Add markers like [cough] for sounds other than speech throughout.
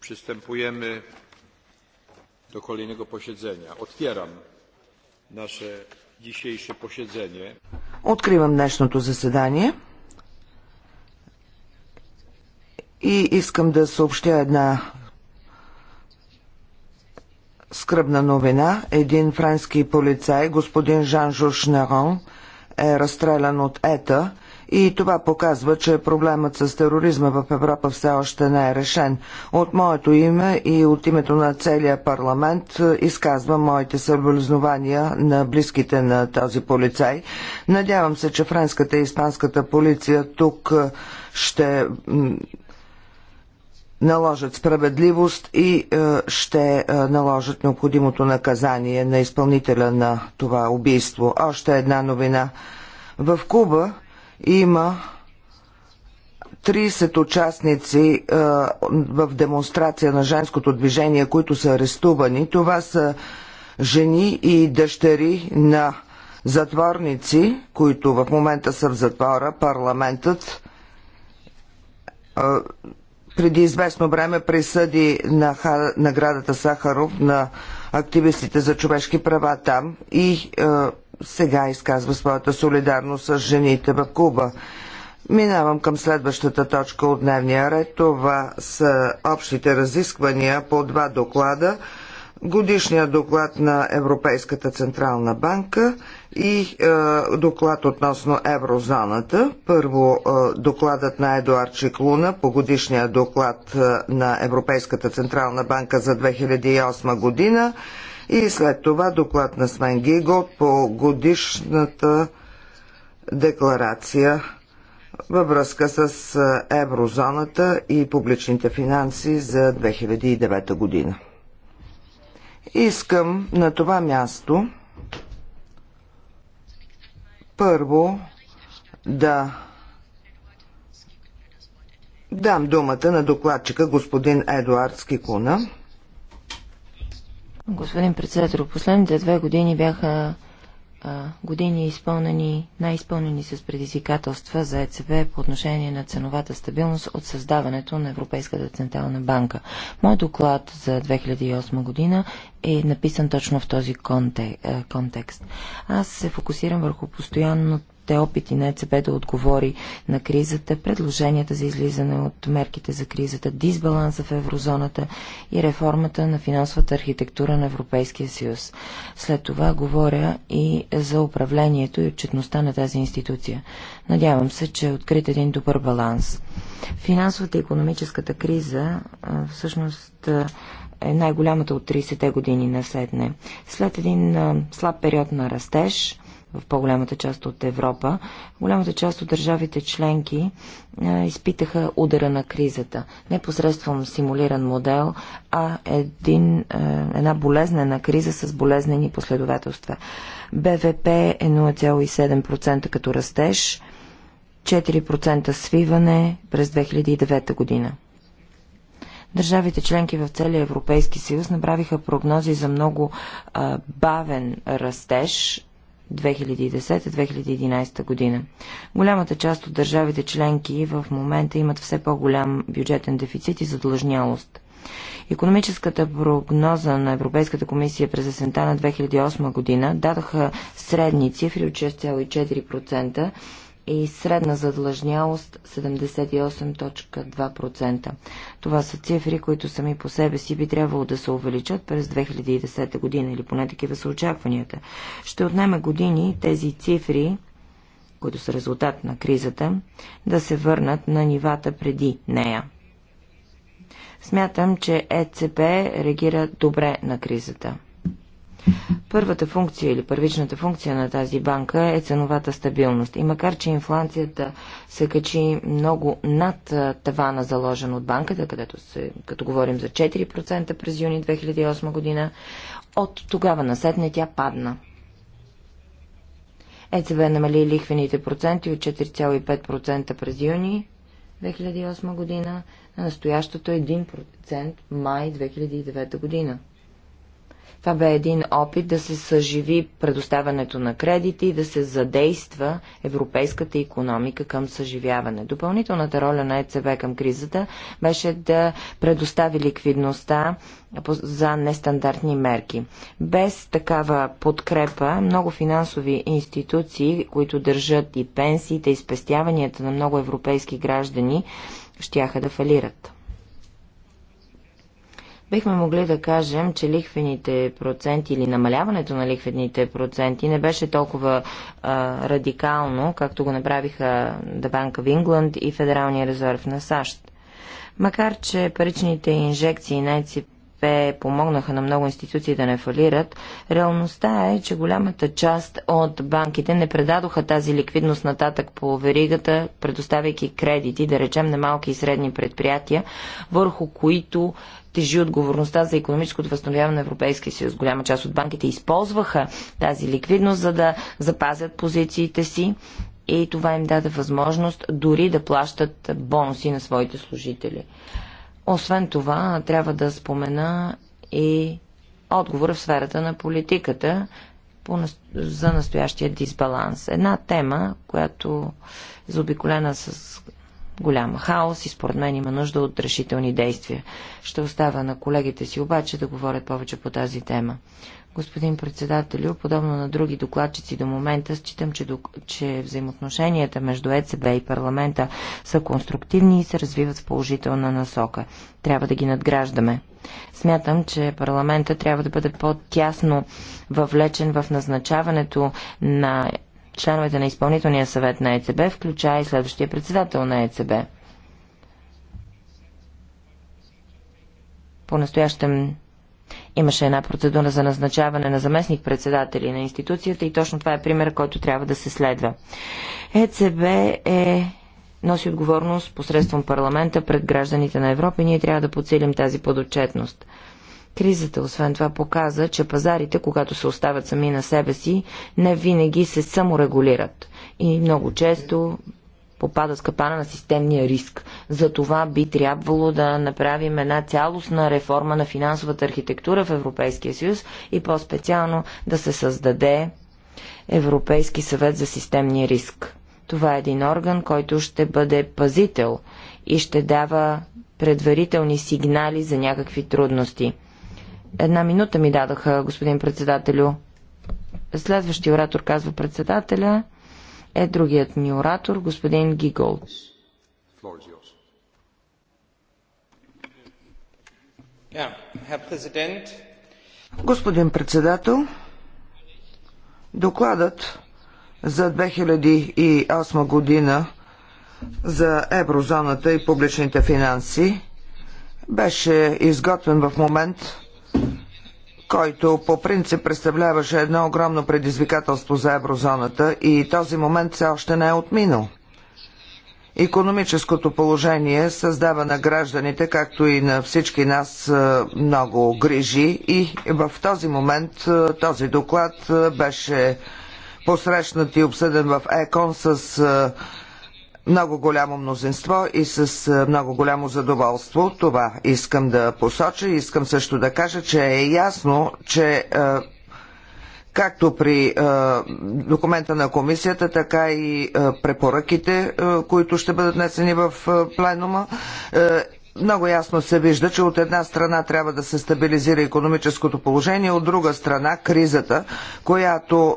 przystępujemy do kolejnego posiedzenia. Otwieram nasze dzisiejsze posiedzenie. Откривам днешното заседание и искам да съобщя една Скръбна новина. Един френски полицай, господин Жан Нерон, е разстрелян от ЕТА и това показва, че проблемът с тероризма в Европа все още не е решен. От моето име и от името на целия парламент е, изказвам моите съболезнования на близките на този полицай. Надявам се, че френската и испанската полиция тук е, ще наложат справедливост и е, ще е, наложат необходимото наказание на изпълнителя на това убийство. Още една новина. В Куба има 30 участници е, в демонстрация на женското движение, които са арестувани. Това са жени и дъщери на затворници, които в момента са в затвора. Парламентът преди известно време присъди на наградата Сахаров на активистите за човешки права там и е, сега изказва своята солидарност с жените в Куба. Минавам към следващата точка от дневния ред. Това са общите разисквания по два доклада годишния доклад на Европейската Централна банка и е, доклад относно еврозоната. Първо е, докладът на Едуард Чиклуна по годишния доклад е, на Европейската Централна банка за 2008 година и след това доклад на Свен Гиго по годишната декларация във връзка с е, еврозоната и публичните финанси за 2009 година. Искам на това място първо да дам думата на докладчика господин Едуард Скикуна. Господин председател, последните две години бяха години изпълнени, най-изпълнени с предизвикателства за ЕЦБ по отношение на ценовата стабилност от създаването на Европейската централна банка. Мой доклад за 2008 година е написан точно в този контекст. Аз се фокусирам върху постоянно те опити на ЕЦБ да отговори на кризата, предложенията за излизане от мерките за кризата, дисбаланса в еврозоната и реформата на финансовата архитектура на Европейския съюз. След това говоря и за управлението и отчетността на тази институция. Надявам се, че е открит един добър баланс. Финансовата и економическата криза всъщност е най-голямата от 30-те години на седне. След един слаб период на растеж, в по-голямата част от Европа. Голямата част от държавите членки а, изпитаха удара на кризата. Не посредством симулиран модел, а един, а, една болезнена криза с болезнени последователства. БВП е 0,7% като растеж, 4% свиване през 2009 година. Държавите членки в целия Европейски съюз направиха прогнози за много а, бавен растеж 2010-2011 година. Голямата част от държавите членки в момента имат все по-голям бюджетен дефицит и задлъжнялост. Економическата прогноза на Европейската комисия през есента на 2008 година дадаха средни цифри от 6,4% и средна задлъжнялост 78.2%. Това са цифри, които сами по себе си би трябвало да се увеличат през 2010 година или поне такива са очакванията. Ще отнеме години тези цифри, които са резултат на кризата, да се върнат на нивата преди нея. Смятам, че ЕЦП реагира добре на кризата. Първата функция или първичната функция на тази банка е ценовата стабилност. И макар, че инфлацията се качи много над тавана заложен от банката, където се, като говорим за 4% през юни 2008 година, от тогава насетне тя падна. ЕЦБ намали лихвените проценти от 4,5% през юни 2008 година на настоящото 1% май 2009 година. Това бе един опит да се съживи предоставянето на кредити и да се задейства европейската економика към съживяване. Допълнителната роля на ЕЦБ към кризата беше да предостави ликвидността за нестандартни мерки. Без такава подкрепа много финансови институции, които държат и пенсиите, и спестяванията на много европейски граждани, щяха да фалират бихме могли да кажем, че лихвените проценти или намаляването на лихвените проценти не беше толкова а, радикално, както го направиха The Bank в England и Федералния резерв на САЩ. Макар, че паричните инжекции на ЕЦП помогнаха на много институции да не фалират, реалността е, че голямата част от банките не предадоха тази ликвидност нататък по веригата, предоставяйки кредити, да речем, на малки и средни предприятия, върху които тежи отговорността за економическото възстановяване на Европейския съюз. Голяма част от банките използваха тази ликвидност, за да запазят позициите си и това им даде възможност дори да плащат бонуси на своите служители. Освен това, трябва да спомена и отговора в сферата на политиката за настоящия дисбаланс. Една тема, която е заобиколена с голям хаос и според мен има нужда от решителни действия. Ще остава на колегите си обаче да говорят повече по тази тема. Господин председателю, подобно на други докладчици до момента, считам, че, че взаимоотношенията между ЕЦБ и парламента са конструктивни и се развиват в положителна насока. Трябва да ги надграждаме. Смятам, че парламента трябва да бъде по-тясно въвлечен в назначаването на членовете на изпълнителния съвет на ЕЦБ, включая и следващия председател на ЕЦБ. По-настоящем имаше една процедура за назначаване на заместник-председатели на институцията и точно това е пример, който трябва да се следва. ЕЦБ е носи отговорност посредством парламента пред гражданите на Европа и ние трябва да подсилим тази подотчетност. Кризата, освен това, показа, че пазарите, когато се оставят сами на себе си, не винаги се саморегулират и много често попада с капана на системния риск. За това би трябвало да направим една цялостна реформа на финансовата архитектура в Европейския съюз и по-специално да се създаде Европейски съвет за системния риск. Това е един орган, който ще бъде пазител и ще дава предварителни сигнали за някакви трудности. Една минута ми дадоха, господин председателю. Следващия оратор, казва председателя, е другият ни оратор, господин Гигол. Господин председател, докладът за 2008 година за еврозоната и публичните финанси беше изготвен в момент, който по принцип представляваше едно огромно предизвикателство за еврозоната и този момент все още не е отминал. Економическото положение създава на гражданите, както и на всички нас, е, много грижи и в този момент е, този доклад е, беше посрещнат и обсъден в ЕКОН с много голямо мнозинство и с е, много голямо задоволство. Това искам да посоча. Искам също да кажа, че е ясно, че е, както при е, документа на комисията, така и препоръките, които ще бъдат внесени в пленума. много ясно се вижда, че от една страна трябва да се стабилизира економическото положение, от друга страна кризата, която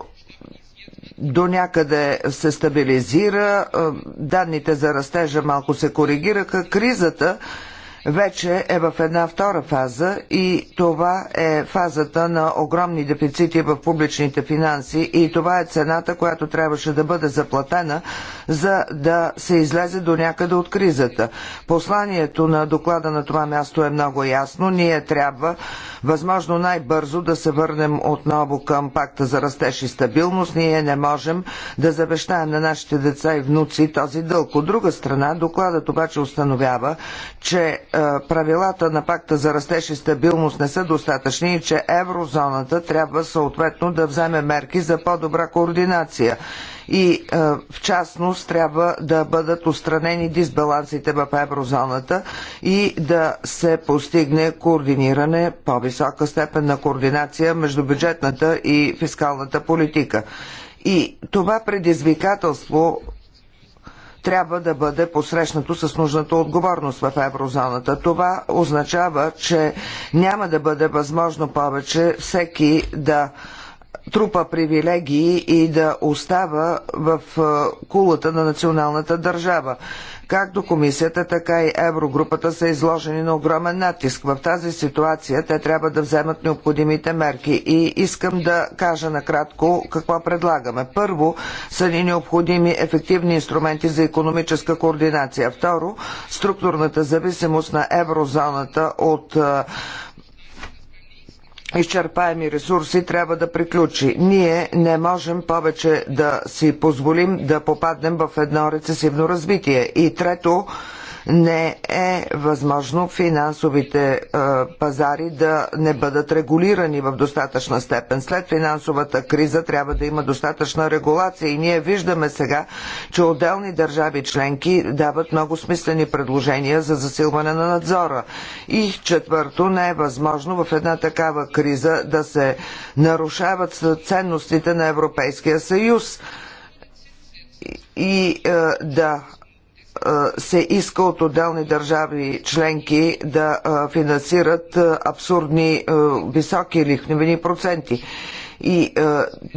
до някъде се стабилизира, е, данните за растежа малко се коригираха, кризата вече е в една втора фаза и това е фазата на огромни дефицити в публичните финанси и това е цената, която трябваше да бъде заплатена, за да се излезе до някъде от кризата. Посланието на доклада на това място е много ясно. Ние трябва възможно най-бързо да се върнем отново към пакта за растеж и стабилност. Ние не можем да завещаем на нашите деца и внуци този дълг. От друга страна, докладът обаче установява, че е, правилата на пакта за растеж и стабилност не са достатъчни и че еврозоната трябва съответно да вземе мерки за по-добра координация и е, в частност трябва да бъдат устранени дисбалансите в еврозоната и да се постигне координиране, по-висока степен на координация между бюджетната и фискалната политика. И това предизвикателство трябва да бъде посрещнато с нужната отговорност в еврозоната. Това означава, че няма да бъде възможно повече всеки да трупа привилегии и да остава в е, кулата на националната държава. Както комисията, така и еврогрупата са изложени на огромен натиск. В тази ситуация те трябва да вземат необходимите мерки и искам да кажа накратко какво предлагаме. Първо, са ни необходими ефективни инструменти за економическа координация. Второ, структурната зависимост на еврозоната от изчерпаеми ресурси трябва да приключи. Ние не можем повече да си позволим да попаднем в едно рецесивно развитие. И трето, не е възможно финансовите е, пазари да не бъдат регулирани в достатъчна степен. След финансовата криза трябва да има достатъчна регулация и ние виждаме сега, че отделни държави членки дават много смислени предложения за засилване на надзора. И четвърто, не е възможно в една такава криза да се нарушават ценностите на Европейския съюз и е, да се иска от отделни държави членки да финансират абсурдни високи лихневени проценти и е,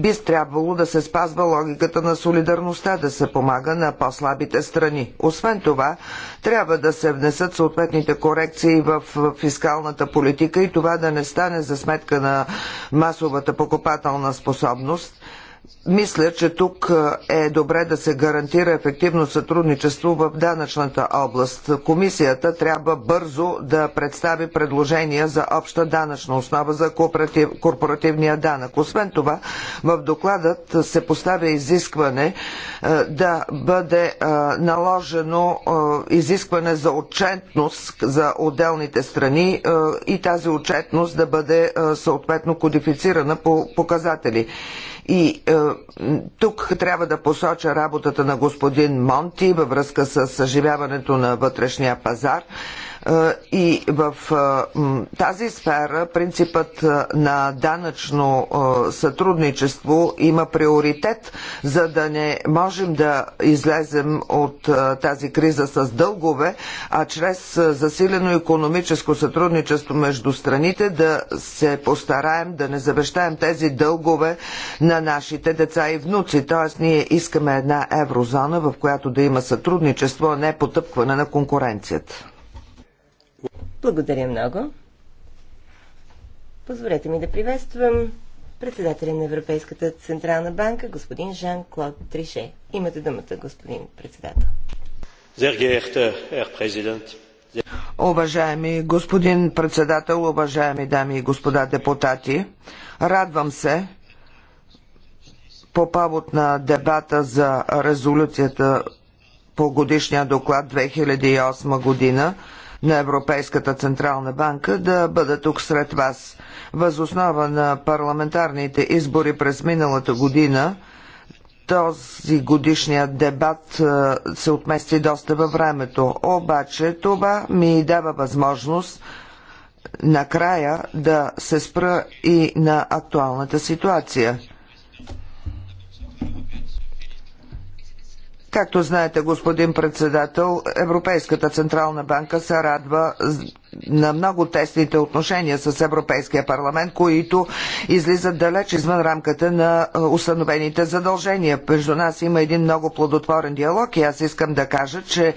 би трябвало да се спазва логиката на солидарността, да се помага на по-слабите страни. Освен това, трябва да се внесат съответните корекции в фискалната политика и това да не стане за сметка на масовата покупателна способност. Мисля, че тук е, е добре да се гарантира ефективно сътрудничество в данъчната област. Комисията трябва бързо да представи предложения за обща данъчна основа за кооператив, корпоративния данък. Освен това, в докладът се поставя изискване е, да бъде е, наложено изискване за отчетност за отделните страни и тази отчетност да бъде съответно кодифицирана по показатели. И е, тук трябва да посоча работата на господин Монти във връзка с съживяването на вътрешния пазар. Е, и в тази сфера принципът на данъчно сътрудничество има приоритет, за да не можем да излезем от тази криза с дългове, а чрез засилено економическо сътрудничество между страните да се постараем да не завещаем тези дългове на нашите деца и внуци. Тоест ние искаме една еврозона, в която да има сътрудничество, а не потъпкване на конкуренцията. Благодаря много. Позволете ми да приветствам председателя на Европейската Централна банка, господин Жан-Клод Трише. Имате думата, господин председател. Уважаеми господин председател, уважаеми дами и господа депутати, радвам се по повод на дебата за резолюцията по годишния доклад 2008 година на Европейската Централна банка да бъда тук сред вас. Възоснова на парламентарните избори през миналата година този годишният дебат се отмести доста във времето. Обаче това ми дава възможност накрая да се спра и на актуалната ситуация. Както знаете, господин председател, Европейската Централна банка се радва на много тесните отношения с Европейския парламент, които излизат далеч извън рамката на установените задължения. Между нас има един много плодотворен диалог и аз искам да кажа, че е,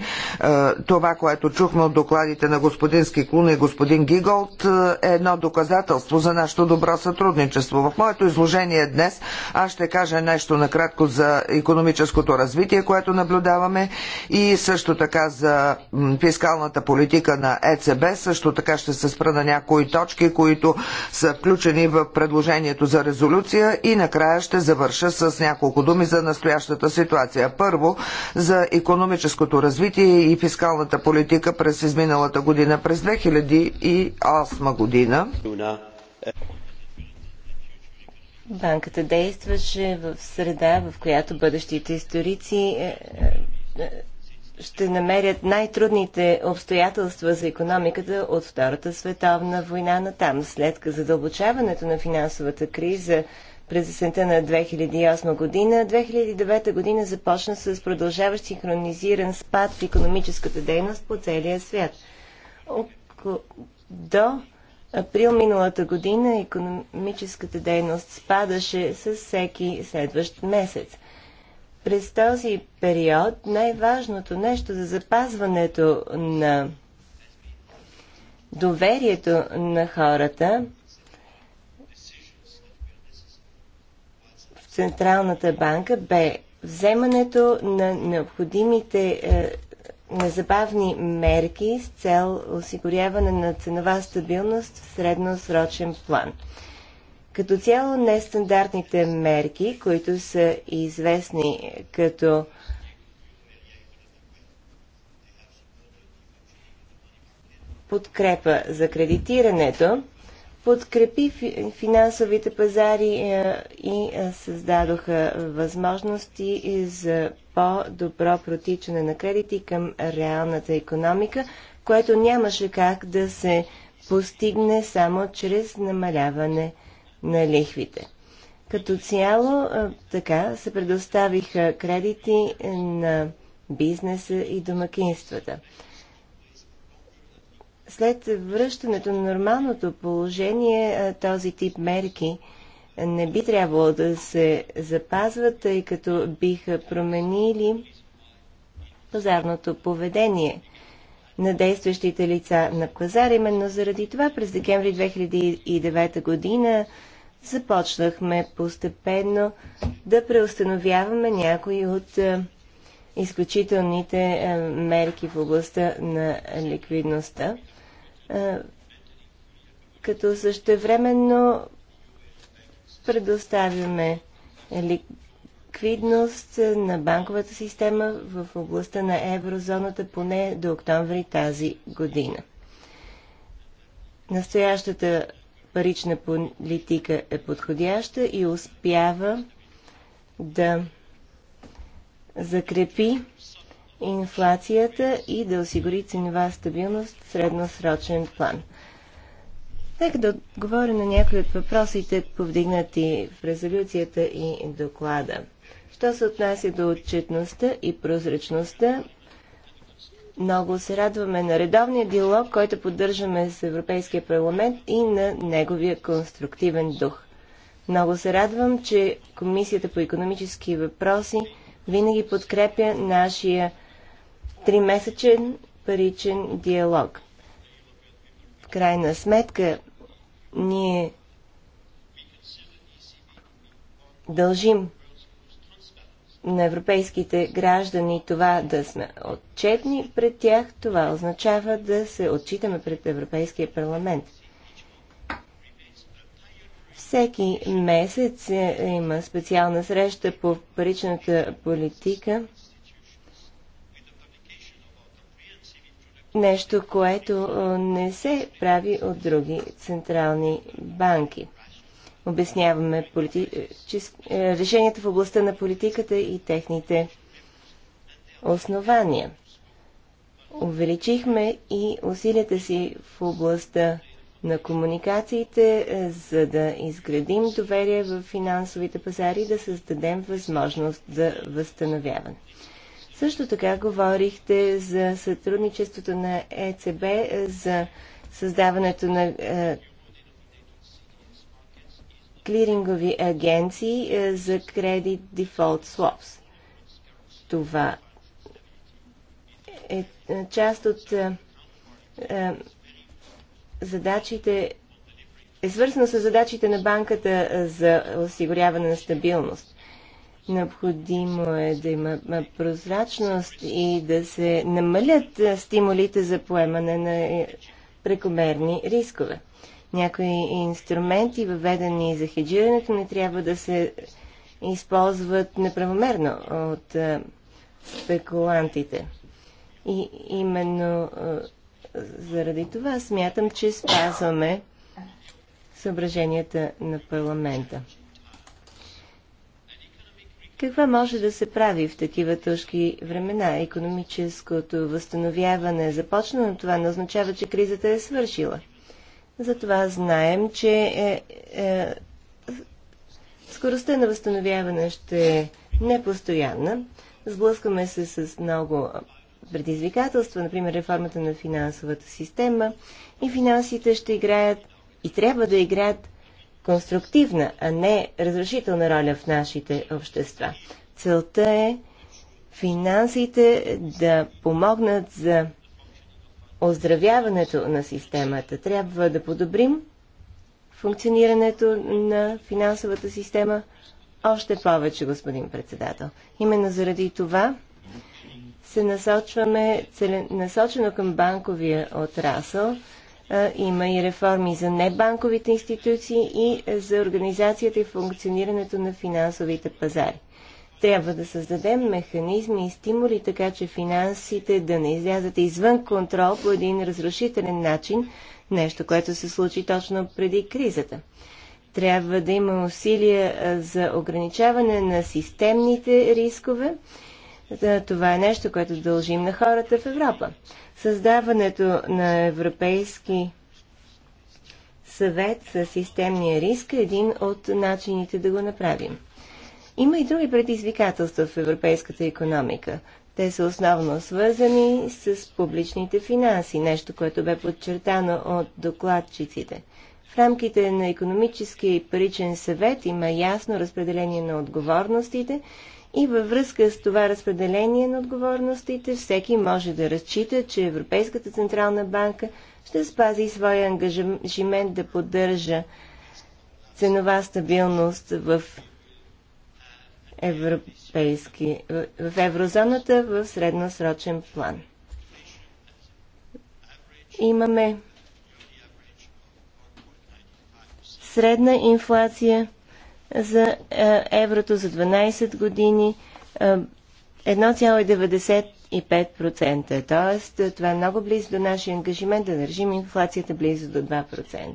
това, което чухме от докладите на господин Скиклун и господин Гиголд е едно доказателство за нашето добро сътрудничество. В моето изложение днес аз ще кажа нещо накратко за економическото развитие, което наблюдаваме и също така за фискалната политика на ЕЦБ, също така ще се спра на някои точки, които са включени в предложението за резолюция и накрая ще завърша с няколко думи за настоящата ситуация. Първо, за економическото развитие и фискалната политика през изминалата година, през 2008 година. Банката действаше в среда, в която бъдещите историци е, е, ще намерят най-трудните обстоятелства за економиката от Втората световна война на там. След задълбочаването на финансовата криза през есента на 2008 година, 2009 година започна с продължаващ синхронизиран спад в економическата дейност по целия свят. До април миналата година економическата дейност спадаше с всеки следващ месец – през този период най-важното нещо за запазването на доверието на хората в Централната банка бе вземането на необходимите е, незабавни мерки с цел осигуряване на ценова стабилност в средносрочен план. Като цяло нестандартните мерки, които са известни като подкрепа за кредитирането, подкрепи финансовите пазари е, и е, създадоха възможности за по-добро протичане на кредити към реалната економика, което нямаше как да се постигне само чрез намаляване на на лихвите. Като цяло така се предоставиха кредити е, на бизнеса и домакинствата. След връщането на нормалното положение, е, този тип мерки е, не би трябвало да се запазват, тъй като биха променили пазарното поведение на действащите лица на пазар. Именно заради това през декември 2009 година започнахме постепенно да преустановяваме някои от е, изключителните е, мерки в областта на ликвидността, е, като същевременно предоставяме ликвидност на банковата система в областта на еврозоната поне до октомври тази година. Настоящата парична политика е подходяща и успява да закрепи инфлацията и да осигури ценова стабилност в средносрочен план. Нека да отговоря на някои от въпросите, повдигнати в резолюцията и доклада. Що се отнася до отчетността и прозрачността, много се радваме на редовния диалог, който поддържаме с Европейския парламент и на неговия конструктивен дух. Много се радвам, че Комисията по економически въпроси винаги подкрепя нашия тримесечен паричен диалог. В крайна сметка, ние дължим на европейските граждани това да сме отчетни пред тях, това означава да се отчитаме пред Европейския парламент. Всеки месец е, има специална среща по паричната политика. Нещо, което е, не се прави от други централни банки обясняваме чис... Е, решенията в областта на политиката и техните основания. Увеличихме и усилията си в областта на комуникациите, е, за да изградим доверие в финансовите пазари и да създадем възможност за възстановяване. Също така говорихте за сътрудничеството на ЕЦБ, е, за създаването на клирингови агенции е, за кредит дефолт swaps. Това е, е част от е, задачите е свързано с задачите на банката за осигуряване на стабилност. Необходимо е да има прозрачност и да се намалят стимулите за поемане на прекомерни рискове някои инструменти, въведени за хеджирането, не трябва да се използват неправомерно от е, спекулантите. И именно е, заради това смятам, че спазваме съображенията на парламента. Каква може да се прави в такива тъжки времена? Економическото възстановяване е започна, но това не означава, че кризата е свършила. Затова знаем, че е, е, скоростта на възстановяване ще е непостоянна. Сблъскаме се с много предизвикателства, например реформата на финансовата система и финансите ще играят и трябва да играят конструктивна, а не разрушителна роля в нашите общества. Целта е финансите да помогнат за оздравяването на системата. Трябва да подобрим функционирането на финансовата система още повече, господин председател. Именно заради това се насочваме целенасочено към банковия отрасъл. Има и реформи за небанковите институции и за организацията и функционирането на финансовите пазари. Трябва да създадем механизми и стимули, така че финансите да не излязат извън контрол по един разрушителен начин, нещо, което се случи точно преди кризата. Трябва да има усилия за ограничаване на системните рискове. Това е нещо, което дължим на хората в Европа. Създаването на европейски съвет за системния риск е един от начините да го направим. Има и други предизвикателства в европейската економика. Те са основно свързани с публичните финанси, нещо, което бе подчертано от докладчиците. В рамките на економическия и паричен съвет има ясно разпределение на отговорностите и във връзка с това разпределение на отговорностите всеки може да разчита, че Европейската Централна банка ще спази своя ангажимент да поддържа ценова стабилност в европейски, в еврозоната в средносрочен план. Имаме средна инфлация за е, еврото за 12 години 1,95%. Е, Тоест, това е много близо до нашия ангажимент да държим инфлацията близо до 2%.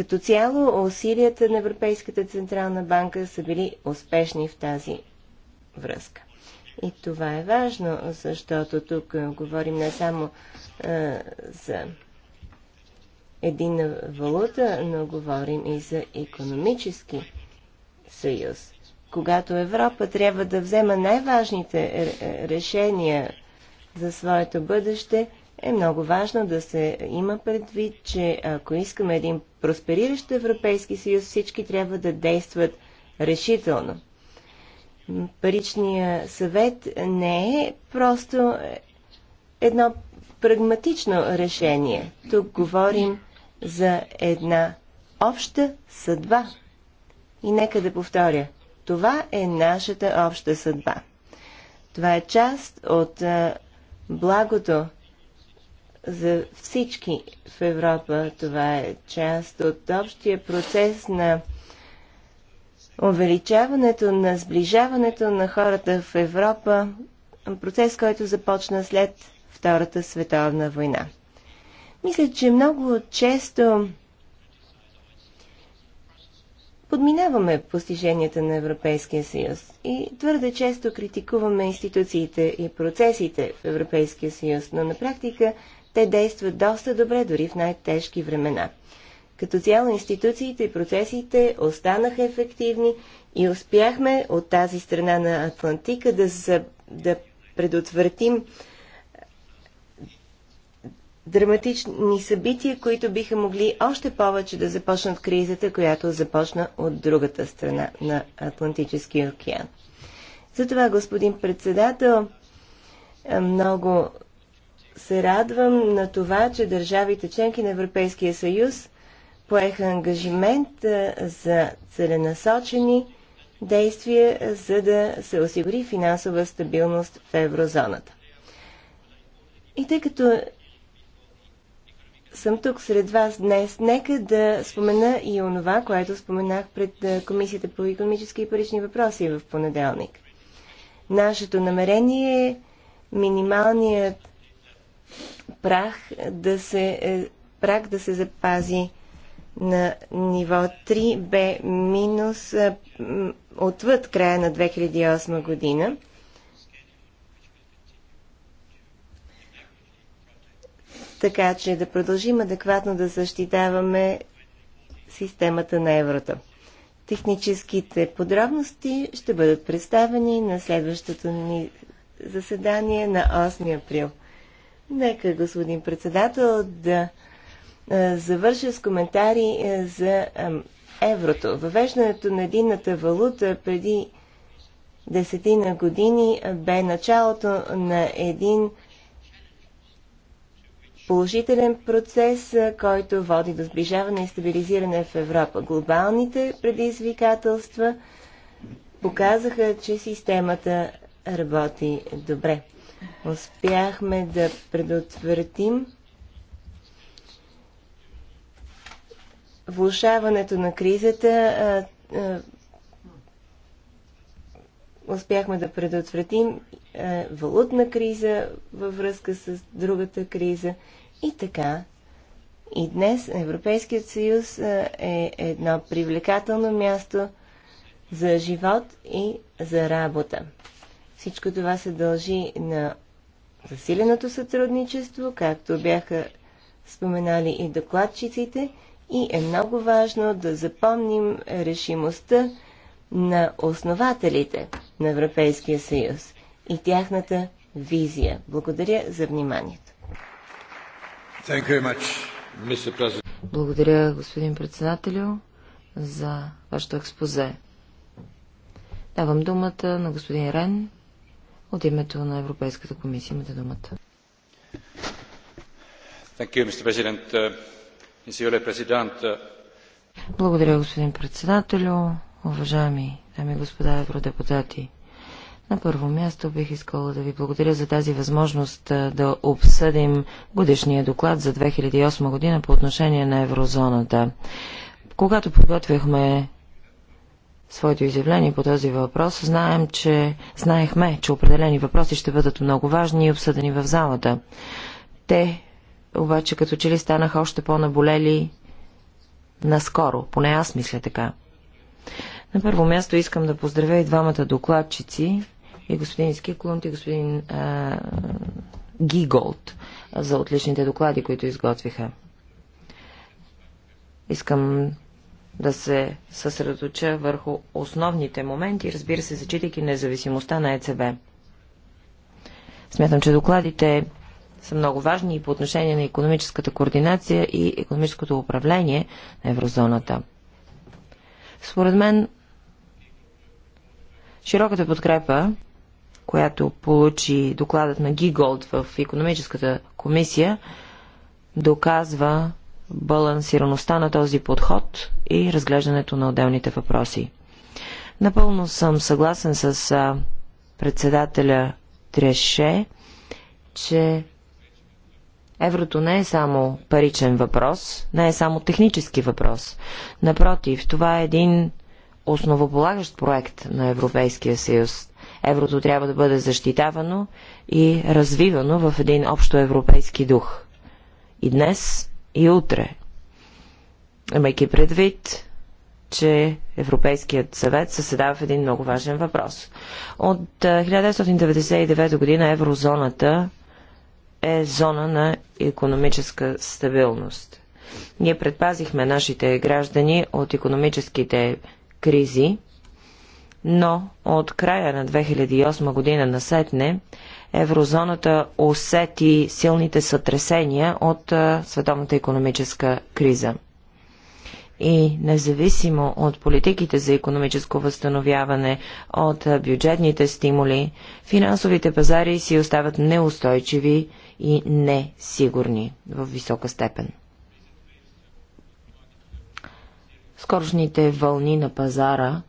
Като цяло усилията на Европейската Централна банка са били успешни в тази връзка. И това е важно, защото тук говорим не само а, за единна валута, но говорим и за економически съюз. Когато Европа трябва да взема най-важните е, решения за своето бъдеще, е много важно да се има предвид, че ако искаме един проспериращ Европейски съюз, всички трябва да действат решително. Паричният съвет не е просто едно прагматично решение. Тук говорим за една обща съдба. И нека да повторя, това е нашата обща съдба. Това е част от благото, за всички в Европа. Това е част от общия процес на увеличаването, на сближаването на хората в Европа, процес, който започна след Втората световна война. Мисля, че много често подминаваме постиженията на Европейския съюз и твърде често критикуваме институциите и процесите в Европейския съюз, но на практика те действат доста добре, дори в най-тежки времена. Като цяло институциите и процесите останаха ефективни и успяхме от тази страна на Атлантика да, за, да предотвратим драматични събития, които биха могли още повече да започнат кризата, която започна от другата страна на Атлантическия океан. Затова, господин председател, е, много се радвам на това, че държавите членки на Европейския съюз поеха ангажимент за целенасочени действия, за да се осигури финансова стабилност в еврозоната. И тъй като съм тук сред вас днес, нека да спомена и онова, което споменах пред Комисията по економически и парични въпроси в понеделник. Нашето намерение е минималният прах да се, е, прак да се запази на ниво 3 бе минус е, отвъд края на 2008 година. Така че да продължим адекватно да защитаваме системата на еврото. Техническите подробности ще бъдат представени на следващото ни заседание на 8 април. Нека, господин председател, да завърша с коментари за еврото. Въвеждането на единната валута преди десетина години бе началото на един положителен процес, който води до сближаване и стабилизиране в Европа. Глобалните предизвикателства показаха, че системата работи добре успяхме да предотвратим влушаването на кризата. успяхме да предотвратим валутна криза във връзка с другата криза и така. И днес Европейският съюз е едно привлекателно място за живот и за работа. Всичко това се дължи на засиленото сътрудничество, както бяха споменали и докладчиците, и е много важно да запомним решимостта на основателите на Европейския съюз и тяхната визия. Благодаря за вниманието. Much, Благодаря, господин председателю, за вашето експозе. Давам думата на господин Рен от името на Европейската комисия имате думата. Благодаря, господин председателю. Уважаеми дами и господа евродепутати, на първо място бих искала да ви благодаря за тази възможност да обсъдим годишния доклад за 2008 година по отношение на еврозоната. Когато подготвяхме своето изявление по този въпрос, знаем, че знаехме, че определени въпроси ще бъдат много важни и обсъдени в залата. Те обаче като че ли станаха още по-наболели наскоро, поне аз мисля така. На първо място искам да поздравя и двамата докладчици, и господин Скиклунт, и господин а, Гиголд, за отличните доклади, които изготвиха. Искам да се съсредоточа върху основните моменти, разбира се, зачитайки независимостта на ЕЦБ. Смятам, че докладите са много важни и по отношение на економическата координация и економическото управление на еврозоната. Според мен, широката подкрепа, която получи докладът на Гиголд в економическата комисия, доказва балансираността на този подход и разглеждането на отделните въпроси. Напълно съм съгласен с председателя Треше, че еврото не е само паричен въпрос, не е само технически въпрос. Напротив, това е един основополагащ проект на Европейския съюз. Еврото трябва да бъде защитавано и развивано в един общо европейски дух. И днес и утре. Имайки предвид, че Европейският съвет съседава в един много важен въпрос. От 1999 година еврозоната е зона на економическа стабилност. Ние предпазихме нашите граждани от економическите кризи, но от края на 2008 година насетне еврозоната усети силните сътресения от световната економическа криза. И независимо от политиките за економическо възстановяване, от бюджетните стимули, финансовите пазари си остават неустойчиви и несигурни в висока степен. Скорошните вълни на пазара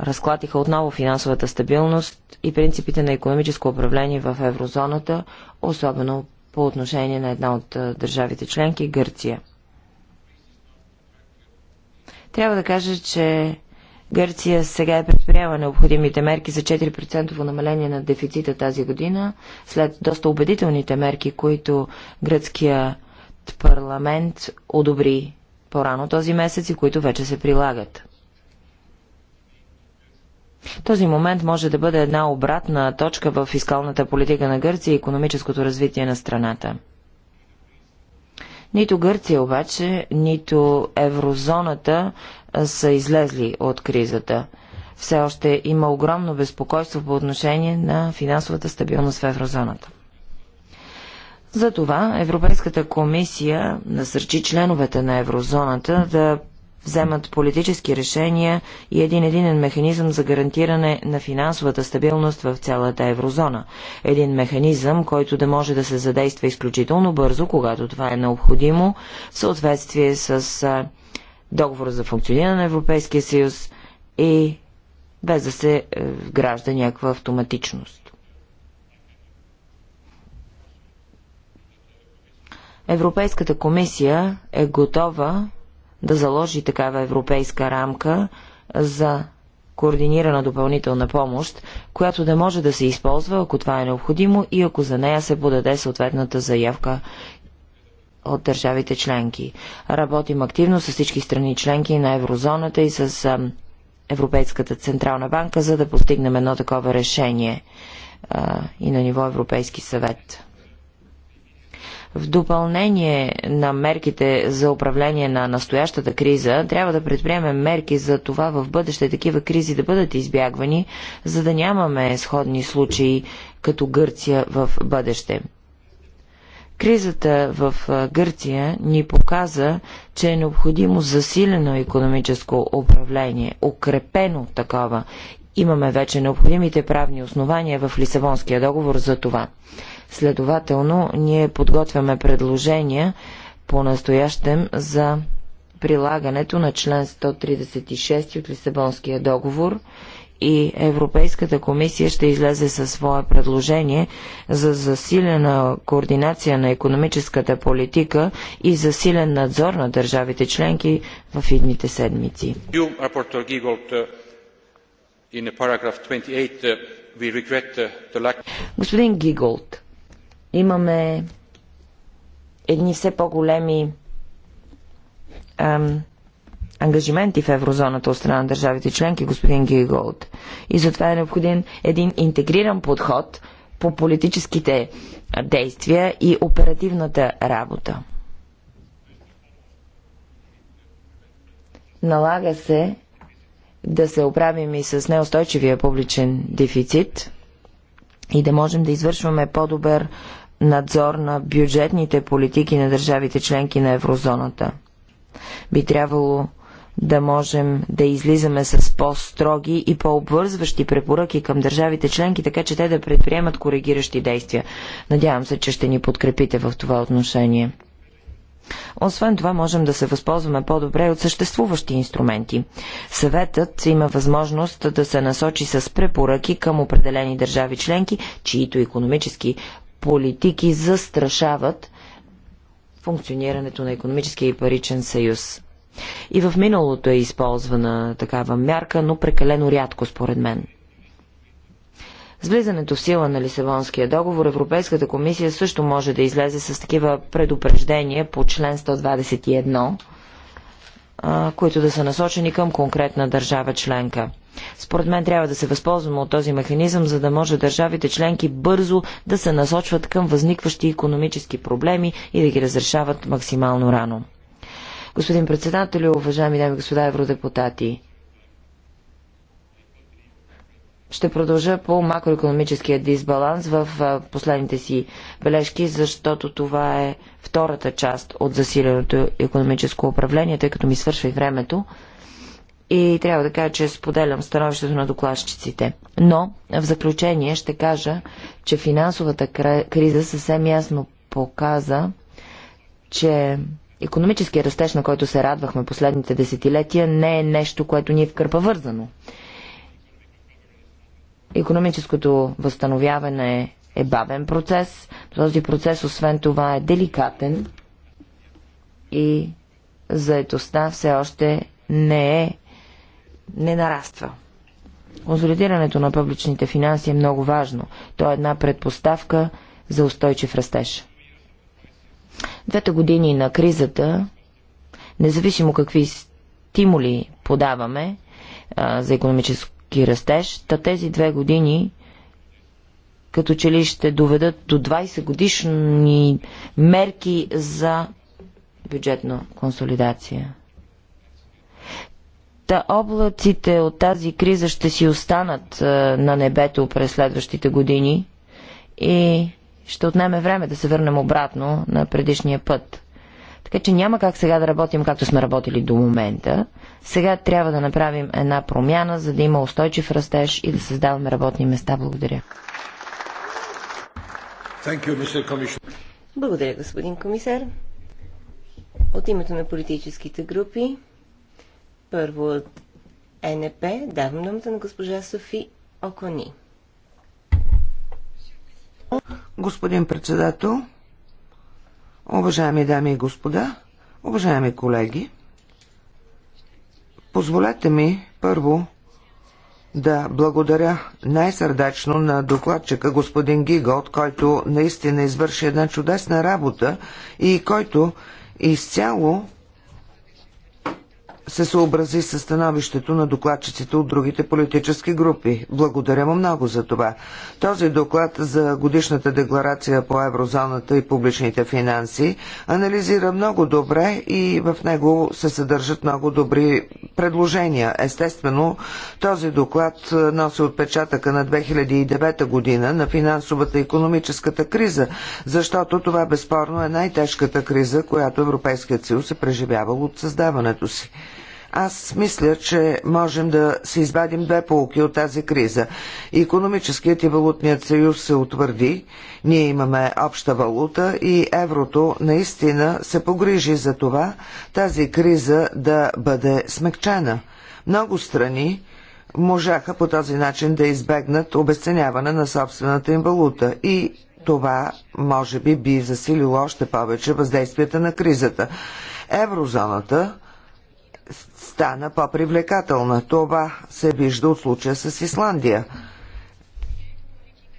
разклатиха отново финансовата стабилност и принципите на економическо управление в еврозоната, особено по отношение на една от държавите членки – Гърция. Трябва да кажа, че Гърция сега е предприява необходимите мерки за 4% намаление на дефицита тази година, след доста убедителните мерки, които гръцкият парламент одобри по-рано този месец и които вече се прилагат. Този момент може да бъде една обратна точка в фискалната политика на Гърция и економическото развитие на страната. Нито Гърция обаче, нито еврозоната са излезли от кризата. Все още има огромно безпокойство по отношение на финансовата стабилност в еврозоната. Затова Европейската комисия насърчи членовете на еврозоната да вземат политически решения и един единен механизъм за гарантиране на финансовата стабилност в цялата еврозона. Един механизъм, който да може да се задейства изключително бързо, когато това е необходимо, в съответствие с договор за функциониране на Европейския съюз и без да се вгражда някаква автоматичност. Европейската комисия е готова да заложи такава европейска рамка за координирана допълнителна помощ, която да може да се използва, ако това е необходимо и ако за нея се подаде съответната заявка от държавите членки. Работим активно с всички страни членки на еврозоната и с Европейската централна банка, за да постигнем едно такова решение и на ниво Европейски съвет. В допълнение на мерките за управление на настоящата криза, трябва да предприемем мерки за това в бъдеще такива кризи да бъдат избягвани, за да нямаме сходни случаи като Гърция в бъдеще. Кризата в Гърция ни показа, че е необходимо засилено економическо управление, укрепено такова. Имаме вече необходимите правни основания в Лисабонския договор за това. Следователно, ние подготвяме предложения по-настоящем за прилагането на член 136 от Лисабонския договор и Европейската комисия ще излезе със свое предложение за засилена координация на економическата политика и засилен надзор на държавите членки в идните седмици. Uh, uh, uh, Господин Гиголт, Имаме едни все по-големи ангажименти в еврозоната от страна на държавите членки, господин Гиголд. И затова е необходим един интегриран подход по политическите действия и оперативната работа. Налага се да се оправим и с неустойчивия публичен дефицит и да можем да извършваме по-добър надзор на бюджетните политики на държавите членки на еврозоната. Би трябвало да можем да излизаме с по-строги и по-обвързващи препоръки към държавите членки, така че те да предприемат коригиращи действия. Надявам се, че ще ни подкрепите в това отношение. Освен това, можем да се възползваме по-добре от съществуващи инструменти. Съветът има възможност да се насочи с препоръки към определени държави членки, чието економически политики застрашават функционирането на економическия и паричен съюз. И в миналото е използвана такава мярка, но прекалено рядко според мен. С влизането в сила на Лисабонския договор Европейската комисия също може да излезе с такива предупреждения по член 121, които да са насочени към конкретна държава членка. Според мен трябва да се възползваме от този механизъм, за да може държавите членки бързо да се насочват към възникващи економически проблеми и да ги разрешават максимално рано. Господин председател, уважаеми дами и господа евродепутати, ще продължа по макроекономическия дисбаланс в последните си бележки, защото това е втората част от засиленото економическо управление, тъй като ми свършва и времето. И трябва да кажа, че споделям становището на докладчиците. Но в заключение ще кажа, че финансовата криза съвсем ясно показа, че економическия растеж, на който се радвахме последните десетилетия, не е нещо, което ни е в кърпа вързано. Економическото възстановяване е бавен процес. Този процес, освен това, е деликатен и заедостта все още не е не нараства. Консолидирането на публичните финанси е много важно. То е една предпоставка за устойчив растеж. Двете години на кризата, независимо какви стимули подаваме а, за економически растеж, та тези две години като че ли ще доведат до 20 годишни мерки за бюджетна консолидация. Та облаците от тази криза ще си останат е, на небето през следващите години и ще отнеме време да се върнем обратно на предишния път. Така че няма как сега да работим както сме работили до момента. Сега трябва да направим една промяна, за да има устойчив растеж и да създаваме работни места. Благодаря. You, Благодаря, господин комисар. От името на политическите групи първо от НП давам думата на госпожа Софи Окони. Господин председател, уважаеми дами и господа, уважаеми колеги, позволете ми първо да благодаря най-сърдечно на докладчика господин Гигот, който наистина извърши една чудесна работа и който изцяло се съобрази с становището на докладчиците от другите политически групи. Благодаря му много за това. Този доклад за годишната декларация по еврозоната и публичните финанси анализира много добре и в него се съдържат много добри предложения. Естествено, този доклад носи отпечатъка на 2009 година на финансовата и економическата криза, защото това безспорно е най-тежката криза, която Европейският съюз е преживявал от създаването си. Аз мисля, че можем да се извадим две полки от тази криза. Економическият и валутният съюз се утвърди, ние имаме обща валута и еврото наистина се погрижи за това тази криза да бъде смекчена. Много страни можаха по този начин да избегнат обесценяване на собствената им валута и това може би би засилило още повече въздействията на кризата. Еврозоната стана по-привлекателна. Това се вижда от случая с Исландия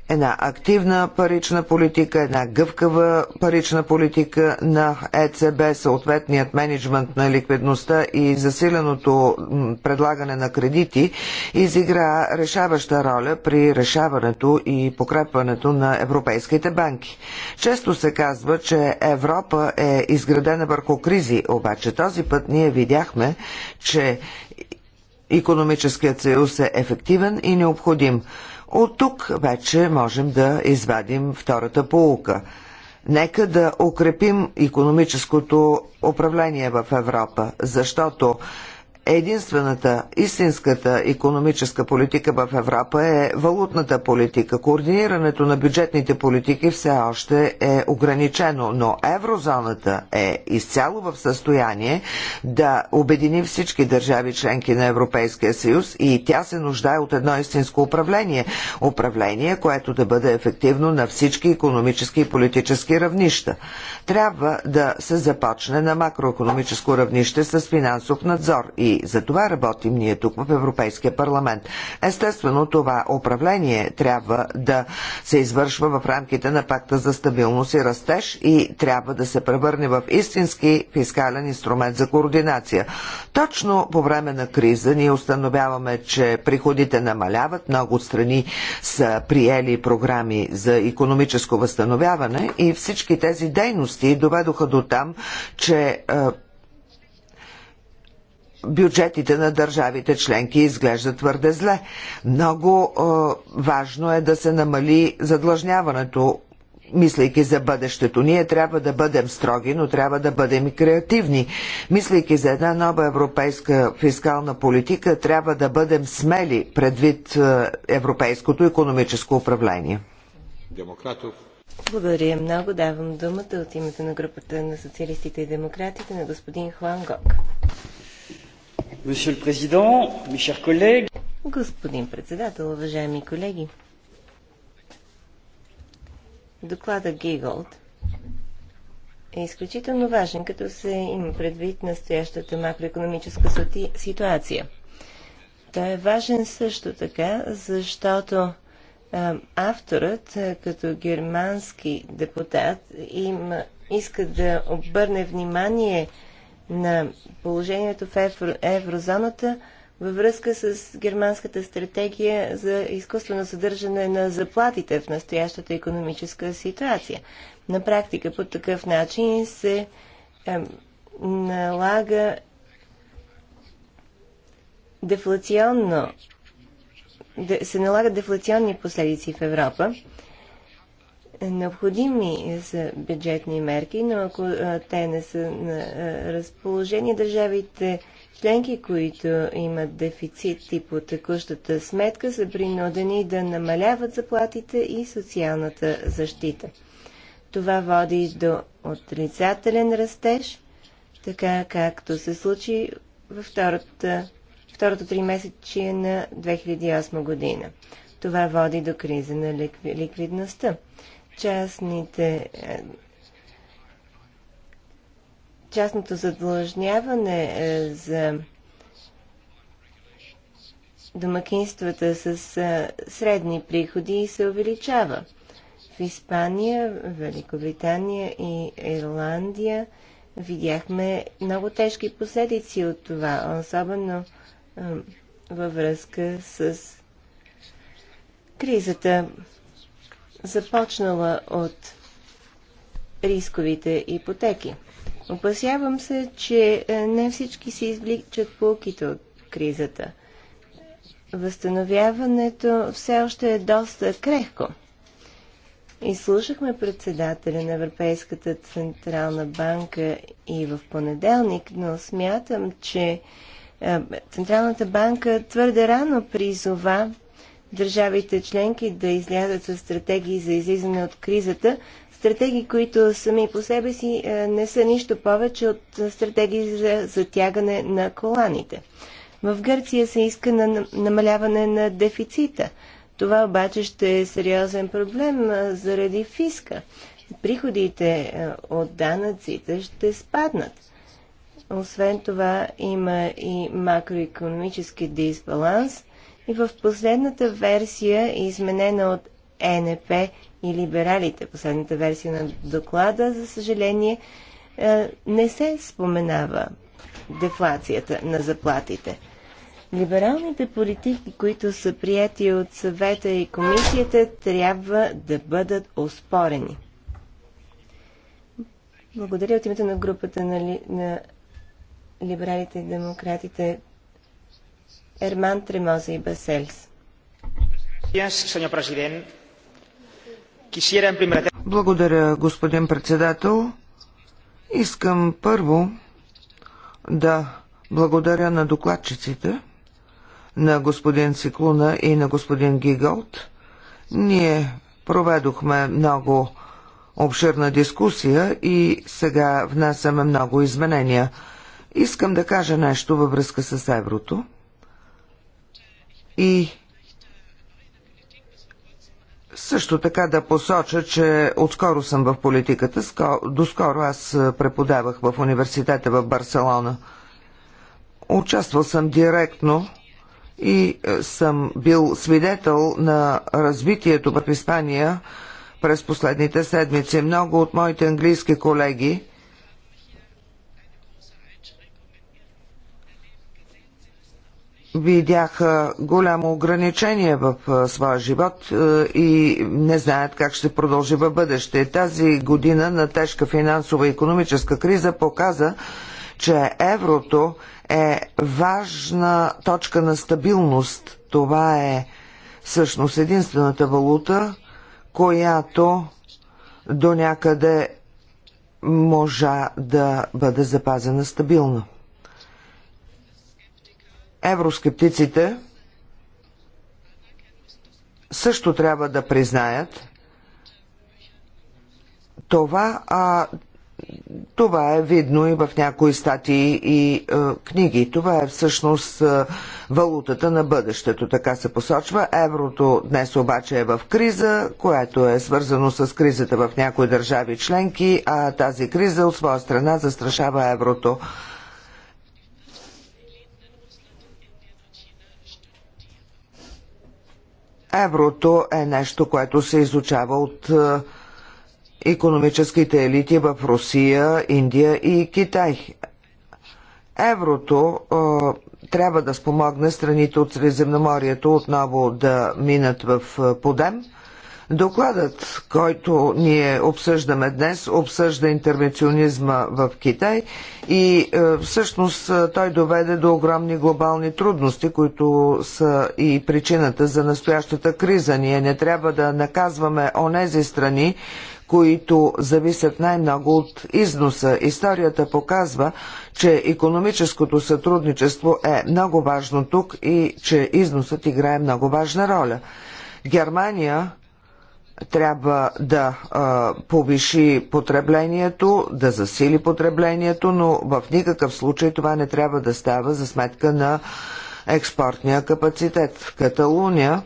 една активна парична политика, една гъвкава парична политика на ЕЦБ, съответният менеджмент на ликвидността и засиленото предлагане на кредити изигра решаваща роля при решаването и покрепването на европейските банки. Често се казва, че Европа е изградена върху кризи, обаче този път ние видяхме, че економическият съюз е ефективен и необходим. От тук вече можем да извадим втората полука. Нека да укрепим економическото управление в Европа, защото единствената истинската економическа политика в Европа е валутната политика. Координирането на бюджетните политики все още е ограничено, но еврозоната е изцяло в състояние да обедини всички държави членки на Европейския съюз и тя се нуждае от едно истинско управление. Управление, което да бъде ефективно на всички економически и политически равнища. Трябва да се започне на макроекономическо равнище с финансов надзор и за това работим ние тук в Европейския парламент. Естествено, това управление трябва да се извършва в рамките на пакта за стабилност и растеж и трябва да се превърне в истински фискален инструмент за координация. Точно по време на криза ние установяваме, че приходите намаляват, много страни са приели програми за економическо възстановяване и всички тези дейности доведоха до там, че е, бюджетите на държавите членки изглежда твърде зле. Много е, важно е да се намали задлъжняването мислейки за бъдещето. Ние трябва да бъдем строги, но трябва да бъдем и креативни. Мислейки за една нова европейска фискална политика, трябва да бъдем смели предвид е, европейското економическо управление. Демократов. Благодаря много. Давам думата от името на групата на социалистите и демократите на господин Хуан Гок. Господин председател, уважаеми колеги, доклада Гиголд е изключително важен, като се има предвид настоящата макроекономическа ситуация. Той е важен също така, защото авторът, като германски депутат, има, иска да обърне внимание на положението в евро, еврозоната във връзка с германската стратегия за изкуствено съдържане на заплатите в настоящата економическа ситуация. На практика по такъв начин се е, налага дефлационно, се налагат дефлационни последици в Европа необходими за бюджетни мерки, но ако те не са на разположение, държавите членки, които имат дефицит, и по текущата сметка, са принудени да намаляват заплатите и социалната защита. Това води до отрицателен растеж, така както се случи във втората, второто три месечи на 2008 година. Това води до криза на ликвидността частните е, частното задлъжняване е, за домакинствата с е, средни приходи се увеличава. В Испания, Великобритания и Ирландия видяхме много тежки последици от това, особено във връзка с кризата започнала от рисковите ипотеки. Опасявам се, че е, не всички се извличат полките от кризата. Възстановяването все още е доста крехко. Изслушахме председателя на Европейската централна банка и в понеделник, но смятам, че е, Централната банка твърде рано призова държавите членки да излязат с стратегии за излизане от кризата, стратегии, които сами по себе си е, не са нищо повече от стратегии за затягане на коланите. В Гърция се иска на намаляване на дефицита. Това обаче ще е сериозен проблем е, заради фиска. Приходите е, от данъците ще спаднат. Освен това има и макроекономически дисбаланс – и в последната версия, изменена от НП и либералите, последната версия на доклада, за съжаление, е, не се споменава дефлацията на заплатите. Либералните политики, които са прияти от съвета и комисията, трябва да бъдат оспорени. Благодаря от името на групата на, ли, на либералите и демократите Ерман Благодаря, господин председател. Искам първо да благодаря на докладчиците, на господин Циклуна и на господин Гигалт. Ние проведохме много обширна дискусия и сега внасяме много изменения. Искам да кажа нещо във връзка с еврото. И също така да посоча, че отскоро съм в политиката. Доскоро аз преподавах в университета в Барселона. Участвал съм директно и съм бил свидетел на развитието в Испания през последните седмици. Много от моите английски колеги видяха голямо ограничение в своя живот и не знаят как ще продължи в бъдеще. Тази година на тежка финансова и економическа криза показа, че еврото е важна точка на стабилност. Това е всъщност единствената валута, която до някъде можа да бъде запазена стабилна евроскептиците също трябва да признаят това, а това е видно и в някои статии и е, книги. Това е всъщност е, валутата на бъдещето, така се посочва. Еврото днес обаче е в криза, което е свързано с кризата в някои държави членки, а тази криза от своя страна застрашава еврото. Еврото е нещо, което се изучава от економическите елити в Русия, Индия и Китай. Еврото е, трябва да спомогне страните от Средиземноморието отново да минат в е, подем Докладът, който ние обсъждаме днес, обсъжда интервенционизма в Китай и е, всъщност е, той доведе до огромни глобални трудности, които са и причината за настоящата криза. Ние не трябва да наказваме онези страни, които зависят най-много от износа. Историята показва, че економическото сътрудничество е много важно тук и че износът играе много важна роля. Германия трябва да а, повиши потреблението, да засили потреблението, но в никакъв случай това не трябва да става за сметка на експортния капацитет. В Каталуния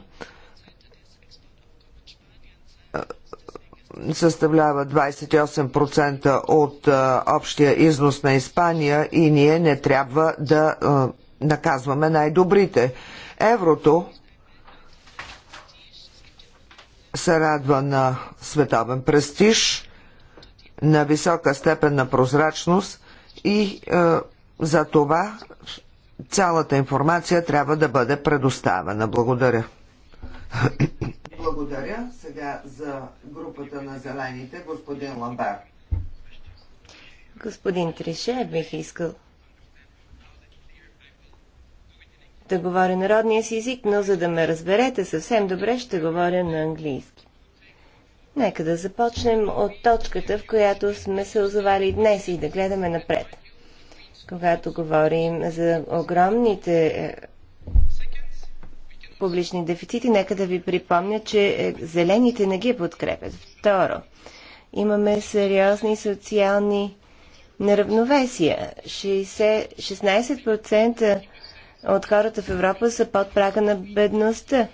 съставлява 28% от а, общия износ на Испания и ние не трябва да а, наказваме най-добрите. Еврото се радва на световен престиж, на висока степен на прозрачност и е, за това цялата информация трябва да бъде предоставена. Благодаря. Благодаря. Сега за групата на зелените, господин Ламбар. Господин Трише, бих искал да говоря народния си език, но за да ме разберете съвсем добре, ще говоря на английски. Нека да започнем от точката, в която сме се озовали днес и да гледаме напред. Когато говорим за огромните е, публични дефицити, нека да ви припомня, че е, зелените не ги подкрепят. Второ, имаме сериозни социални неравновесия. 16% от хората в Европа са под прага на бедността.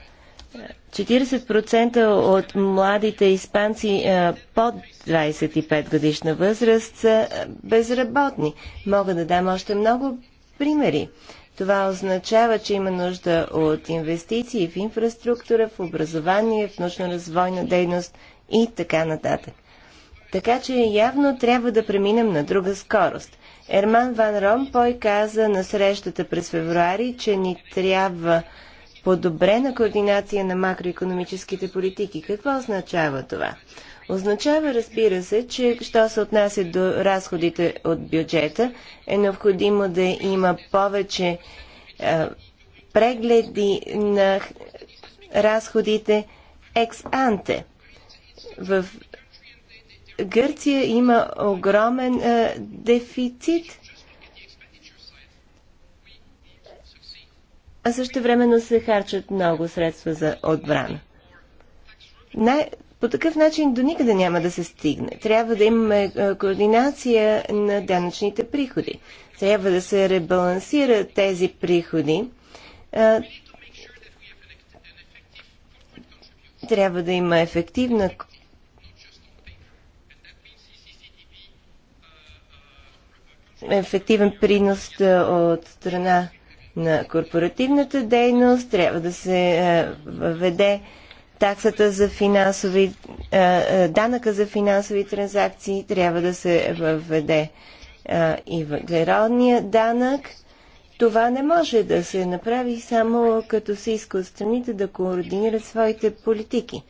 40% от младите испанци е, под 25 годишна възраст са е, безработни. Мога да дам още много примери. Това означава, че има нужда от инвестиции в инфраструктура, в образование, в научно-развойна дейност и така нататък. Така че явно трябва да преминем на друга скорост. Ерман Ван Ромпой каза на срещата през февруари, че ни трябва подобрена координация на макроекономическите политики. Какво означава това? Означава, разбира се, че що се отнася до разходите от бюджета, е необходимо да има повече е, прегледи на разходите екс-анте в Гърция има огромен е, дефицит. А също времено се харчат много средства за отбрана. Най- по такъв начин до никъде няма да се стигне. Трябва да имаме е, координация на данъчните приходи. Трябва да се ребалансират тези приходи. Е, трябва да има ефективна ефективен принос е, от страна на корпоративната дейност, трябва да се е, въведе таксата за финансови, е, данъка за финансови транзакции, трябва да се въведе и въглеродния данък. Това не може да се направи само като се иска от страните да координират своите политики.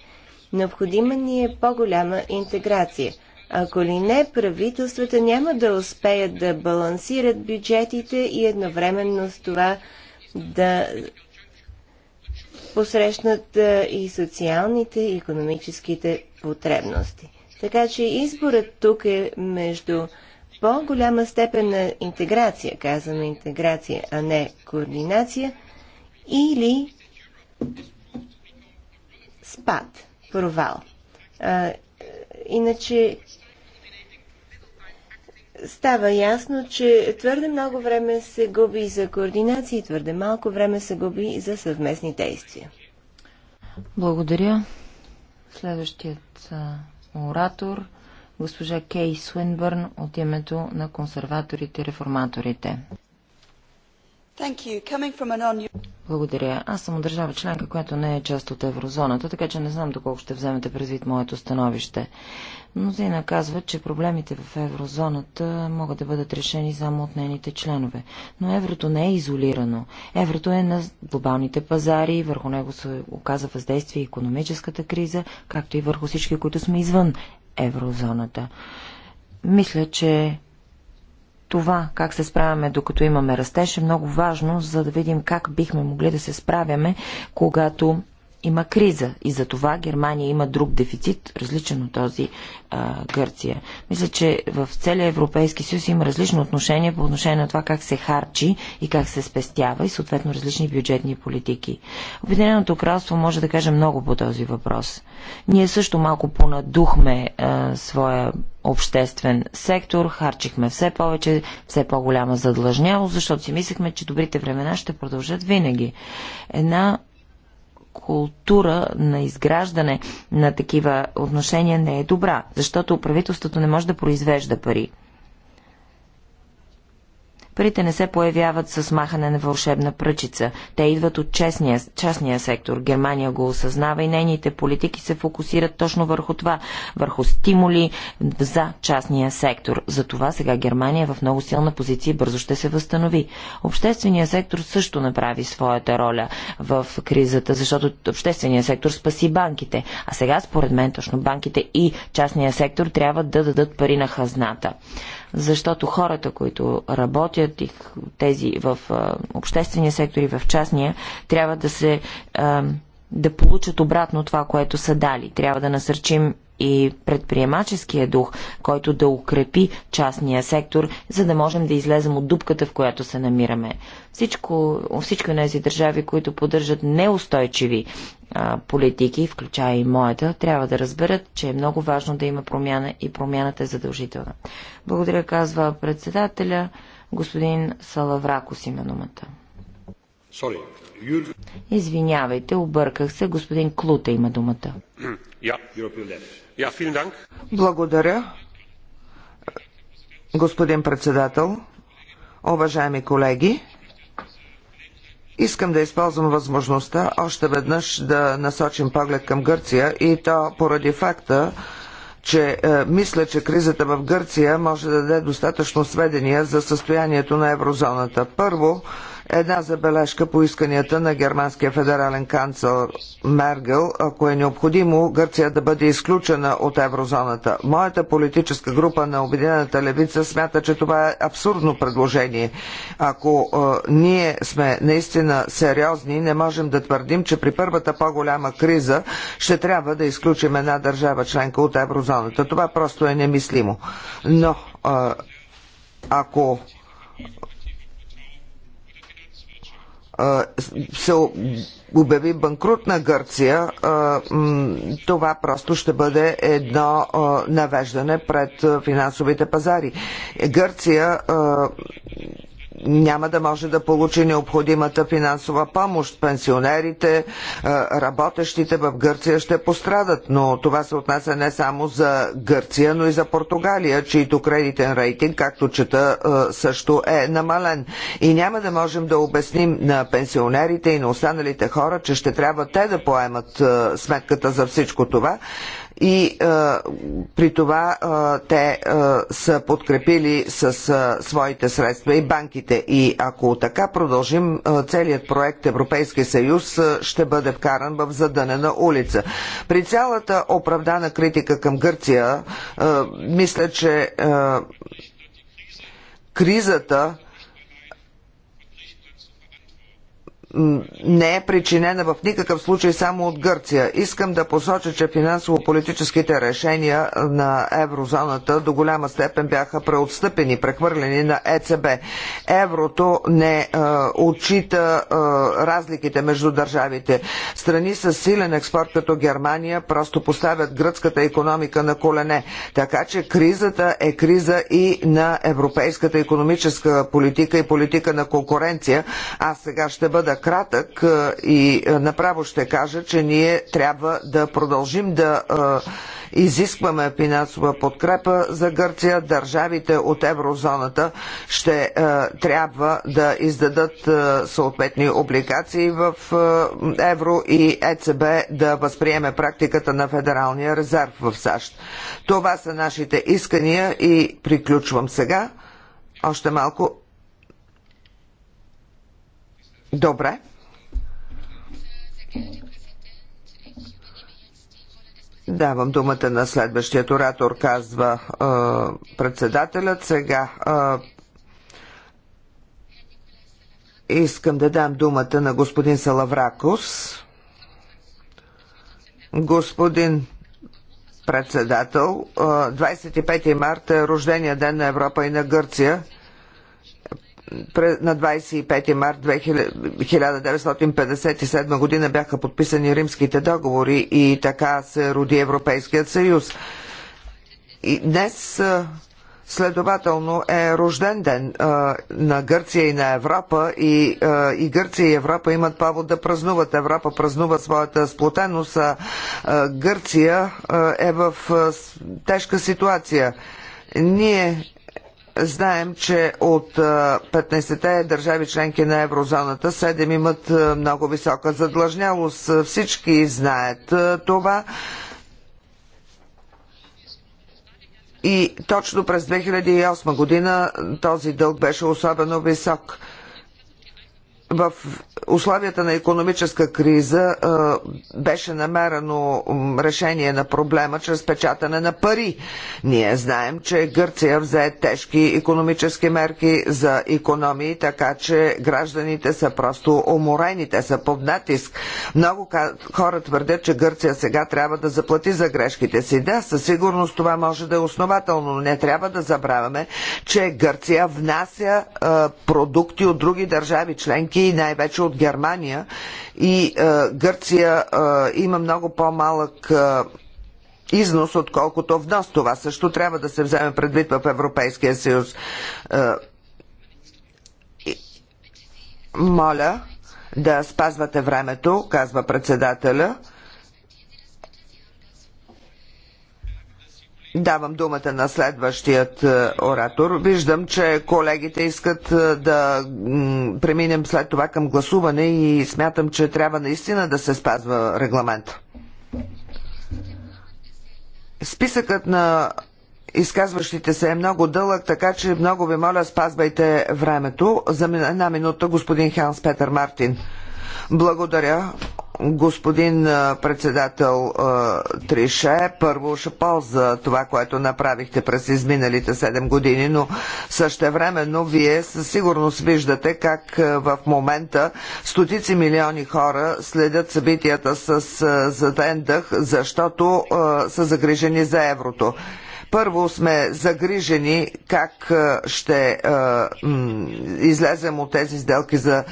Необходима ни е по-голяма интеграция – ако ли не, правителствата няма да успеят да балансират бюджетите и едновременно с това да посрещнат и социалните и економическите потребности. Така че изборът тук е между по-голяма степен на интеграция, казваме интеграция, а не координация, или спад, провал. А, иначе става ясно, че твърде много време се губи за координация и твърде малко време се губи за съвместни действия. Благодаря. Следващият оратор госпожа Кей Суинбърн от името на консерваторите и реформаторите. Благодаря. Аз съм държава членка, която не е част от еврозоната, така че не знам доколко ще вземете предвид моето становище. Мнозина казват, че проблемите в еврозоната могат да бъдат решени само от нейните членове. Но еврото не е изолирано. Еврото е на глобалните пазари, върху него се оказа въздействие и економическата криза, както и върху всички, които сме извън еврозоната. Мисля, че това, как се справяме докато имаме растеж, е много важно, за да видим как бихме могли да се справяме, когато има криза и за това Германия има друг дефицит, различен от този а, Гърция. Мисля, че в целия Европейски съюз има различно отношение по отношение на това как се харчи и как се спестява и съответно различни бюджетни политики. Обединеното кралство може да каже много по този въпрос. Ние също малко понадухме а, своя обществен сектор, харчихме все повече, все по-голяма задлъжняло, защото си мислехме, че добрите времена ще продължат винаги. Една култура на изграждане на такива отношения не е добра, защото правителството не може да произвежда пари. Парите не се появяват с махане на вълшебна пръчица. Те идват от честния, частния сектор. Германия го осъзнава и нейните политики се фокусират точно върху това, върху стимули за частния сектор. Затова сега Германия е в много силна позиция и бързо ще се възстанови. Общественият сектор също направи своята роля в кризата, защото общественият сектор спаси банките. А сега, според мен, точно банките и частния сектор трябва да дадат пари на хазната защото хората, които работят и тези в обществения сектор и в частния, трябва да се да получат обратно това, което са дали. Трябва да насърчим и предприемаческия дух, който да укрепи частния сектор, за да можем да излезем от дупката, в която се намираме. Всичко, всички от тези държави, които поддържат неустойчиви а, политики, включая и моята, трябва да разберат, че е много важно да има промяна и промяната е задължителна. Благодаря, казва председателя. Господин Салавракос има думата. Sorry. Извинявайте, обърках се. Господин Клута има думата. Yeah, благодаря, господин председател, уважаеми колеги. Искам да използвам възможността още веднъж да насочим поглед към Гърция и то поради факта, че е, мисля, че кризата в Гърция може да даде достатъчно сведения за състоянието на еврозоната. Първо, Една забележка по исканията на германския федерален канцлер Мергел, ако е необходимо Гърция да бъде изключена от еврозоната. Моята политическа група на Обединената левица смята, че това е абсурдно предложение. Ако е, ние сме наистина сериозни, не можем да твърдим, че при първата по-голяма криза ще трябва да изключим една държава членка от еврозоната. Това просто е немислимо. Но е, ако се обяви банкрут на Гърция, това просто ще бъде едно навеждане пред финансовите пазари. Гърция няма да може да получи необходимата финансова помощ. Пенсионерите, е, работещите в Гърция ще пострадат, но това се отнася не само за Гърция, но и за Португалия, чието кредитен рейтинг, както чета, е, също е намален. И няма да можем да обясним на пенсионерите и на останалите хора, че ще трябва те да поемат е, сметката за всичко това, и а, при това а, те а, са подкрепили с а, своите средства и банките. И ако така продължим, а, целият проект Европейски съюз а, ще бъде вкаран в задънена улица. При цялата оправдана критика към Гърция, а, мисля, че а, кризата не е причинена в никакъв случай само от Гърция. Искам да посоча, че финансово-политическите решения на еврозоната до голяма степен бяха преотстъпени, прехвърлени на ЕЦБ. Еврото не е, отчита е, разликите между държавите. Страни с силен експорт като Германия просто поставят гръцката економика на колене. Така че кризата е криза и на европейската економическа политика и политика на конкуренция. Аз сега ще бъда кратък и направо ще кажа, че ние трябва да продължим да изискваме финансова подкрепа за Гърция. Държавите от еврозоната ще трябва да издадат съответни облигации в евро и ЕЦБ да възприеме практиката на Федералния резерв в САЩ. Това са нашите искания и приключвам сега. Още малко Добре. Давам думата на следващия оратор, казва е, председателят. Сега е, искам да дам думата на господин Салавракус. Господин председател, е, 25 марта е рождения ден на Европа и на Гърция на 25 март 1957 година бяха подписани римските договори и така се роди Европейският съюз. И днес Следователно е рожден ден на Гърция и на Европа и, и Гърция и Европа имат повод да празнуват. Европа празнува своята сплотеност, а, Гърция е в тежка ситуация. Ние знаем, че от 15-те държави членки на еврозоната 7 имат много висока задлъжнялост. Всички знаят това. И точно през 2008 година този дълг беше особено висок в условията на економическа криза е, беше намерено решение на проблема чрез печатане на пари. Ние знаем, че Гърция взе тежки економически мерки за економии, така че гражданите са просто уморени, те са под натиск. Много хора твърдят, че Гърция сега трябва да заплати за грешките си. Да, със сигурност това може да е основателно, но не трябва да забравяме, че Гърция внася е, продукти от други държави членки и най-вече от Германия и е, Гърция е, има много по-малък е, износ, отколкото внос. Това също трябва да се вземе предвид в Европейския съюз. Моля да спазвате времето, казва председателя. Давам думата на следващият е, оратор. Виждам, че колегите искат е, да преминем след това към гласуване и смятам, че трябва наистина да се спазва регламент. Списъкът на изказващите се е много дълъг, така че много ви моля спазвайте времето. За една минута господин Ханс Петър Мартин. Благодаря господин председател Трише, първо ще за това, което направихте през изминалите 7 години, но същевременно вие със сигурност виждате как в момента стотици милиони хора следят събитията с заден дъх, защото са загрижени за еврото първо сме загрижени как ще излезем от тези сделки за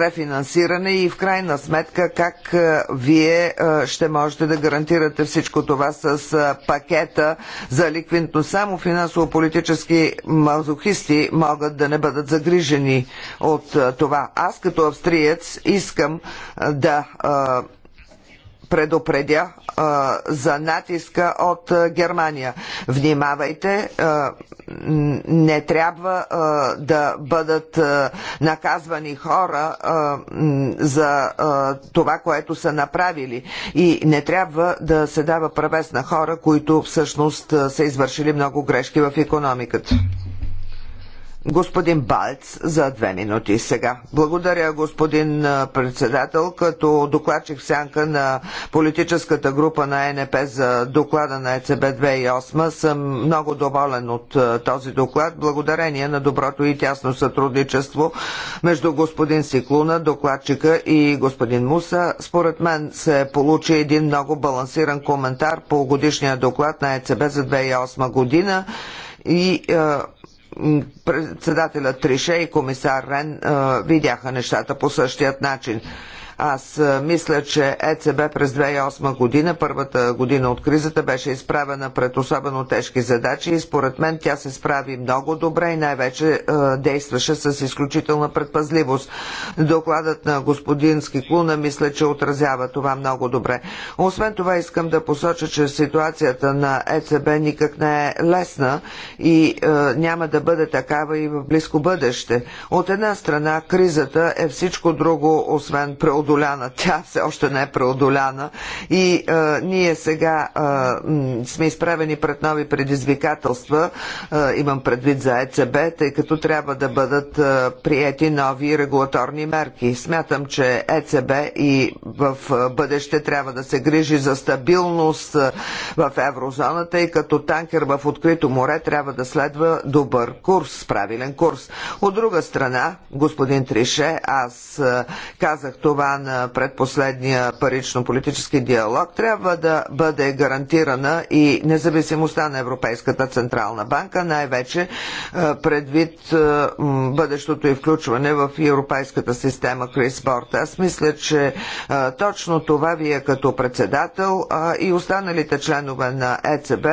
рефинансиране и в крайна сметка как вие ще можете да гарантирате всичко това с пакета за ликвидно. Само финансово-политически мазохисти могат да не бъдат загрижени от това. Аз като австриец искам да предупредя а, за натиска от а, Германия. Внимавайте, а, не трябва а, да бъдат а, наказвани хора а, за а, това, което са направили. И не трябва да се дава правес на хора, които всъщност са извършили много грешки в економиката. Господин Балц за две минути сега. Благодаря, господин председател, като докладчик сянка на политическата група на е НП за доклада на ЕЦБ 2008. Съм много доволен от този доклад, благодарение на доброто и тясно сътрудничество между господин Сиклуна, докладчика и господин Муса. Според мен се получи един много балансиран коментар по годишния доклад на ЕЦБ за 2008 година и председателят Трише и комисар Рен видяха нещата по същият начин. Аз мисля, че ЕЦБ през 2008 година, първата година от кризата, беше изправена пред особено тежки задачи и според мен тя се справи много добре и най-вече действаше с изключителна предпазливост. Докладът на господин Скиклуна мисля, че отразява това много добре. Освен това искам да посоча, че ситуацията на ЕЦБ никак не е лесна и е, няма да бъде такава и в близко бъдеще. От една страна кризата е всичко друго, освен преодоляване преодоляна. [laughs] Тя все още не е преодоляна и е, ние сега е, сме изправени пред нови предизвикателства, е, имам предвид за ЕЦБ, тъй като трябва да бъдат е, приети нови регулаторни мерки. Смятам, че ЕЦБ и в е, бъдеще трябва да се грижи за стабилност е, в еврозоната и като танкер в открито море трябва да следва добър курс, правилен курс. От друга страна, господин Трише, аз е, казах това на предпоследния парично-политически диалог трябва да бъде гарантирана и независимостта на Европейската Централна банка, най-вече е, предвид е, бъдещото и включване в Европейската система Крис Борт. Аз мисля, че е, точно това вие като председател и останалите членове на ЕЦБ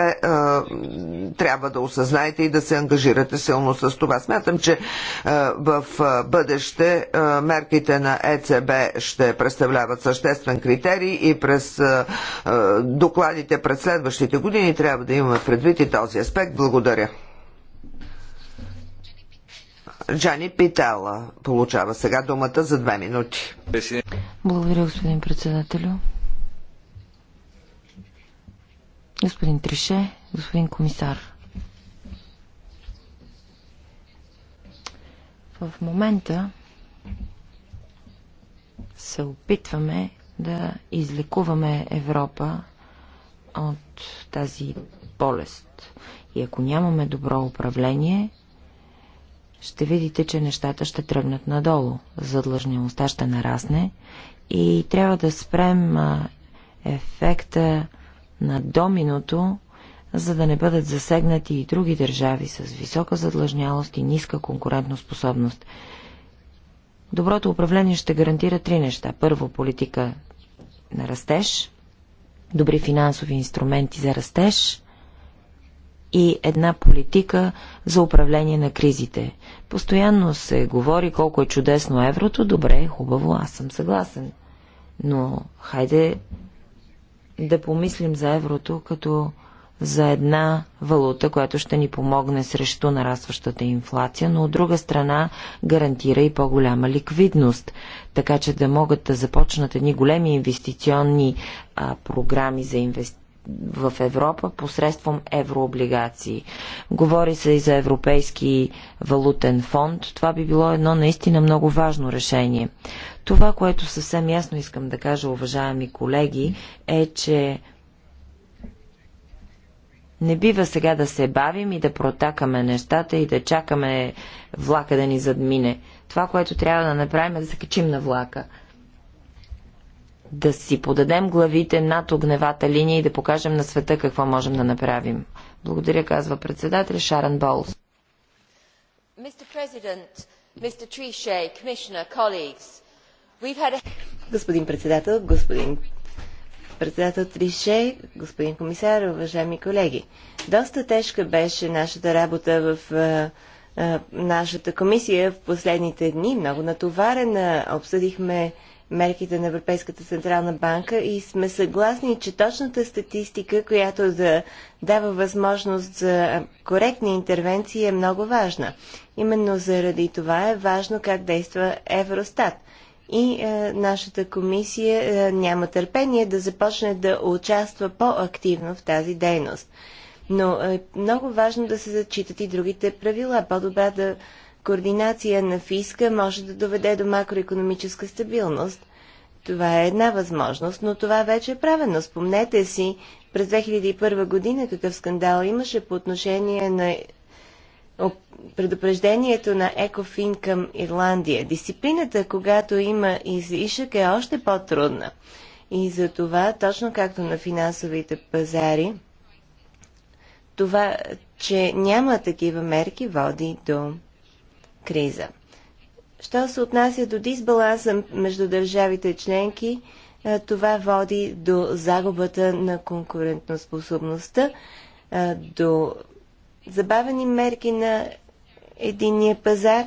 трябва да осъзнаете и да се ангажирате силно с това. Смятам, че в бъдеще мерките на ЕЦБ ще представляват съществен критерий и през докладите пред следващите години трябва да имаме предвид и този аспект. Благодаря. Джани Питала получава сега думата за две минути. Благодаря, господин председателю. Господин Трише, господин комисар. В момента се опитваме да излекуваме Европа от тази болест. И ако нямаме добро управление, ще видите, че нещата ще тръгнат надолу. Задлъжнялостта ще нарасне и трябва да спрем ефекта на доминото, за да не бъдат засегнати и други държави с висока задлъжнялост и ниска конкурентоспособност. способност. Доброто управление ще гарантира три неща. Първо, политика на растеж, добри финансови инструменти за растеж и една политика за управление на кризите. Постоянно се говори колко е чудесно еврото. Добре, хубаво, аз съм съгласен. Но хайде да помислим за еврото като за една валута, която ще ни помогне срещу нарастващата инфлация, но от друга страна гарантира и по-голяма ликвидност, така че да могат да започнат едни големи инвестиционни а, програми за инвести в Европа посредством еврооблигации. Говори се и за Европейски валутен фонд. Това би било едно наистина много важно решение. Това, което съвсем ясно искам да кажа, уважаеми колеги, е, че не бива сега да се бавим и да протакаме нещата и да чакаме влака да ни задмине. Това, което трябва да направим е да се качим на влака. Да си подадем главите над огневата линия и да покажем на света какво можем да направим. Благодаря, казва председател Шаран Болс. Господин председател, господин председател Трише, господин комисар, уважаеми колеги. Доста тежка беше нашата работа в а, а, нашата комисия в последните дни, много натоварена. Обсъдихме мерките на Европейската Централна банка и сме съгласни, че точната статистика, която да дава възможност за коректни интервенции е много важна. Именно заради това е важно как действа Евростат – и а, е, нашата комисия а, е, няма търпение да започне да участва по-активно в тази дейност. Но е много важно да се зачитат и другите правила. По-добрата координация на фиска може да доведе до макроекономическа стабилност. Това е една възможност, но това вече е правено. Спомнете си, през 2001 година какъв скандал имаше по отношение на предупреждението на Екофин към Ирландия. Дисциплината, когато има излишък, е още по-трудна. И за това, точно както на финансовите пазари, това, че няма такива мерки, води до криза. Що се отнася до дисбаланса между държавите членки, това води до загубата на конкурентоспособността, до забавени мерки на единния пазар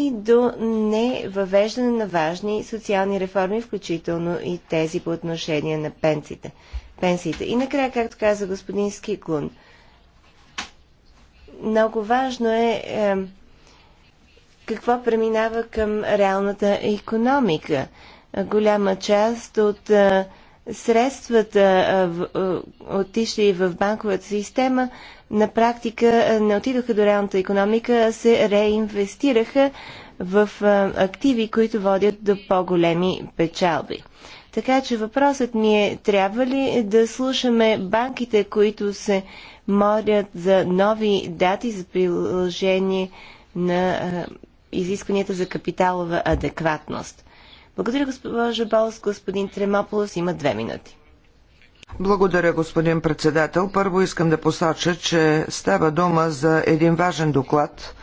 и до не въвеждане на важни социални реформи, включително и тези по отношение на пенсиите. пенсиите. И накрая, както каза господин Скиклун, много важно е, е какво преминава към реалната економика. Голяма част от е, средствата, е, е отишли в банковата система, на практика е, не отидоха до реалната економика, а се реинвестираха в е, активи, които водят до по-големи печалби. Така че въпросът ми е, трябва ли да слушаме банките, които се морят за нови дати за приложение на е, изискванията за капиталова адекватност? Благодаря, госпожа Болс. Господин Тремополос има две минути. Благодаря, господин председател. Първо искам да посоча, че става дума за един важен доклад,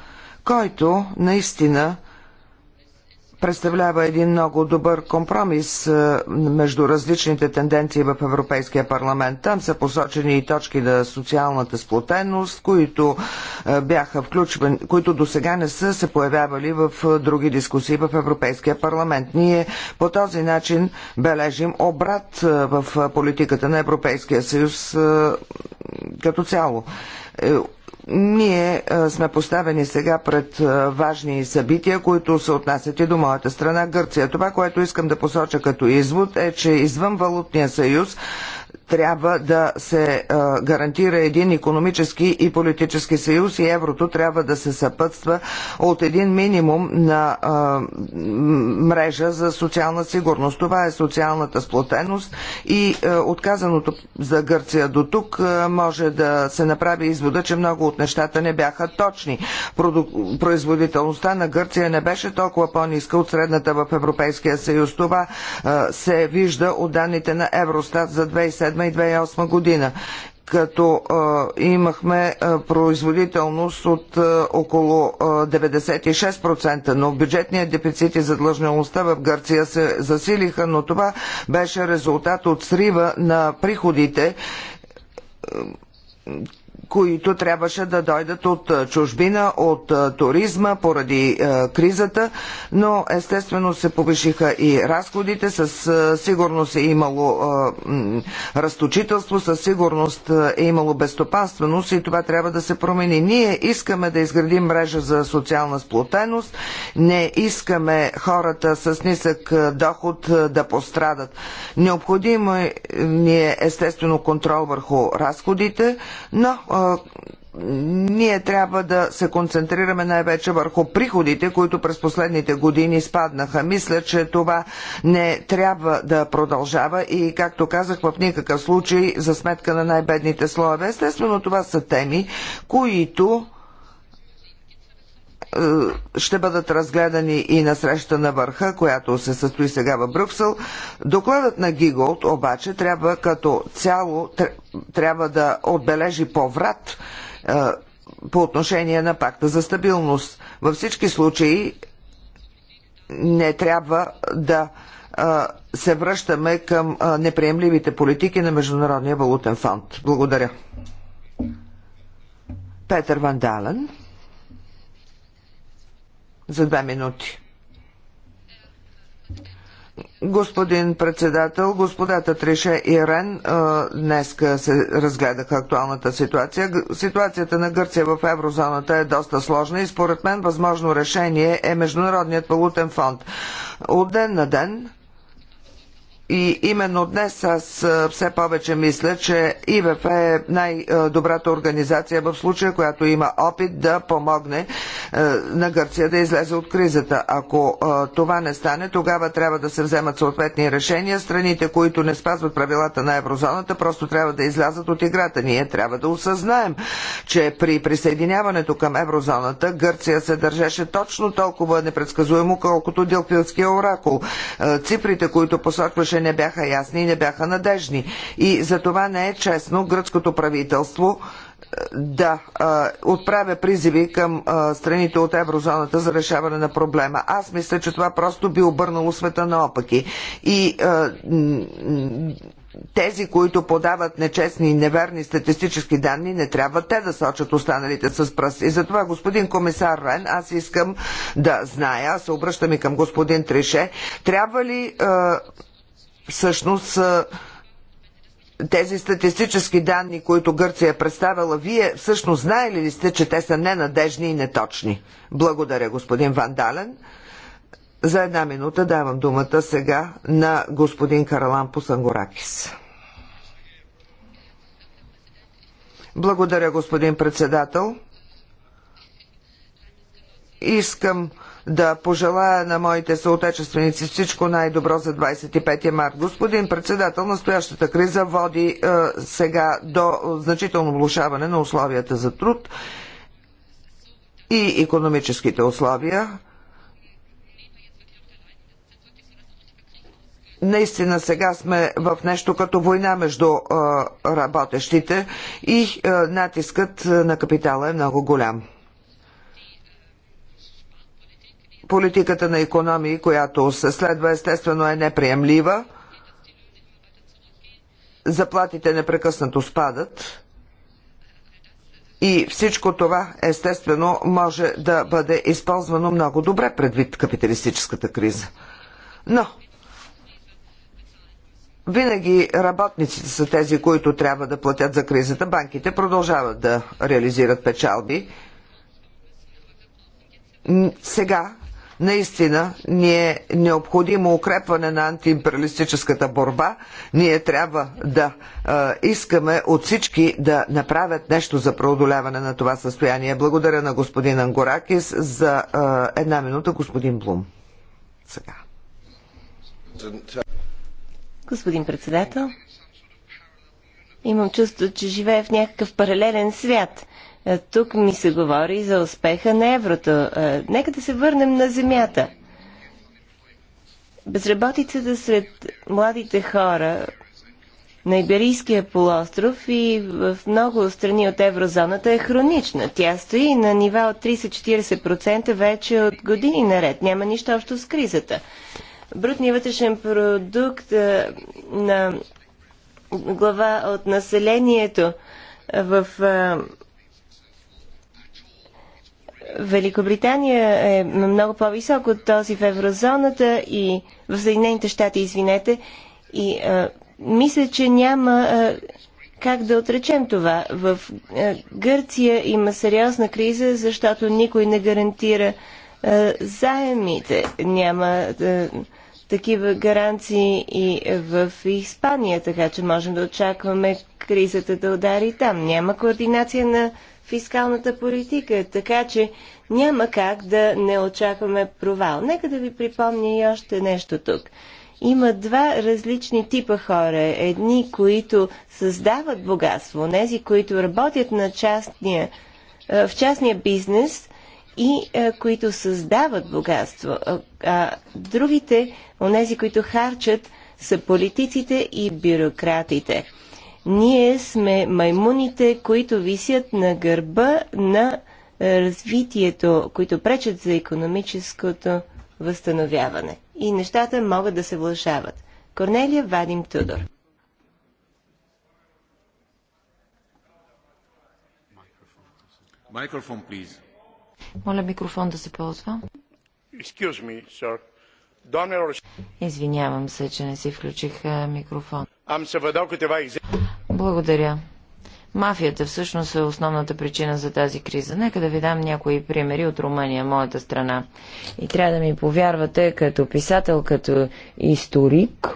който наистина представлява един много добър компромис е, между различните тенденции в Европейския парламент. Там са посочени и точки на социалната сплотеност, които е, бяха включвани, които до сега не са се появявали в е, други дискусии в Европейския парламент. Ние по този начин бележим обрат в политиката на Европейския съюз като цяло ние е, сме поставени сега пред е, важни събития, които се отнасят и до моята страна Гърция. Това, което искам да посоча като извод е, че извън Валутния съюз трябва да се гарантира един економически и политически съюз и еврото трябва да се съпътства от един минимум на мрежа за социална сигурност. Това е социалната сплотеност и отказаното за Гърция до тук може да се направи извода, че много от нещата не бяха точни. Производителността на Гърция не беше толкова по-ниска от средната в Европейския съюз. Това се вижда от данните на Евростат за 2007 2007 и 2008 година като а, имахме а, производителност от а, около а, 96%, но бюджетният дефицит и задлъжнялостта в Гърция се засилиха, но това беше резултат от срива на приходите които трябваше да дойдат от чужбина, от туризма поради кризата, но естествено се повишиха и разходите, със сигурност е имало разточителство, със сигурност е имало безстопанственост и това трябва да се промени. Ние искаме да изградим мрежа за социална сплотеност, не искаме хората с нисък доход да пострадат. Необходимо е, е, ни е естествено контрол върху разходите, но ние трябва да се концентрираме най-вече върху приходите, които през последните години спаднаха. Мисля, че това не трябва да продължава и, както казах, в никакъв случай за сметка на най-бедните слоеве. Естествено, това са теми, които е, ще бъдат разгледани и на среща на върха, която се състои сега в Брюксел. Докладът на Гиголд обаче трябва като цяло трябва да отбележи поврат е, по отношение на пакта за стабилност. Във всички случаи не трябва да е, се връщаме към неприемливите политики на Международния валутен фонд. Благодаря. Петър Вандален за две минути. Господин председател, господата Трише и Рен днеска се разгледаха актуалната ситуация. Ситуацията на Гърция в еврозоната е доста сложна и според мен възможно решение е Международният валутен фонд. От ден на ден и именно днес аз все повече мисля, че ИВФ е най-добрата организация в случая, която има опит да помогне на Гърция да излезе от кризата. Ако това не стане, тогава трябва да се вземат съответни решения. Страните, които не спазват правилата на еврозоната, просто трябва да излязат от играта. Ние трябва да осъзнаем, че при присъединяването към еврозоната Гърция се държеше точно толкова непредсказуемо, колкото Дилфилския оракул. Цифрите, които посочваше че не бяха ясни и не бяха надежни. И за това не е честно гръцкото правителство е, да е, отправя призиви към е, страните от еврозоната за решаване на проблема. Аз мисля, че това просто би обърнало света наопаки. И тези, които подават нечестни и неверни статистически данни, не трябва те да сочат останалите с пръст. И затова, господин комисар Рен, аз искам да зная, аз се обръщам и към господин Трише, трябва ли А, всъщност тези статистически данни, които Гърция е представила, вие всъщност знаели ли сте, че те са ненадежни и неточни? Благодаря, господин Вандален. За една минута давам думата сега на господин Каралампо Сангоракис. Благодаря, господин председател. Искам да пожелая на моите съотечественици всичко най-добро за 25 март. Господин председател, настоящата криза води е, сега до значително влушаване на условията за труд и економическите условия. наистина сега сме в нещо като война между а, е, работещите и а, е, натискът на капитала е много голям. политиката на економии, която се следва, естествено е неприемлива. Заплатите непрекъснато спадат. И всичко това, естествено, може да бъде използвано много добре предвид капиталистическата криза. Но, винаги работниците са тези, които трябва да платят за кризата. Банките продължават да реализират печалби. Сега Наистина, ни е необходимо укрепване на антиимпериалистическата борба. Ние трябва да е, искаме от всички да направят нещо за преодоляване на това състояние. Благодаря на господин Ангоракис за е, една минута, господин Блум. Сега. Господин председател, имам чувство, че живея в някакъв паралелен свят – е, тук ми се говори за успеха на еврото. Е, нека да се върнем на земята. Безработицата сред младите хора на Иберийския полуостров и в много страни от еврозоната е хронична. Тя стои на нива от 30-40% вече от години наред. Няма нищо общо с кризата. Брутният вътрешен продукт е, на глава от населението в Великобритания е много по-висок от този в еврозоната и в Съединените щати, извинете. И а, мисля, че няма а, как да отречем това. В а, Гърция има сериозна криза, защото никой не гарантира а, заемите. Няма а, такива гаранции и в Испания, така че можем да очакваме кризата да удари там. Няма координация на фискалната политика, така че няма как да не очакваме провал. Нека да ви припомня и още нещо тук. Има два различни типа хора. Едни, които създават богатство, нези, които работят на частния, в частния бизнес и които създават богатство. А другите, онези, които харчат, са политиците и бюрократите. Ние сме маймуните, които висят на гърба на е, развитието, които пречат за економическото възстановяване. И нещата могат да се влъшават. Корнелия Вадим Тудор. Microphone, please. Моля микрофон да се ползва. Me, Извинявам се, че не си включих е, микрофон. Am să vă dau câteva exemple. Благодаря. Мафията всъщност е основната причина за тази криза. Нека да ви дам някои примери от Румъния, моята страна. И трябва да ми повярвате като писател, като историк,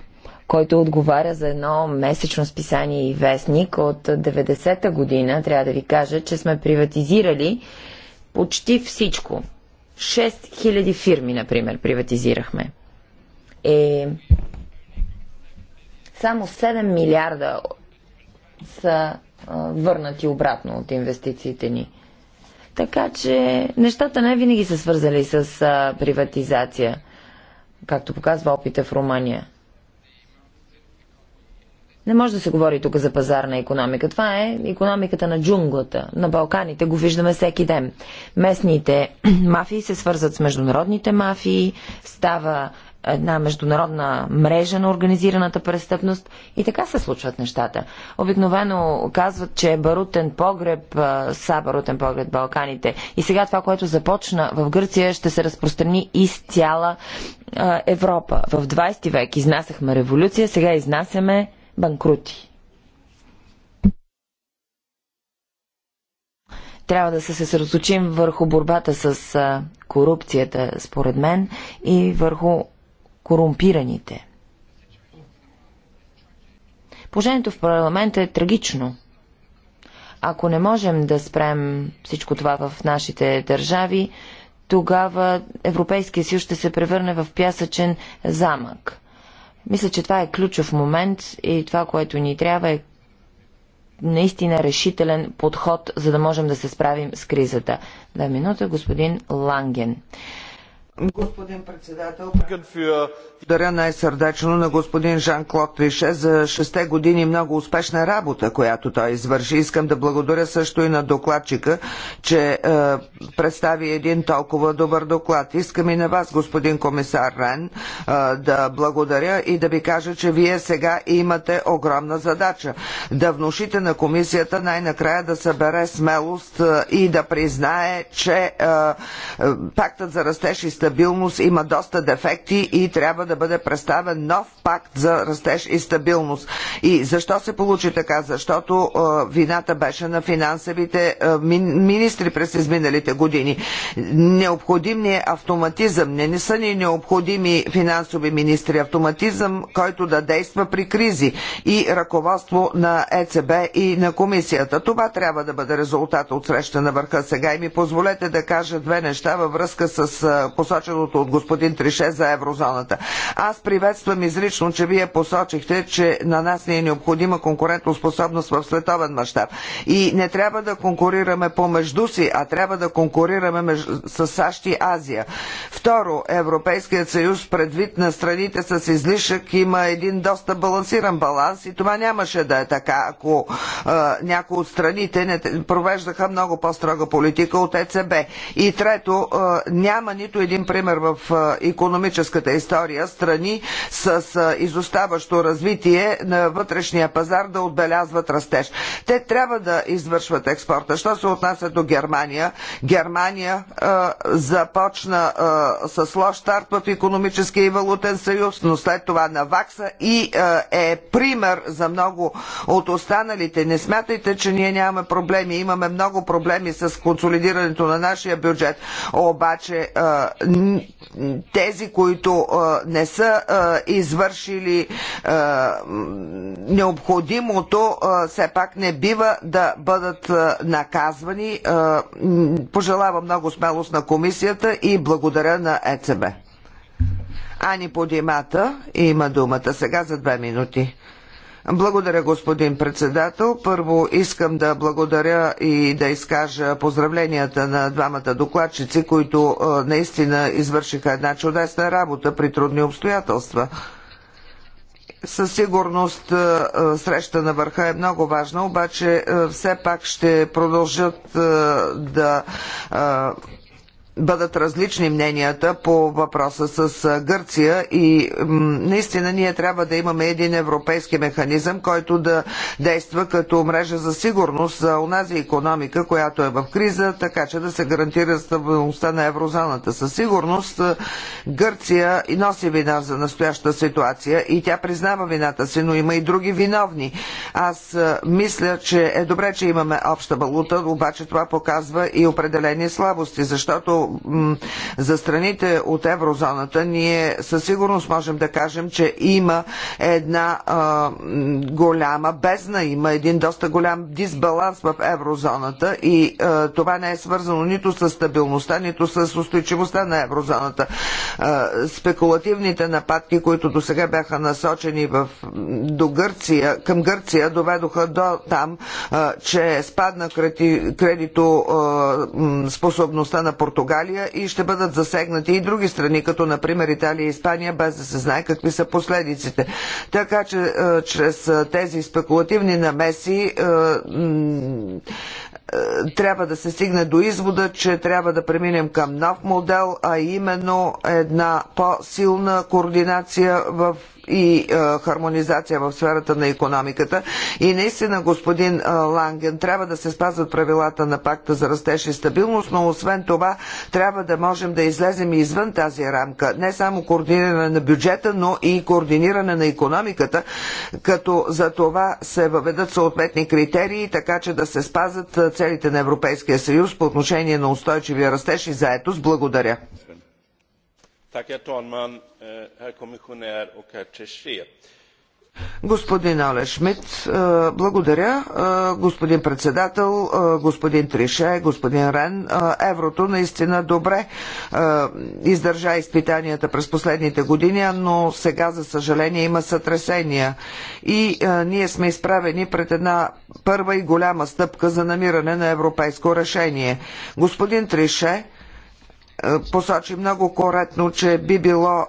който отговаря за едно месечно списание и вестник от 90-та година, трябва да ви кажа, че сме приватизирали почти всичко. 6000 фирми, например, приватизирахме. Е, само 7 милиарда са върнати обратно от инвестициите ни. Така че нещата не винаги са свързали с а, приватизация, както показва опита в Румъния. Не може да се говори тук за пазарна економика. Това е економиката на джунглата. На Балканите го виждаме всеки ден. Местните [clears throat] мафии се свързват с международните мафии, става една международна мрежа на организираната престъпност и така се случват нещата. Обикновено казват, че е барутен погреб, са барутен погреб Балканите. И сега това, което започна в Гърция, ще се разпространи из цяла Европа. В 20 век изнасяхме революция, сега изнасяме банкрути. трябва да се съсредоточим върху борбата с корупцията, според мен, и върху корумпираните. Положението в парламента е трагично. Ако не можем да спрем всичко това в нашите държави, тогава Европейския съюз ще се превърне в пясъчен замък. Мисля, че това е ключов момент и това, което ни трябва е наистина решителен подход, за да можем да се справим с кризата. Две минута, господин Ланген. Господин председател, благодаря най-сърдечно на господин Жан-Клод Трише за шесте години много успешна работа, която той извърши. Искам да благодаря също и на докладчика, че е, представи един толкова добър доклад. Искам и на вас, господин комисар Рен, е, да благодаря и да ви кажа, че вие сега имате огромна задача да внушите на комисията най-накрая да събере смелост е, и да признае, че е, е, пактът за растеж и стабилност стабилност има доста дефекти и трябва да бъде представен нов пакт за растеж и стабилност. И защо се получи така? Защото вината беше на финансовите министри през изминалите години. Необходим ни е автоматизъм. Не, не са ни необходими финансови министри. Автоматизъм, който да действа при кризи и ръководство на ЕЦБ и на комисията. Това трябва да бъде резултата от среща на върха сега. И ми позволете да кажа две неща във връзка с посочените посоченото от господин Трише за еврозоната. Аз приветствам изрично, че вие посочихте, че на нас ни е необходима конкурентоспособност в световен мащаб. И не трябва да конкурираме помежду си, а трябва да конкурираме меж... с САЩ и Азия. Второ, Европейският съюз предвид на страните с излишък има един доста балансиран баланс и това нямаше да е така, ако някои от страните не провеждаха много по-строга политика от ЕЦБ. И трето, няма нито един един пример в економическата история, страни с изоставащо развитие на вътрешния пазар да отбелязват растеж. Те трябва да извършват експорта. Що се отнася до Германия? Германия е, започна е, с лош старт в економическия и валутен съюз, но след това навакса и е, е пример за много от останалите. Не смятайте, че ние нямаме проблеми. Имаме много проблеми с консолидирането на нашия бюджет. Обаче тези, които не са извършили необходимото, все пак не бива да бъдат наказвани. Пожелавам много смелост на комисията и благодаря на ЕЦБ. Ани Подимата има думата сега за две минути. Благодаря, господин председател. Първо искам да благодаря и да изкажа поздравленията на двамата докладчици, които наистина извършиха една чудесна работа при трудни обстоятелства. Със сигурност среща на върха е много важна, обаче все пак ще продължат да бъдат различни мненията по въпроса с Гърция и наистина ние трябва да имаме един европейски механизъм, който да действа като мрежа за сигурност за онази економика, която е в криза, така че да се гарантира стабилността на еврозоната. Със сигурност Гърция носи вина за настоящата ситуация и тя признава вината си, но има и други виновни. Аз мисля, че е добре, че имаме обща валута, обаче това показва и определени слабости, защото за страните от еврозоната ние със сигурност можем да кажем, че има една а, голяма бездна, има един доста голям дисбаланс в еврозоната и а, това не е свързано нито с стабилността, нито с устойчивостта на еврозоната. А, спекулативните нападки, които до сега бяха насочени в, до Гърция, към Гърция, доведоха до там, а, че е спадна кредито способността на Португалия Португалия и ще бъдат засегнати и други страни, като например Италия и Испания, без да се знае какви са последиците. Така че е, чрез е, тези спекулативни намеси е, трябва да се стигне до извода, че трябва да преминем към нов модел, а именно една по-силна координация в и е, хармонизация в сферата на економиката. И наистина, господин е, Ланген, трябва да се спазват правилата на пакта за растеж и стабилност, но освен това трябва да можем да излезем и извън тази рамка. Не само координиране на бюджета, но и координиране на економиката, като за това се въведат съответни критерии, така че да се спазат е, целите на Европейския съюз по отношение на устойчивия растеж и заетост. Благодаря. Herr talman, eh, herr kommissionär och herr Trichet. Господин Оле Шмидт, е, благодаря. Е, господин председател, е, господин Трише, господин Рен, еврото наистина добре издържа изпитанията през последните години, но сега, за съжаление, има сътресения. И ние сме изправени пред една първа и голяма стъпка за намиране на европейско решение. Господин Трише, е, посочи много коректно, че би било е,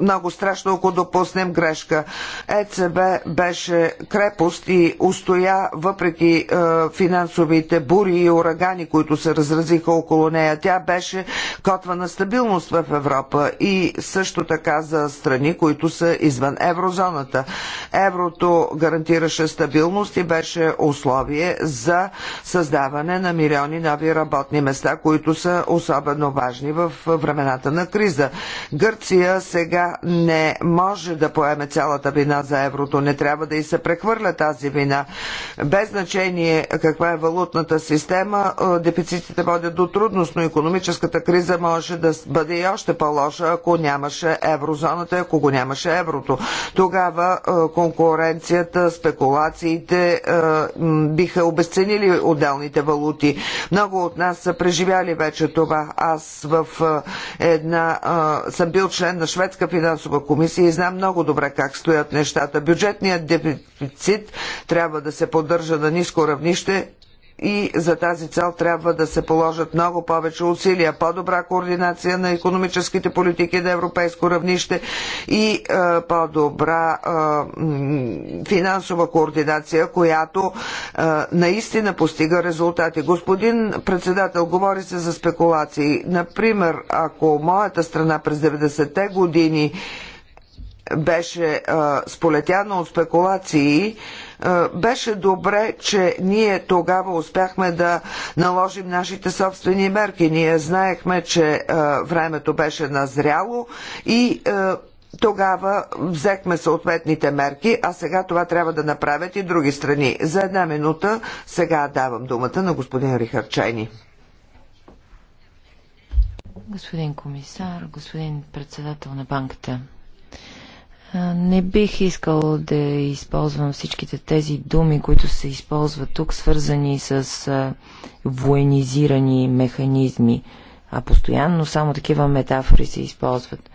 много страшно, ако допуснем грешка. ЕЦБ беше крепост и устоя въпреки е, финансовите бури и урагани, които се разразиха около нея. Тя беше котва на стабилност в Европа и също така за страни, които са извън еврозоната. Еврото гарантираше стабилност и беше условие за създаване на милиони нови работни места, които са особено важни в времената на криза. Гърция сега не може да поеме цялата вина за еврото. Не трябва да и се прехвърля тази вина. Без значение каква е валутната система, е, дефицитите водят до трудност, но економическата криза може да бъде и още по-лоша, ако нямаше еврозоната, ако го нямаше еврото. Тогава е, конкуренцията, спекулациите е, биха обесценили отделните валути. Много от нас са преживяли вече това. Аз в една съм бил член на шведска финансова комисия и знам много добре как стоят нещата. Бюджетният дефицит трябва да се поддържа на ниско равнище, и за тази цел трябва да се положат много повече усилия, по-добра координация на економическите политики на европейско равнище и е, по-добра е, финансова координация, която е, наистина постига резултати. Господин председател, говори се за спекулации. Например, ако моята страна през 90-те години беше сполетяна от спекулации, е, беше добре, че ние тогава успяхме да наложим нашите собствени мерки. Ние знаехме, че е, времето беше назряло и е, тогава взехме съответните мерки, а сега това трябва да направят и други страни. За една минута сега давам думата на господин Рихард Чайни. Господин комисар, господин председател на банката, не бих искал да използвам всичките тези думи, които се използват тук, свързани с военизирани механизми, а постоянно само такива метафори се използват.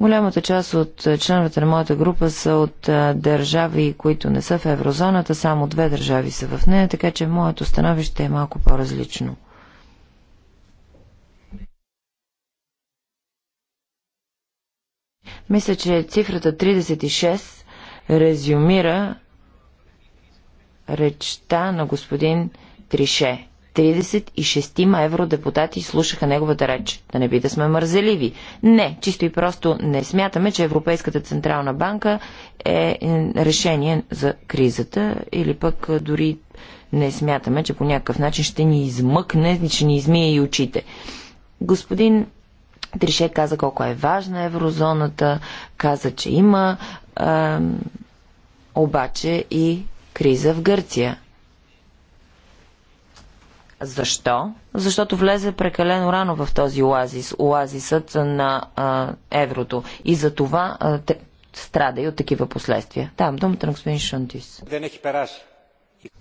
Голямата част от членовете на моята група са от държави, които не са в еврозоната, само две държави са в нея, така че моето становище е малко по-различно. Мисля, че цифрата 36 резюмира речта на господин Трише. 36 евродепутати слушаха неговата реч. Да не би да сме мързеливи. Не, чисто и просто не смятаме, че Европейската Централна банка е, е решение за кризата или пък е, дори не смятаме, че по някакъв начин ще ни измъкне, ще ни измие и очите. Господин Трише каза колко е важна еврозоната, каза, че има а, обаче и криза в Гърция. Защо? Защото влезе прекалено рано в този оазис, оазисът на а, еврото. И за това а, те, страда и от такива последствия. Там думата на господин Шантис.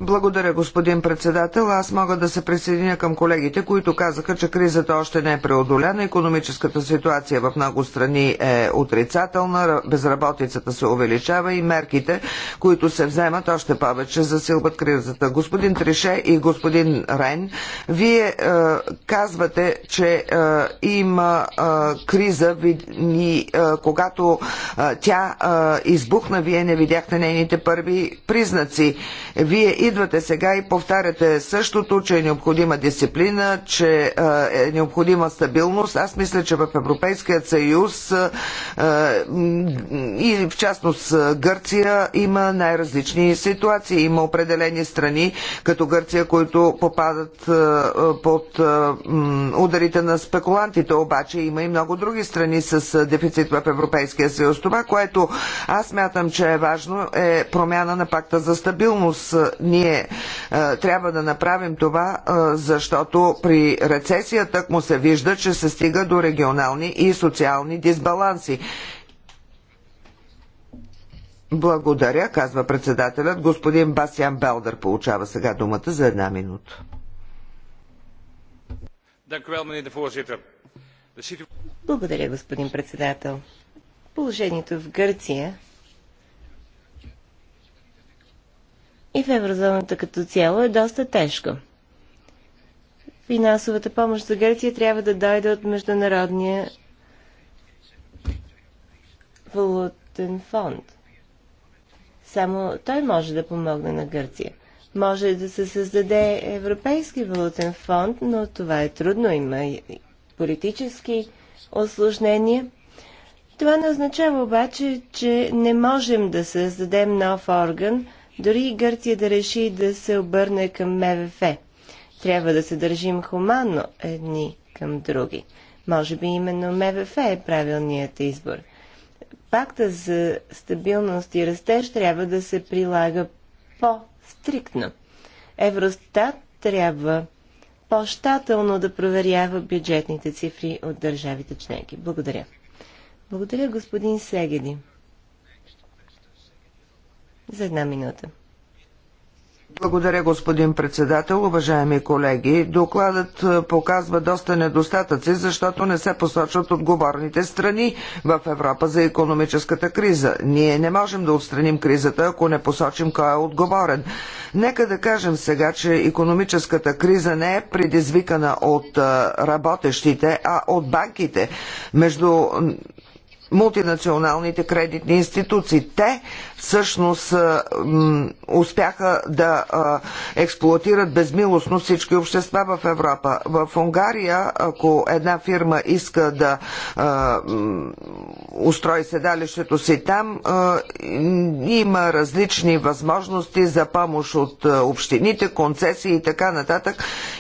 Благодаря, господин председател. Аз мога да се присъединя към колегите, които казаха, че кризата още не е преодоляна. Економическата ситуация в много страни е отрицателна, безработицата се увеличава и мерките, които се вземат, още повече засилват кризата. Господин Трише и господин Рен, вие е, казвате, че е, има е, криза и е, когато е, тя е, избухна, вие не видяхте нейните първи признаци. Вие вие идвате сега и повтаряте същото, че е необходима дисциплина, че е необходима стабилност. Аз мисля, че в Европейският съюз и в частност Гърция има най-различни ситуации. Има определени страни, като Гърция, които попадат под ударите на спекулантите, обаче има и много други страни с дефицит в Европейския съюз. Това, което аз мятам, че е важно, е промяна на пакта за стабилност ние е, трябва да направим това, е, защото при рецесията му се вижда, че се стига до регионални и социални дисбаланси. Благодаря, казва председателят. Господин Басян Белдър получава сега думата за една минута. Благодаря, господин председател. Положението в Гърция и в еврозоната като цяло е доста тежко. Финансовата помощ за Гърция трябва да дойде от Международния валутен фонд. Само той може да помогне на Гърция. Може да се създаде Европейски валутен фонд, но това е трудно. Има и политически осложнения. Това не означава обаче, че не можем да създадем нов орган – дори Гърция да реши да се обърне към МВФ. Трябва да се държим хуманно едни към други. Може би именно МВФ е правилният избор. Пакта за стабилност и растеж трябва да се прилага по-стриктно. Евростат трябва по-щателно да проверява бюджетните цифри от държавите членки. Благодаря. Благодаря, господин Сегеди за една минута. Благодаря, господин председател. Уважаеми колеги, докладът е, показва доста недостатъци, защото не се посочват отговорните страни в Европа за економическата криза. Ние не можем да отстраним кризата, ако не посочим кой е отговорен. Нека да кажем сега, че економическата криза не е предизвикана от е, работещите, а от банките. Между мултинационалните кредитни институции. Те всъщност успяха да експлуатират безмилостно всички общества в Европа. В Унгария, ако една фирма иска да устрои седалището си там. Има различни възможности за помощ от общините, концесии и така нататък.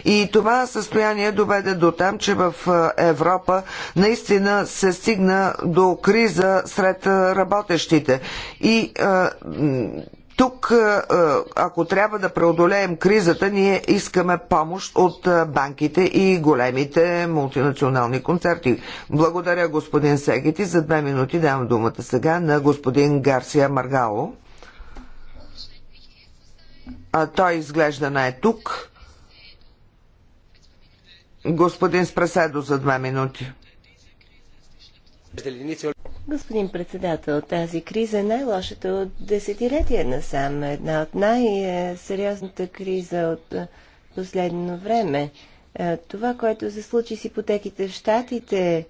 И това състояние доведе до там, че в Европа наистина се стигна до криза сред работещите. И тук, е, е, ако трябва да преодолеем кризата, ние искаме помощ от е, банките и големите мултинационални концерти. Благодаря, господин Сегети. За две минути давам думата сега на господин Гарсия Маргало. А той изглежда не е тук. Господин Спреседо за две минути. Господин председател, тази криза е най-лошата от десетилетия насам. Една от най-сериозната криза от последно време. Това, което се случи с ипотеките в Штатите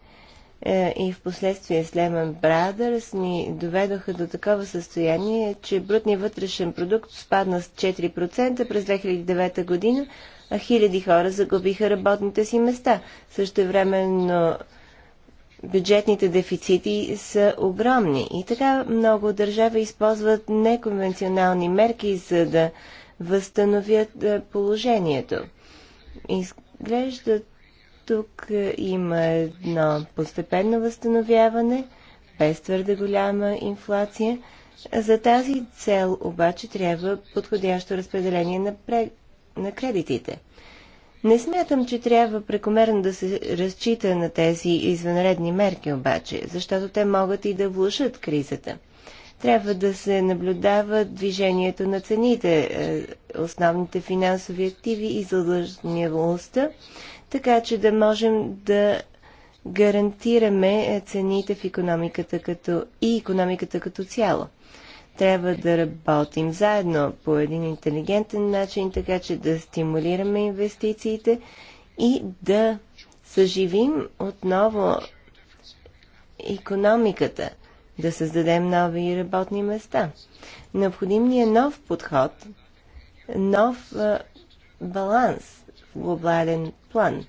е, и в последствие с Lehman Brothers, ни доведоха до такова състояние, че брутният вътрешен продукт спадна с 4% през 2009 година, а хиляди хора загубиха работните си места. Също времено бюджетните дефицити са огромни. И така много държави използват неконвенционални мерки, за да възстановят е, положението. Изглежда тук е, има едно постепенно възстановяване, без твърде голяма инфлация. За тази цел обаче трябва подходящо разпределение на, пре... на кредитите. Не смятам, че трябва прекомерно да се разчита на тези извънредни мерки обаче, защото те могат и да влушат кризата. Трябва да се наблюдава движението на цените, е, основните финансови активи и задлъжнявостта, така че да можем да гарантираме е, цените в економиката като и економиката като цяло трябва да работим заедно по един интелигентен начин, така че да стимулираме инвестициите и да съживим отново економиката, да създадем нови работни места. Необходим ни е нов подход, нов баланс в глобален план.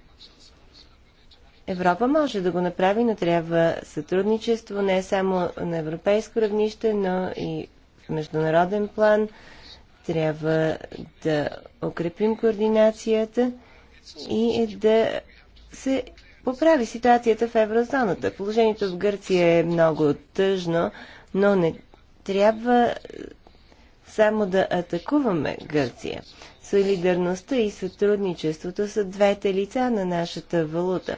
Европа може да го направи, но трябва сътрудничество не само на европейско равнище, но и международен план, трябва да укрепим координацията и да се поправи ситуацията в еврозоната. Положението в Гърция е много тъжно, но не трябва само да атакуваме Гърция. Солидарността и сътрудничеството са двете лица на нашата валута.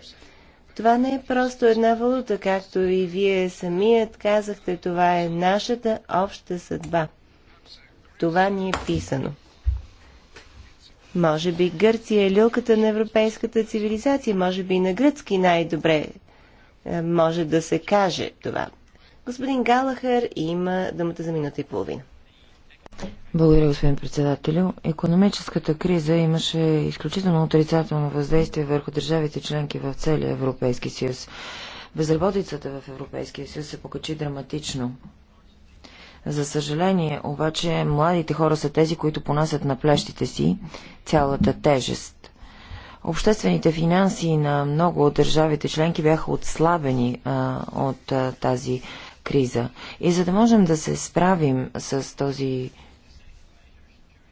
Това не е просто една валута, както и вие самият казахте, това е нашата обща съдба. Това ни е писано. Може би Гърция е люлката на европейската цивилизация, може би и на гръцки най-добре е, може да се каже това. Господин Галахър има думата за минута и половина. Благодаря, господин председателю. Економическата криза имаше изключително отрицателно въздействие върху държавите членки в целия Европейски съюз. Безработицата в Европейския съюз се покачи драматично. За съжаление, обаче, младите хора са тези, които понасят на плещите си цялата тежест. Обществените финанси на много от държавите членки бяха отслабени а, от а, тази криза. И за да можем да се справим с този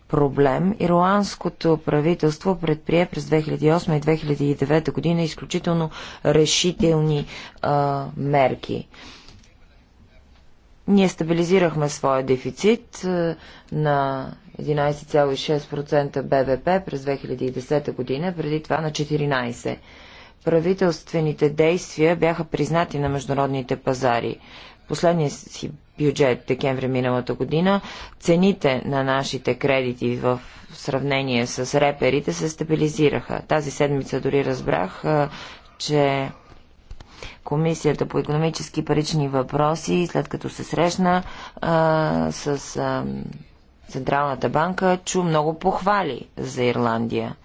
проблем, ирландското правителство предприе през 2008 и 2009 година изключително решителни а, мерки. Ние стабилизирахме своя дефицит на 11,6% БВП през 2010 година, преди това на 14%. Правителствените действия бяха признати на международните пазари последния си бюджет декември миналата година, цените на нашите кредити в сравнение с реперите се стабилизираха. Тази седмица дори разбрах, че Комисията по економически парични въпроси, след като се срещна а, с а, Централната банка, чу много похвали за Ирландия.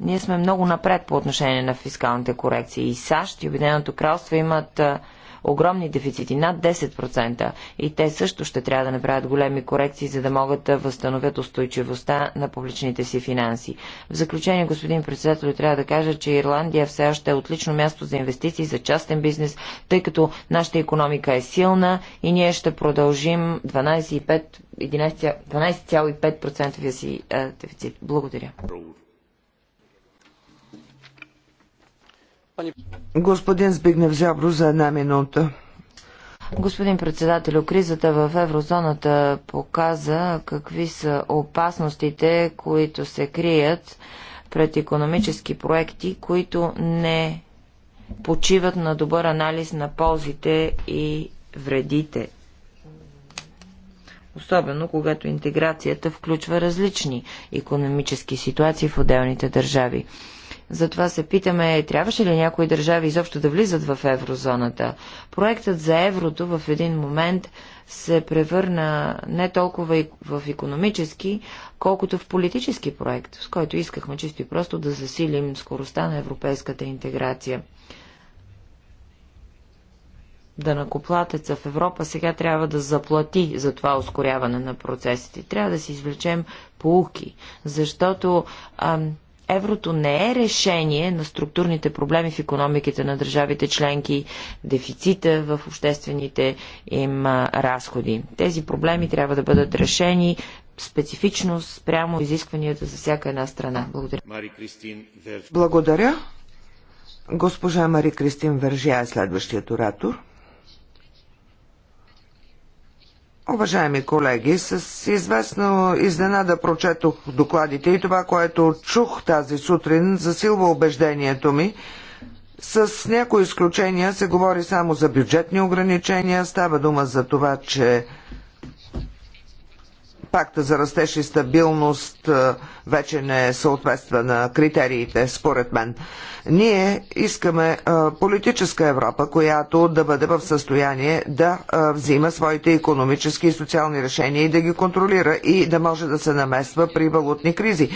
Ние сме много напред по отношение на фискалните корекции. И САЩ и Обединеното кралство имат а, огромни дефицити, над 10%. И те също ще трябва да направят големи корекции, за да могат да възстановят устойчивостта на публичните си финанси. В заключение, господин председател, трябва да кажа, че Ирландия все още е отлично място за инвестиции, за частен бизнес, тъй като нашата економика е силна и ние ще продължим 12,5% 12,5% си дефицит. Благодаря. Господин Збигнев Зябро за една минута. Господин председател, кризата в еврозоната показа какви са опасностите, които се крият пред економически проекти, които не почиват на добър анализ на ползите и вредите. Особено когато интеграцията включва различни економически ситуации в отделните държави. Затова се питаме, трябваше ли някои държави изобщо да влизат в еврозоната? Проектът за еврото в един момент се превърна не толкова и в економически, колкото в политически проект, с който искахме чисто и просто да засилим скоростта на европейската интеграция. Да накоплатеца в Европа сега трябва да заплати за това ускоряване на процесите. Трябва да си извлечем поуки, защото ам, еврото не е решение на структурните проблеми в економиките на държавите членки, дефицита в обществените им разходи. Тези проблеми трябва да бъдат решени специфично спрямо изискванията за всяка една страна. Благодаря. Благодаря. Госпожа Мари Кристин Вържия е следващият оратор. Уважаеми колеги, с известно изненада прочетох докладите и това, което чух тази сутрин, засилва убеждението ми. С някои изключения се говори само за бюджетни ограничения. Става дума за това, че пакта за растеж и стабилност вече не съответства на критериите, според мен. Ние искаме политическа Европа, която да бъде в състояние да взима своите економически и социални решения и да ги контролира и да може да се намества при валутни кризи.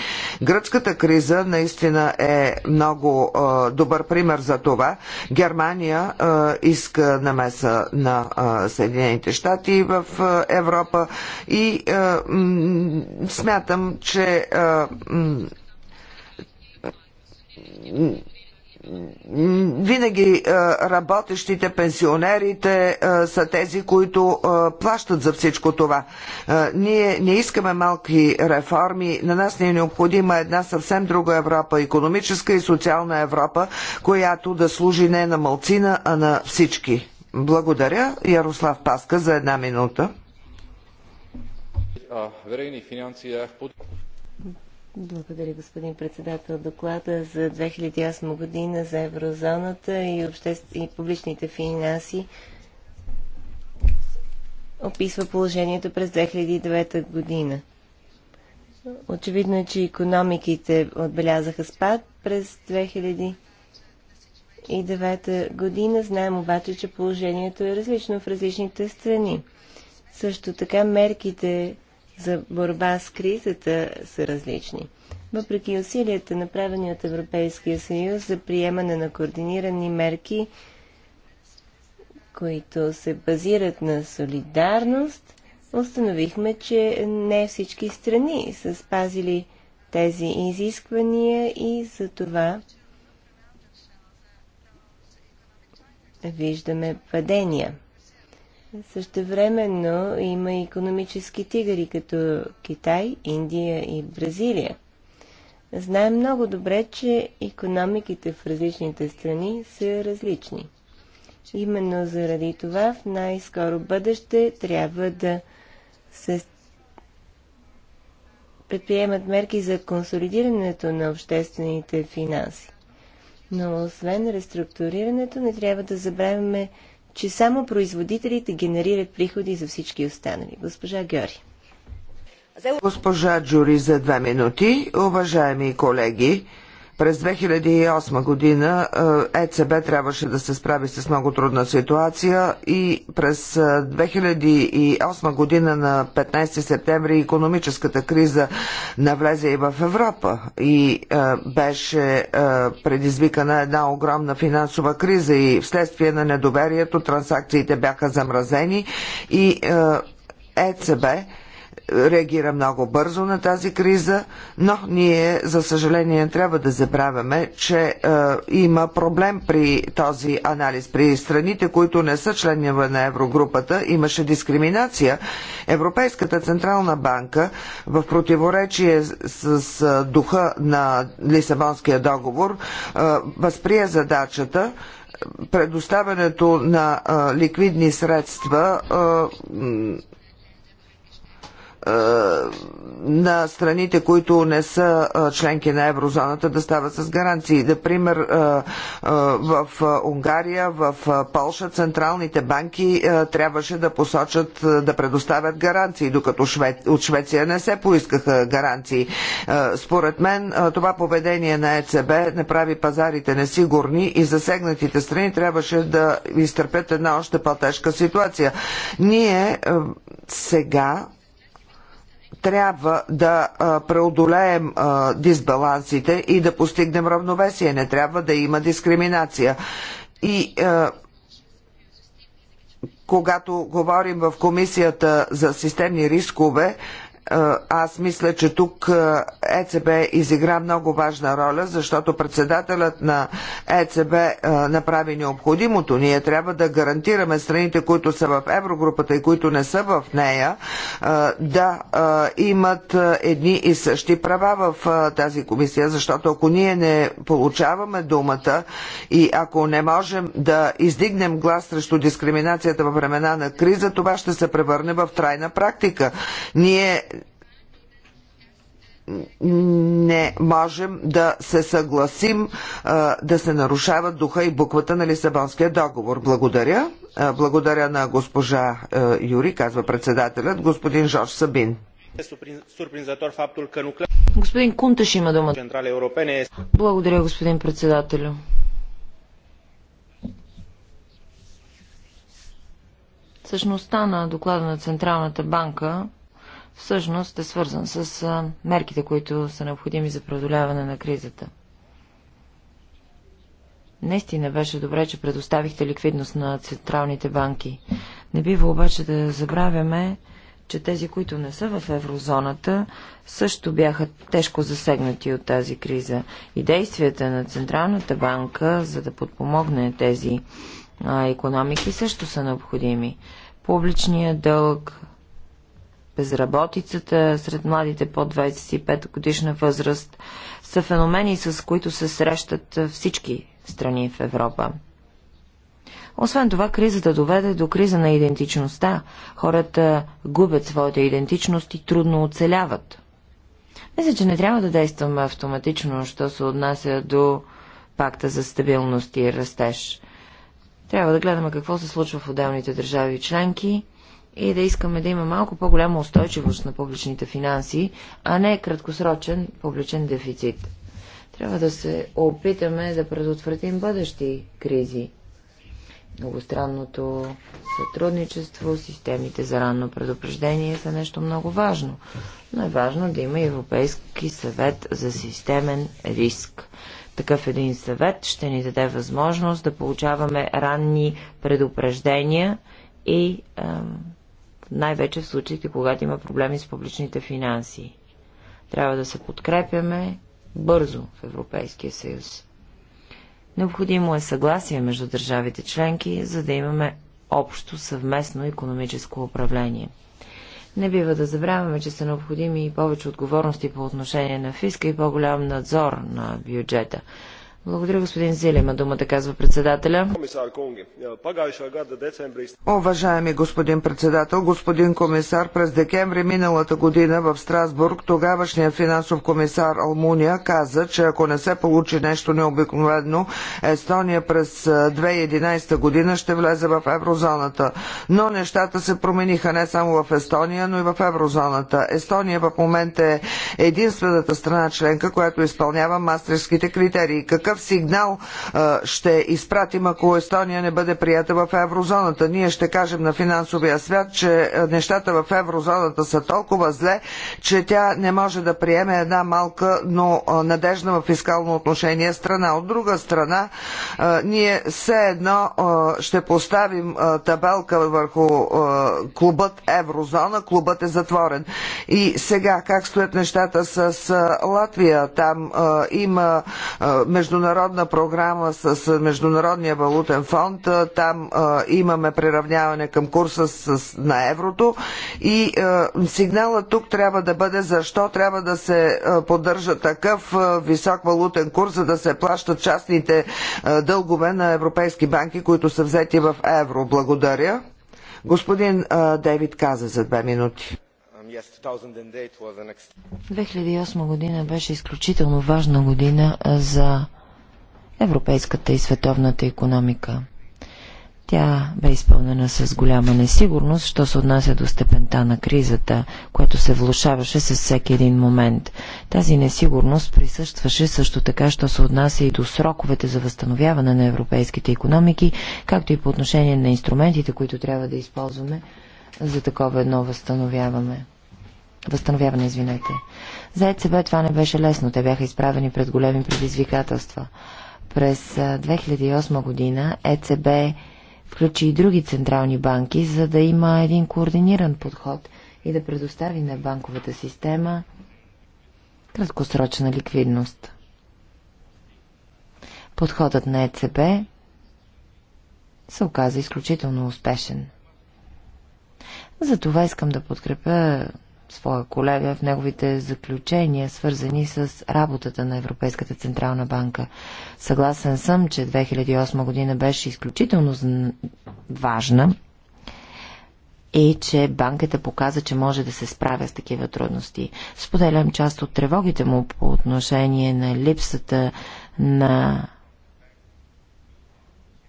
Гръцката криза наистина е много добър пример за това. Германия иска намеса на Съединените щати в Европа и смятам, че винаги работещите пенсионерите са тези, които плащат за всичко това. Ние не искаме малки реформи. На нас ни не е необходима една съвсем друга Европа, економическа и социална Европа, която да служи не на малцина, а на всички. Благодаря, Ярослав Паска, за една минута. Благодаря, господин председател. Доклада за 2008 година за еврозоната и, обществ... и публичните финанси описва положението през 2009 година. Очевидно е, че економиките отбелязаха спад през 2009 година. Знаем обаче, че положението е различно в различните страни. Също така мерките за борба с кризата са различни. Въпреки усилията, направени от Европейския съюз за приемане на координирани мерки, които се базират на солидарност, установихме, че не всички страни са спазили тези изисквания и за това виждаме падения. Същевременно има и економически тигъри, като Китай, Индия и Бразилия. Знаем много добре, че економиките в различните страни са различни. Именно заради това в най-скоро бъдеще трябва да се предприемат мерки за консолидирането на обществените финанси. Но освен реструктурирането, не трябва да забравяме че само производителите генерират приходи за всички останали. Госпожа Гьори. Госпожа Джури за две минути. Уважаеми колеги, през 2008 година е, ЕЦБ трябваше да се справи с много трудна ситуация и през 2008 е, година на 15 септември економическата криза навлезе и в Европа и е, беше предизвикана една огромна финансова криза и вследствие на недоверието транзакциите бяха замразени и ЕЦБ реагира много бързо на тази криза, но ние, за съжаление, трябва да забравяме, че е, има проблем при този анализ. При страните, които не са членове на Еврогрупата, имаше дискриминация. Европейската Централна банка в противоречие с, с е, духа на Лисабонския договор е, възприе задачата е, предоставянето на е, ликвидни средства Е, е, на страните, които не са е, членки на еврозоната, да става с гаранции. Например, е, в Унгария, в Полша централните банки трябваше да посочат, да предоставят гаранции, докато от Швеция не се поискаха гаранции. Според мен това поведение на ЕЦБ не прави пазарите несигурни и засегнатите страни трябваше да изтърпят една още по-тежка ситуация. Ние сега трябва да преодолеем дисбалансите и да постигнем равновесие. Не трябва да има дискриминация. И когато говорим в комисията за системни рискове, аз мисля, че тук ЕЦБ изигра много важна роля, защото председателят на ЕЦБ направи необходимото. Ние трябва да гарантираме страните, които са в еврогрупата и които не са в нея, да имат едни и същи права в тази комисия, защото ако ние не получаваме думата и ако не можем да издигнем глас срещу дискриминацията във времена на криза, това ще се превърне в трайна практика. Ние не можем да се съгласим да се нарушава духа и буквата на Лисабонския договор. Благодаря. Благодаря на госпожа Юри, казва председателят, господин Жорж Сабин. Господин Кунташ има думата. Е- благодаря, господин председателю. Същността на доклада на Централната банка всъщност е свързан с мерките, които са необходими за преодоляване на кризата. Наистина беше добре, че предоставихте ликвидност на централните банки. Не бива обаче да забравяме, че тези, които не са в еврозоната, също бяха тежко засегнати от тази криза. И действията на Централната банка, за да подпомогне тези а, економики, също са необходими. Публичният дълг, безработицата сред младите под 25 годишна възраст са феномени, с които се срещат всички страни в Европа. Освен това, кризата доведе до криза на идентичността. Хората губят своята идентичност и трудно оцеляват. Мисля, че не трябва да действаме автоматично, що се отнася до пакта за стабилност и растеж. Трябва да гледаме какво се случва в отделните държави и членки и да искаме да има малко по-голяма устойчивост на публичните финанси, а не краткосрочен публичен дефицит. Трябва да се опитаме да предотвратим бъдещи кризи. Многостранното сътрудничество, системите за ранно предупреждение са нещо много важно, но е важно да има Европейски съвет за системен риск. Такъв един съвет ще ни даде възможност да получаваме ранни предупреждения и ам, най-вече в случаите, когато има проблеми с публичните финанси. Трябва да се подкрепяме бързо в Европейския съюз. Необходимо е съгласие между държавите членки, за да имаме общо съвместно економическо управление. Не бива да забравяме, че са необходими и повече отговорности по отношение на фиска и по-голям надзор на бюджета. Благодаря, господин Зиле. Има думата, казва председателя. Е, Уважаеми господин председател, господин комисар, през декември миналата година в Страсбург тогавашният финансов комисар Алмуния каза, че ако не се получи нещо необикновено, Естония през 2011 е, година ще влезе в еврозоната. Но нещата се промениха не само в Естония, но и в еврозоната. Естония в момента е единствената страна членка, която изпълнява мастерските критерии. Какъв какъв сигнал ще изпратим, ако Естония не бъде прията в еврозоната. Ние ще кажем на финансовия свят, че нещата в еврозоната са толкова зле, че тя не може да приеме една малка, но надежна в фискално отношение страна. От друга страна, ние все едно ще поставим табелка върху клубът еврозона. Клубът е затворен. И сега как стоят нещата с Латвия? Там има международно международна програма с Международния валутен фонд. Там имаме приравняване към курса с, на еврото и сигнала тук трябва да бъде защо трябва да се поддържа такъв висок валутен курс, за да се плащат частните дългове на европейски банки, които са взети в евро. Благодаря. Господин Дейвид каза за две минути. 2008 um, година беше изключително важна година за европейската и световната економика. Тя бе изпълнена с голяма несигурност, що се отнася до степента на кризата, което се влушаваше с всеки един момент. Тази несигурност присъстваше също така, що се отнася и до сроковете за възстановяване на европейските економики, както и по отношение на инструментите, които трябва да използваме за такова едно възстановяване. Възстановяване, извинете. За ЕЦБ това не беше лесно. Те бяха изправени пред големи предизвикателства – през 2008 година ЕЦБ включи и други централни банки, за да има един координиран подход и да предостави на банковата система краткосрочна ликвидност. Подходът на ЕЦБ се оказа изключително успешен. Затова искам да подкрепя своя колега в неговите заключения, свързани с работата на Европейската Централна банка. Съгласен съм, че 2008 година беше изключително важна и че банката показа, че може да се справя с такива трудности. Споделям част от тревогите му по отношение на липсата на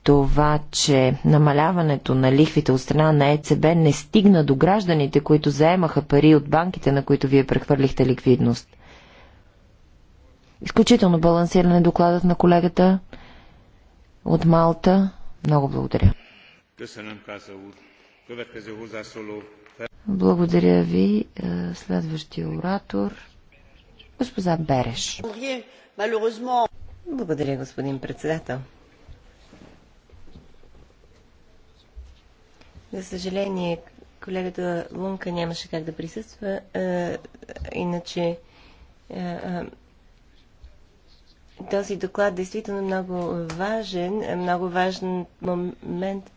това, че намаляването на лихвите от страна на ЕЦБ не стигна до гражданите, които заемаха пари от банките, на които вие прехвърлихте ликвидност. Изключително балансиран е докладът на колегата от Малта. Много благодаря. Благодаря ви. Е, следващия оратор. Госпожа Береш. Благодаря, господин председател. За съжаление, колегата Лунка нямаше как да присъства. А, иначе а, този доклад е действително много важен, много важен момент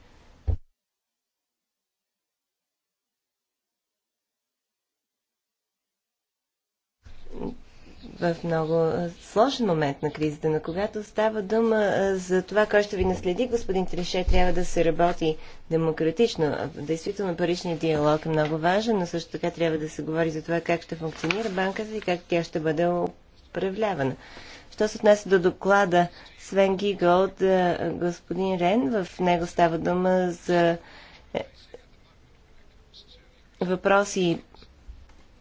в много сложен момент на кризата, На когато става дума за това, кой ще ви наследи, господин Трише, трябва да се работи демократично. Действително паричният диалог е много важен, но също така трябва да се говори за това как ще функционира банката и как тя ще бъде управлявана. Що се отнася до доклада Свен Гигол от господин Рен, в него става дума за е, въпроси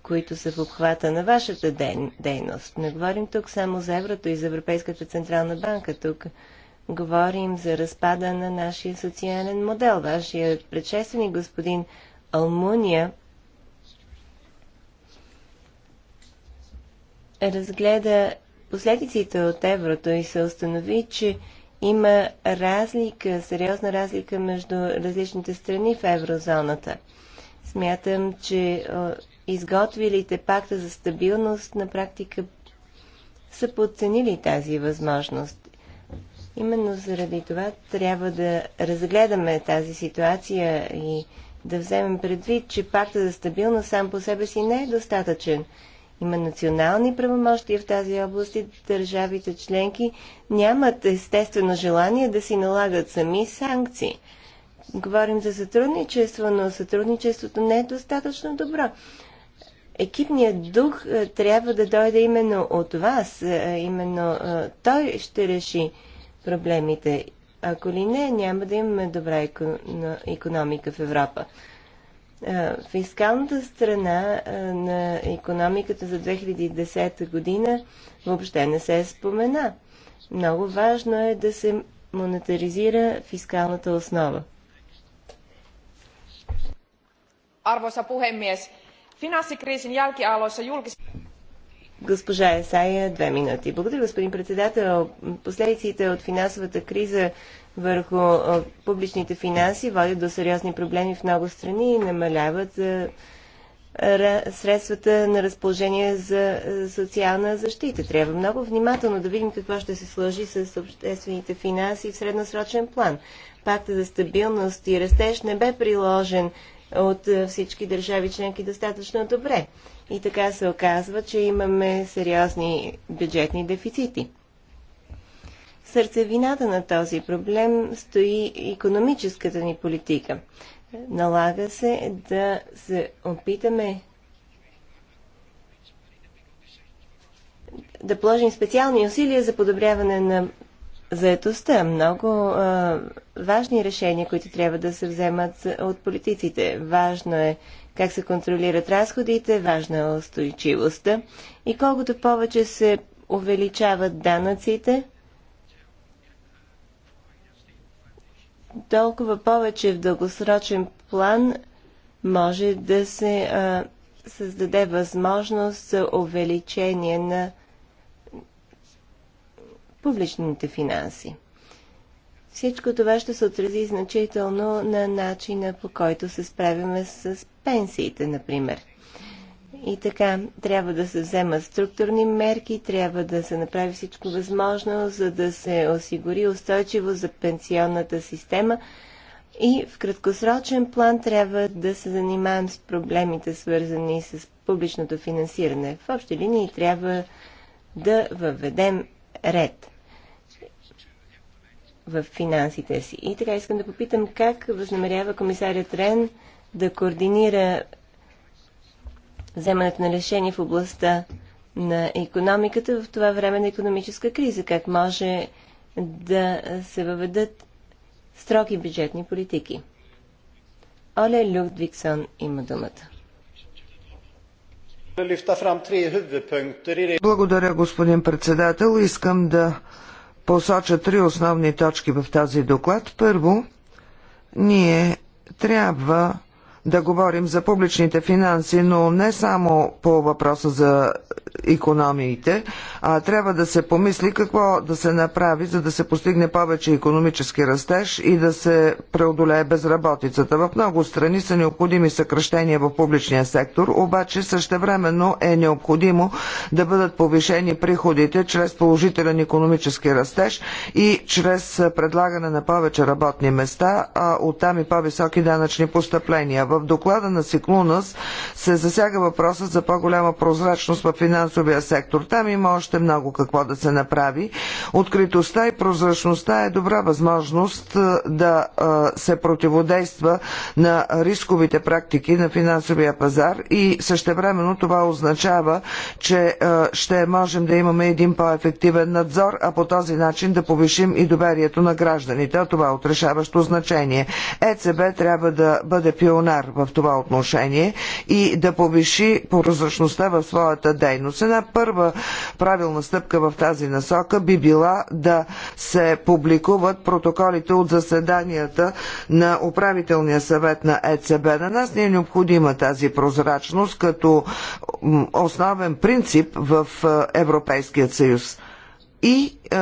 които са в обхвата на вашата дейност. Не говорим тук само за еврото и за Европейската централна банка. Тук говорим за разпада на нашия социален модел. Вашият предшественик, господин Алмуния, разгледа последиците от еврото и се установи, че има разлика, сериозна разлика между различните страни в еврозоната. Смятам, че изготвилите пакта за стабилност на практика са подценили тази възможност. Именно заради това трябва да разгледаме тази ситуация и да вземем предвид, че пакта за стабилност сам по себе си не е достатъчен. Има национални правомощия в тази област и държавите членки нямат естествено желание да си налагат сами санкции. Говорим за сътрудничество, но сътрудничеството не е достатъчно добро екипният дух е, трябва да дойде именно от вас, е, именно е, той ще реши проблемите. Ако ли не, няма да имаме добра економика в Европа. Фискалната страна на економиката за 2010 година въобще не се е спомена. Много важно е да се монетаризира фискалната основа. Arvoisa puhemies, ялки, алоса юлки. Госпожа Есая, две минути. Благодаря, господин председател. Последиците от финансовата криза върху публичните финанси водят до сериозни проблеми в много страни и намаляват средствата на разположение за социална защита. Трябва много внимателно да видим какво ще се сложи с обществените финанси в средносрочен план. Пакта за стабилност и растеж не бе приложен от е, всички държави членки достатъчно добре. И така се оказва, че имаме сериозни бюджетни дефицити. Сърцевината на този проблем стои економическата ни политика. Налага се да се опитаме да положим специални усилия за подобряване на заедостта. Много а, важни решения, които трябва да се вземат от политиците. Важно е как се контролират разходите, важна е устойчивостта. И колкото повече се увеличават данъците, толкова повече в дългосрочен план може да се а, създаде възможност за увеличение на публичните финанси. Всичко това ще се отрази значително на начина по който се справяме с пенсиите, например. И така, трябва да се вземат структурни мерки, трябва да се направи всичко възможно, за да се осигури устойчиво за пенсионната система. И в краткосрочен план трябва да се занимаем с проблемите, свързани с публичното финансиране. В общи линии трябва да въведем ред в финансите си. И така искам да попитам как възнамерява комисарят Рен да координира вземането на решение в областта на економиката в това време на економическа криза. Как може да се въведат строги бюджетни политики. Оле Людвигсон има думата. Благодаря, господин председател. Искам да посоча три основни точки в този доклад. Първо, ние трябва да говорим за публичните финанси, но не само по въпроса за економиите, а трябва да се помисли какво да се направи, за да се постигне повече економически растеж и да се преодолее безработицата. В много страни са необходими съкръщения в публичния сектор, обаче същевременно е необходимо да бъдат повишени приходите чрез положителен економически растеж и чрез предлагане на повече работни места, а оттам и по-високи данъчни постъпления. В доклада на Сиклунас се засяга въпросът за по-голяма прозрачност в финансовия сектор. Там има още много какво да се направи. Откритостта и прозрачността е добра възможност да се противодейства на рисковите практики на финансовия пазар и същевременно това означава, че ще можем да имаме един по-ефективен надзор, а по този начин да повишим и доверието на гражданите. това е отрешаващо значение. ЕЦБ трябва да бъде пионер пазар в това отношение и да повиши прозрачността в своята дейност. Една първа правилна стъпка в тази насока би била да се публикуват протоколите от заседанията на управителния съвет на ЕЦБ. На нас не е необходима тази прозрачност като основен принцип в е, Европейския съюз. И е,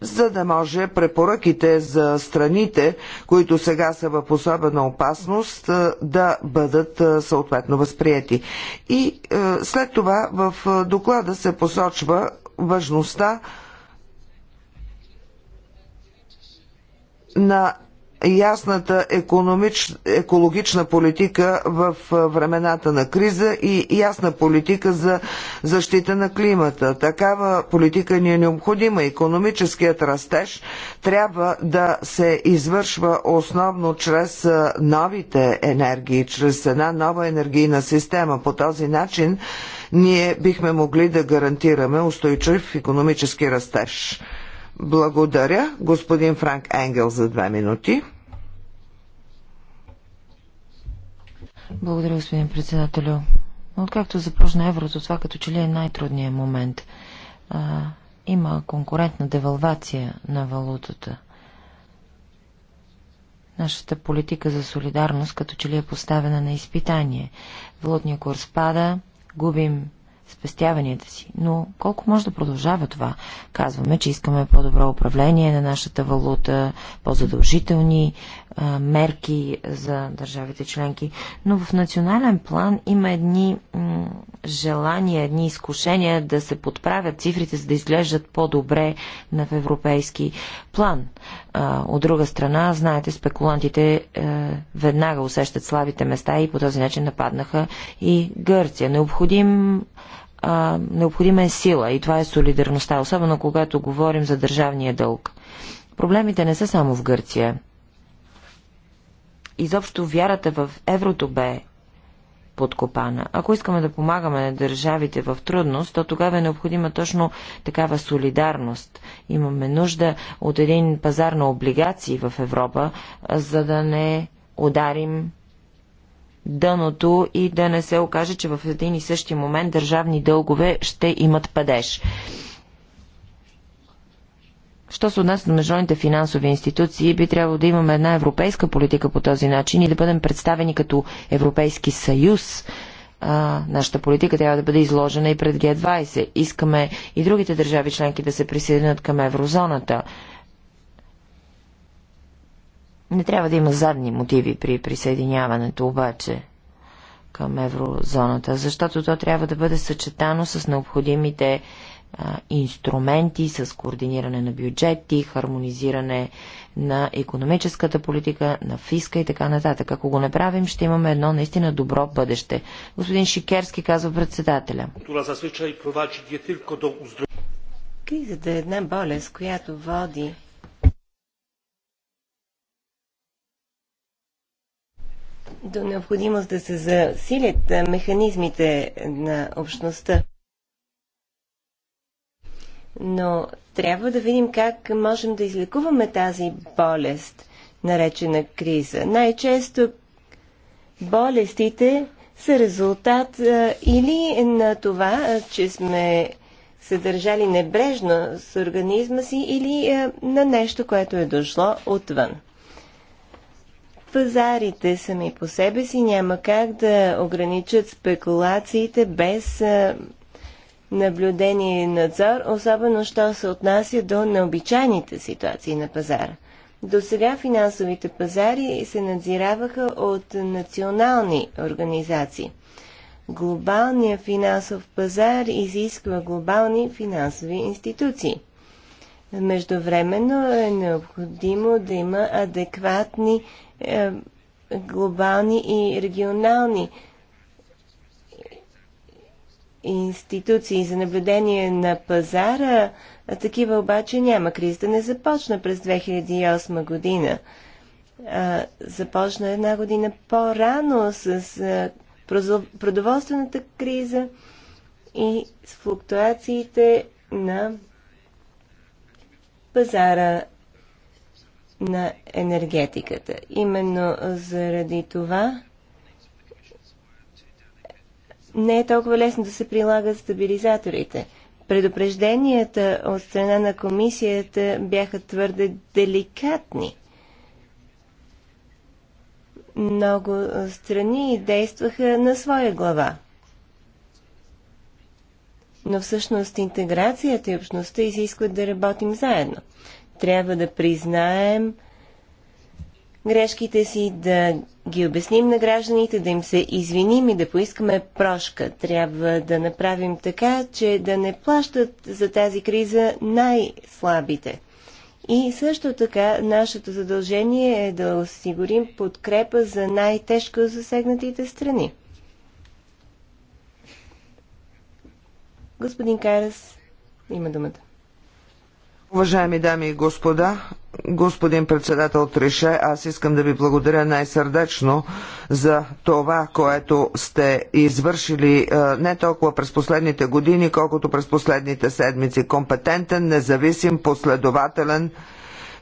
за да може препоръките за страните, които сега са в особена опасност, да бъдат съответно възприяти. И след това в доклада се посочва важността на ясната економич, екологична политика в времената на криза и ясна политика за защита на климата. Такава политика ни е необходима. Економическият растеж трябва да се извършва основно чрез новите енергии, чрез една нова енергийна система. По този начин ние бихме могли да гарантираме устойчив економически растеж. Благодаря, господин Франк Енгел, за две минути. Благодаря, господин председателю. Откакто започна еврото, това като че ли е най-трудният момент. А, има конкурентна девалвация на валутата. Нашата политика за солидарност като че ли е поставена на изпитание. Валутния курс пада, губим спестяванията си. Но колко може да продължава това? Казваме, че искаме по-добро управление на нашата валута, по-задължителни мерки за държавите членки, но в национален план има едни желания, едни изкушения да се подправят цифрите, за да изглеждат по-добре в европейски план. А, от друга страна, знаете, спекулантите е, веднага усещат слабите места и по този начин нападнаха и Гърция. Необходим а, необходима е сила и това е солидарността, особено когато говорим за държавния дълг. Проблемите не са само в Гърция. Изобщо вярата в еврото бе подкопана. Ако искаме да помагаме на държавите в трудност, то тогава е необходима точно такава солидарност. Имаме нужда от един пазар на облигации в Европа, за да не ударим дъното и да не се окаже, че в един и същи момент държавни дългове ще имат падеж. Що се отнася до международните финансови институции, би трябвало да имаме една европейска политика по този начин и да бъдем представени като Европейски съюз. А, нашата политика трябва да бъде изложена и пред Г20. Искаме и другите държави членки да се присъединят към еврозоната. Не трябва да има задни мотиви при присъединяването обаче към еврозоната, защото то трябва да бъде съчетано с необходимите а, инструменти, с координиране на бюджети, хармонизиране на економическата политика, на фиска и така нататък. Ако го направим, ще имаме едно наистина добро бъдеще. Господин Шикерски казва председателя. Е Кризата е една болест, която води до необходимост да се засилят механизмите на общността. Но трябва да видим как можем да излекуваме тази болест, наречена криза. Най-често болестите са резултат а, или на това, а, че сме се държали небрежно с организма си или а, на нещо, което е дошло отвън. Пазарите сами по себе си няма как да ограничат спекулациите без наблюдение и надзор, особено що се отнася до необичайните ситуации на пазара. До сега финансовите пазари се надзираваха от национални организации. Глобалният финансов пазар изисква глобални финансови институции – Междувременно е необходимо да има адекватни е, глобални и регионални институции за наблюдение на пазара, а такива обаче няма. Кризата не започна през 2008 година. А, започна една година по-рано с а, продоволствената криза и с флуктуациите на пазара на енергетиката. Именно заради това не е толкова лесно да се прилагат стабилизаторите. Предупрежденията от страна на комисията бяха твърде деликатни. Много страни действаха на своя глава но всъщност интеграцията и общността изискват да работим заедно. Трябва да признаем грешките си, да ги обясним на гражданите, да им се извиним и да поискаме прошка. Трябва да направим така, че да не плащат за тази криза най-слабите. И също така нашето задължение е да осигурим подкрепа за най-тежко засегнатите страни. Господин Кайрес, има думата. Уважаеми дами и господа, господин председател Трише, аз искам да ви благодаря най-сърдечно за това, което сте извършили е, не толкова през последните години, колкото през последните седмици. Компетентен, независим, последователен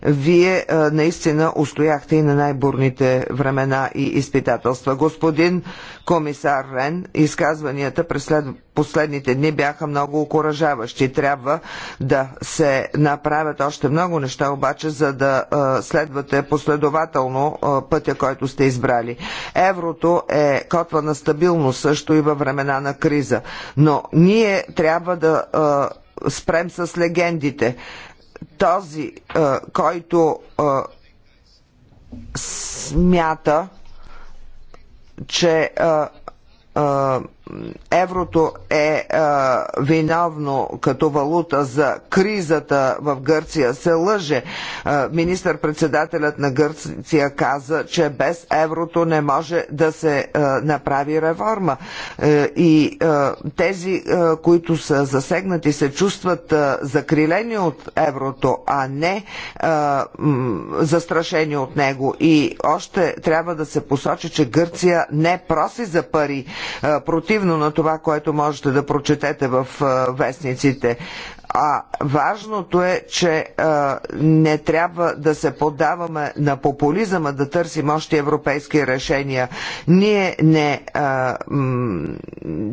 вие наистина устояхте и на най-бурните времена и изпитателства. Господин комисар Рен, изказванията през след... последните дни бяха много окоръжаващи. Трябва да се направят още много неща, обаче, за да следвате последователно пътя, който сте избрали. Еврото е котва на стабилност също и във времена на криза. Но ние трябва да спрем с легендите този, който смята, че а, а, еврото е а, е, виновно като валута за кризата в Гърция, се лъже. Е, министър-председателят на Гърция каза, че без еврото не може да се а, е, направи реформа. А, и а, тези, а, които са засегнати, се чувстват а, закрилени от еврото, а не а, м, застрашени от него. И още трябва да се посочи, че Гърция не проси за пари. А, против противно на това, което можете да прочетете в вестниците. А важното е, че а, не трябва да се поддаваме на популизъма да търсим още европейски решения. Ние не. А,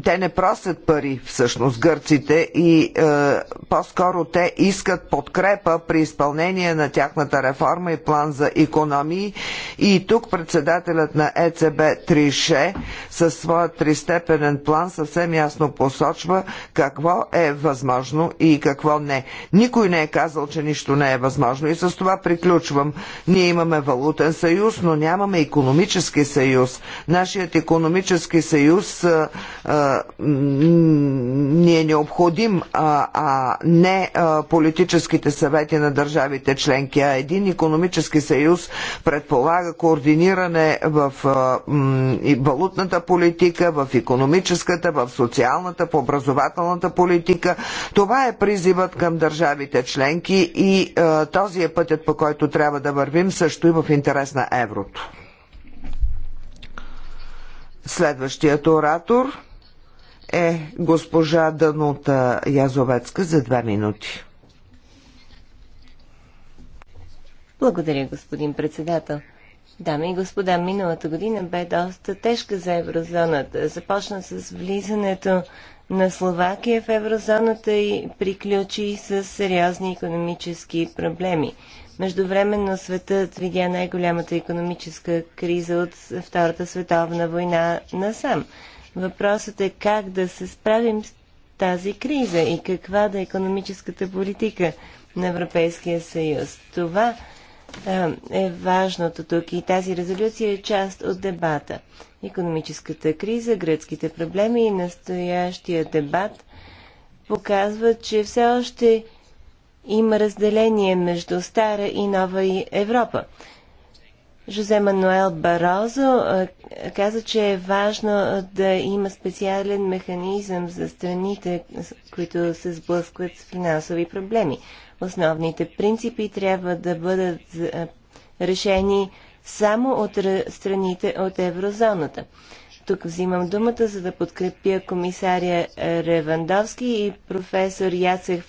те не просят пари, всъщност, гърците и а, по-скоро те искат подкрепа при изпълнение на тяхната реформа и план за економии. И тук председателят на ЕЦБ Трише със своя тристепенен план съвсем ясно посочва какво е възможно и какво не. Никой не е казал, че нищо не е възможно. И с това приключвам. Ние имаме валутен съюз, но нямаме економически съюз. Нашият економически съюз а, а, ни е необходим, а, а не а, политическите съвети на държавите членки, а един економически съюз предполага координиране в а, м, валутната политика, в економическата, в социалната, в образователната политика. Това е при призивът към държавите членки и е, този е пътят, по който трябва да вървим също и в интерес на еврото. Следващият оратор е госпожа Данута Язовецка за две минути. Благодаря, господин председател. Дами и господа, миналата година бе доста тежка за еврозоната. Започна с влизането на Словакия в еврозоната и приключи с сериозни економически проблеми. Междувременно светът видя най-голямата економическа криза от Втората световна война насам. Въпросът е как да се справим с тази криза и каква да е економическата политика на Европейския съюз. Това е, е важното тук и тази резолюция е част от дебата. Економическата криза, гръцките проблеми и настоящия дебат показват, че все още има разделение между стара и нова Европа. Жозе Мануел Барозо е, каза, че е важно е, да има специален механизъм за страните, които се сблъскват с финансови проблеми. Основните принципи трябва да бъдат е, решени само от страните от еврозоната. Тук взимам думата, за да подкрепя комисаря Ревандовски и професор Яцех,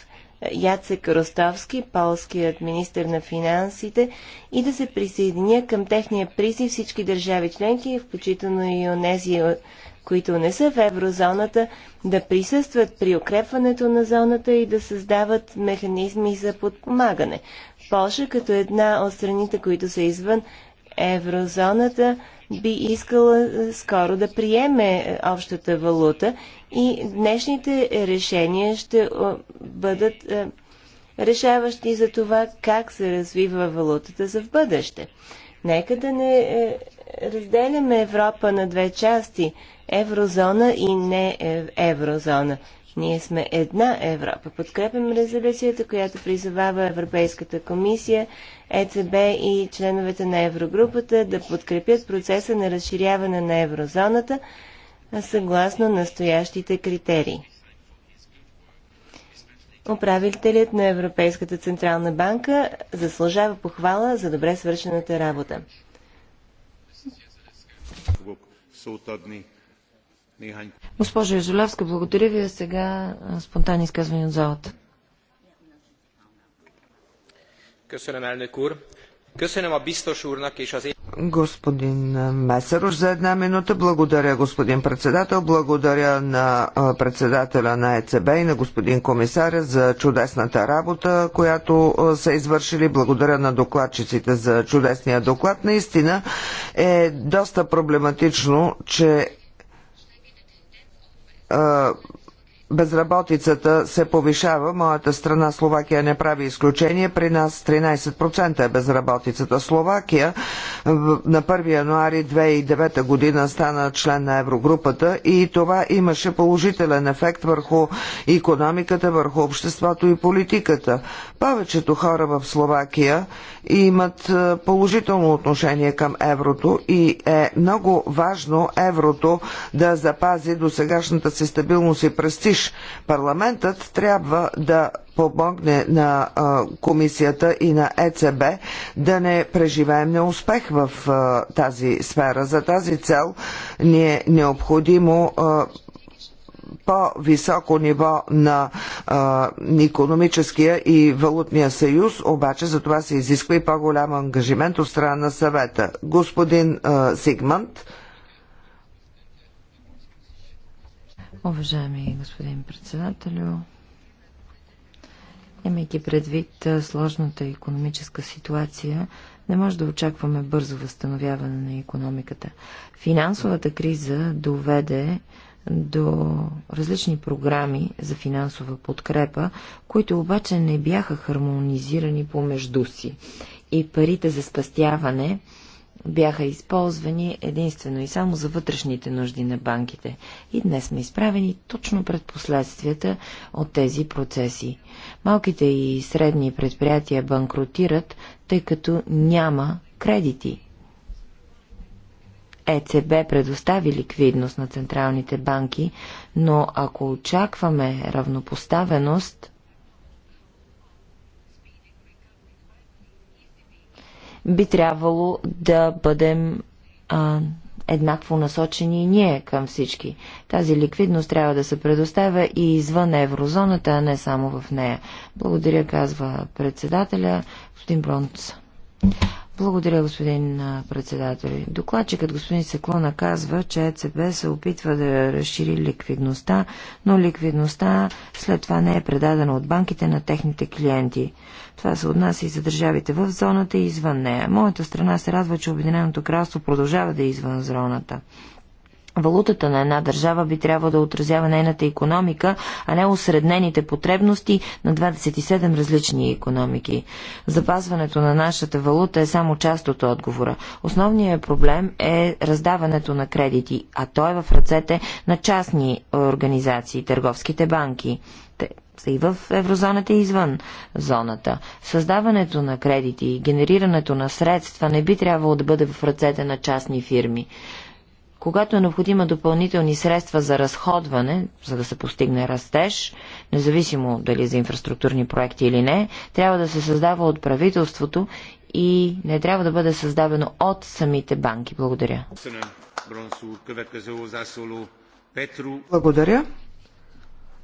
Яцек Ростовски, полският министр на финансите, и да се присъединя към техния призив всички държави членки, включително и онези които не са в еврозоната, да присъстват при укрепването на зоната и да създават механизми за подпомагане. Польша, като една от страните, които са извън еврозоната, би искала скоро да приеме е, общата валута и днешните решения ще е, бъдат е, решаващи за това как се развива валутата за в бъдеще. Нека да не разделяме Европа на две части еврозона и не е, еврозона. Ние сме една Европа. Подкрепям резолюцията, която призовава Европейската комисия, ЕЦБ и членовете на Еврогрупата да подкрепят процеса на разширяване на еврозоната съгласно настоящите критерии. Управителят на Европейската Централна банка заслужава похвала за добре свършената работа. Госпожо Ежелевска, благодаря ви. Сега спонтанни изказвания от залата. Köszönöm, elnök úr. Господин Месерош за една минута. Благодаря, господин председател. Благодаря на председателя на ЕЦБ и на господин комисаря за чудесната работа, която са извършили. Благодаря на докладчиците за чудесния доклад. Наистина е доста проблематично, че безработицата се повишава. Моята страна Словакия не прави изключение. При нас 13% е безработицата. Словакия на 1 януари 2009 година стана член на Еврогрупата и това имаше положителен ефект върху економиката, върху обществото и политиката. Повечето хора в Словакия имат е, положително отношение към еврото и е много важно еврото да запази до сегашната си стабилност и престиж. Парламентът трябва да помогне на е, комисията и на ЕЦБ да не преживеем неуспех в е, тази сфера. За тази цел ни е необходимо по-високо ниво на а, економическия и валутния съюз, обаче за това се изисква и по-голям ангажимент от страна на съвета. Господин а, Сигманд. Уважаеми господин председателю, имайки предвид сложната економическа ситуация, не може да очакваме бързо възстановяване на економиката. Финансовата криза доведе до различни програми за финансова подкрепа, които обаче не бяха хармонизирани помежду си. И парите за спастяване бяха използвани единствено и само за вътрешните нужди на банките. И днес сме изправени точно пред последствията от тези процеси. Малките и средни предприятия банкротират, тъй като няма кредити. ЕЦБ предостави ликвидност на централните банки, но ако очакваме равнопоставеност, би трябвало да бъдем а, еднакво насочени и ние към всички. Тази ликвидност трябва да се предоставя и извън еврозоната, а не само в нея. Благодаря, казва председателя господин Бронц. Благодаря, господин председател. Докладчикът господин Секлона казва, че ЕЦБ се опитва да разшири ликвидността, но ликвидността след това не е предадена от банките на техните клиенти. Това се отнася и за държавите в зоната и извън нея. Моята страна се радва, че Обединеното кралство продължава да е извън зоната. Валутата на една държава би трябвало да отразява нейната економика, а не осреднените потребности на 27 различни економики. Запазването на нашата валута е само част от отговора. Основният проблем е раздаването на кредити, а той е в ръцете на частни организации, търговските банки са и в еврозоната и извън зоната. Създаването на кредити и генерирането на средства не би трябвало да бъде в ръцете на частни фирми. Когато е необходима допълнителни средства за разходване, за да се постигне растеж, независимо дали е за инфраструктурни проекти или не, трябва да се създава от правителството и не трябва да бъде създавано от самите банки. Благодаря. Благодаря.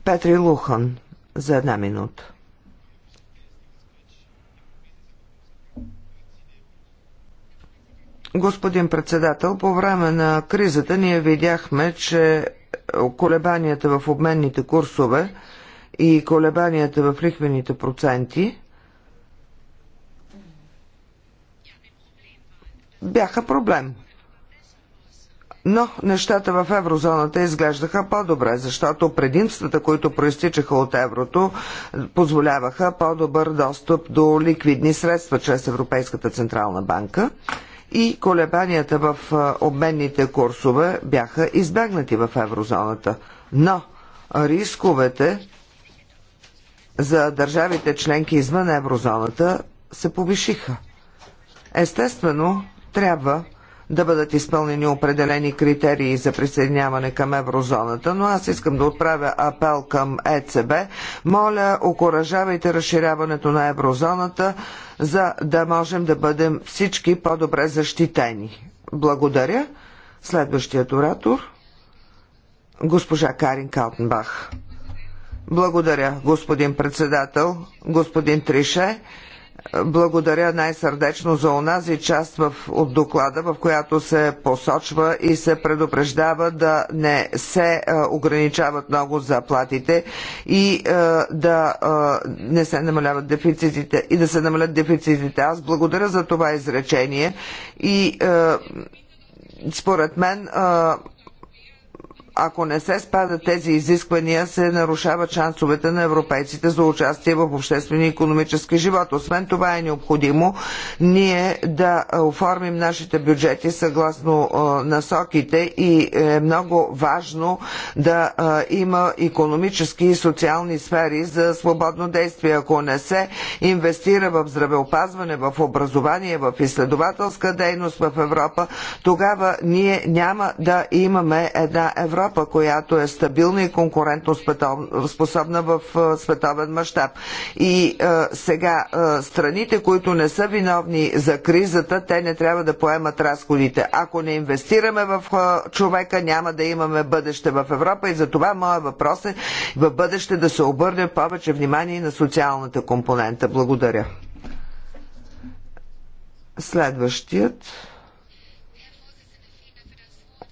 Петри Лухан за една минута. Господин председател, по време на кризата ние видяхме, че колебанията в обменните курсове и колебанията в лихвените проценти бяха проблем. Но нещата в еврозоната изглеждаха по-добре, защото предимствата, които проистичаха от еврото, позволяваха по-добър достъп до ликвидни средства чрез Европейската централна банка и колебанията в обменните курсове бяха избегнати в еврозоната. Но рисковете за държавите членки извън еврозоната се повишиха. Естествено, трябва да бъдат изпълнени определени критерии за присъединяване към еврозоната, но аз искам да отправя апел към ЕЦБ. Моля, окоръжавайте разширяването на еврозоната, за да можем да бъдем всички по-добре защитени. Благодаря. Следващият оратор госпожа Карин Калтенбах. Благодаря, господин председател, господин Трише. Благодаря най-сърдечно за онази част в, от доклада, в която се посочва и се предупреждава да не се е, ограничават много заплатите и е, да е, не се намаляват дефицитите и да се намалят дефицитите. Аз благодаря за това изречение и според мен ако не се спадат тези изисквания, се нарушават шансовете на европейците за участие в обществения и економически живот. Освен това е необходимо ние да оформим нашите бюджети съгласно насоките и е много важно да има економически и социални сфери за свободно действие. Ако не се инвестира в здравеопазване, в образование, в изследователска дейност в Европа, тогава ние няма да имаме една Европа Европа, която е стабилна и конкурентно способна в световен мащаб. И сега страните, които не са виновни за кризата, те не трябва да поемат разходите. Ако не инвестираме в човека, няма да имаме бъдеще в Европа и за това моят въпрос е в бъдеще да се обърне повече внимание на социалната компонента. Благодаря. Следващият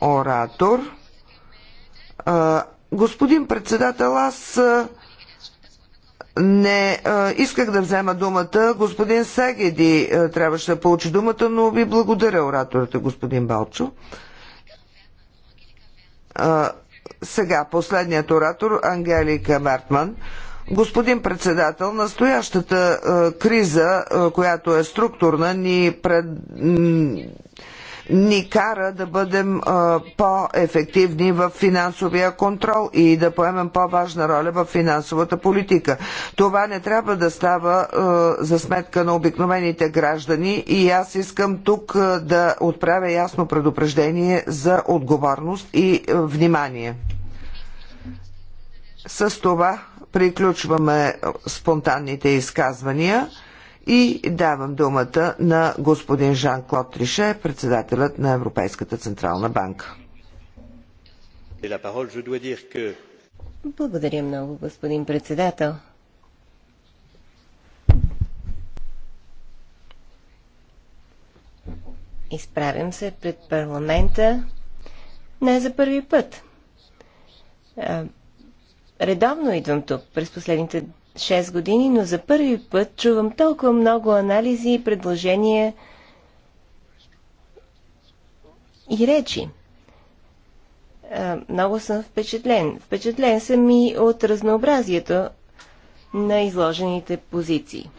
оратор господин председател, аз не исках да взема думата. Господин Сегеди трябваше да получи думата, но ви благодаря ораторите, господин Балчо. сега последният оратор, Ангелика Мертман. Господин председател, настоящата криза, която е структурна, ни пред ни кара да бъдем по-ефективни в финансовия контрол и да поемем по-важна роля в финансовата политика. Това не трябва да става за сметка на обикновените граждани и аз искам тук да отправя ясно предупреждение за отговорност и внимание. С това приключваме спонтанните изказвания. И давам думата на господин Жан-Клод Трише, председателят на Европейската централна банка. Благодаря много, господин председател. Изправям се пред парламента не за първи път. Редовно идвам тук през последните 6 години, но за първи път чувам толкова много анализи и предложения и речи. Много съм впечатлен. Впечатлен съм и от разнообразието на изложените позиции.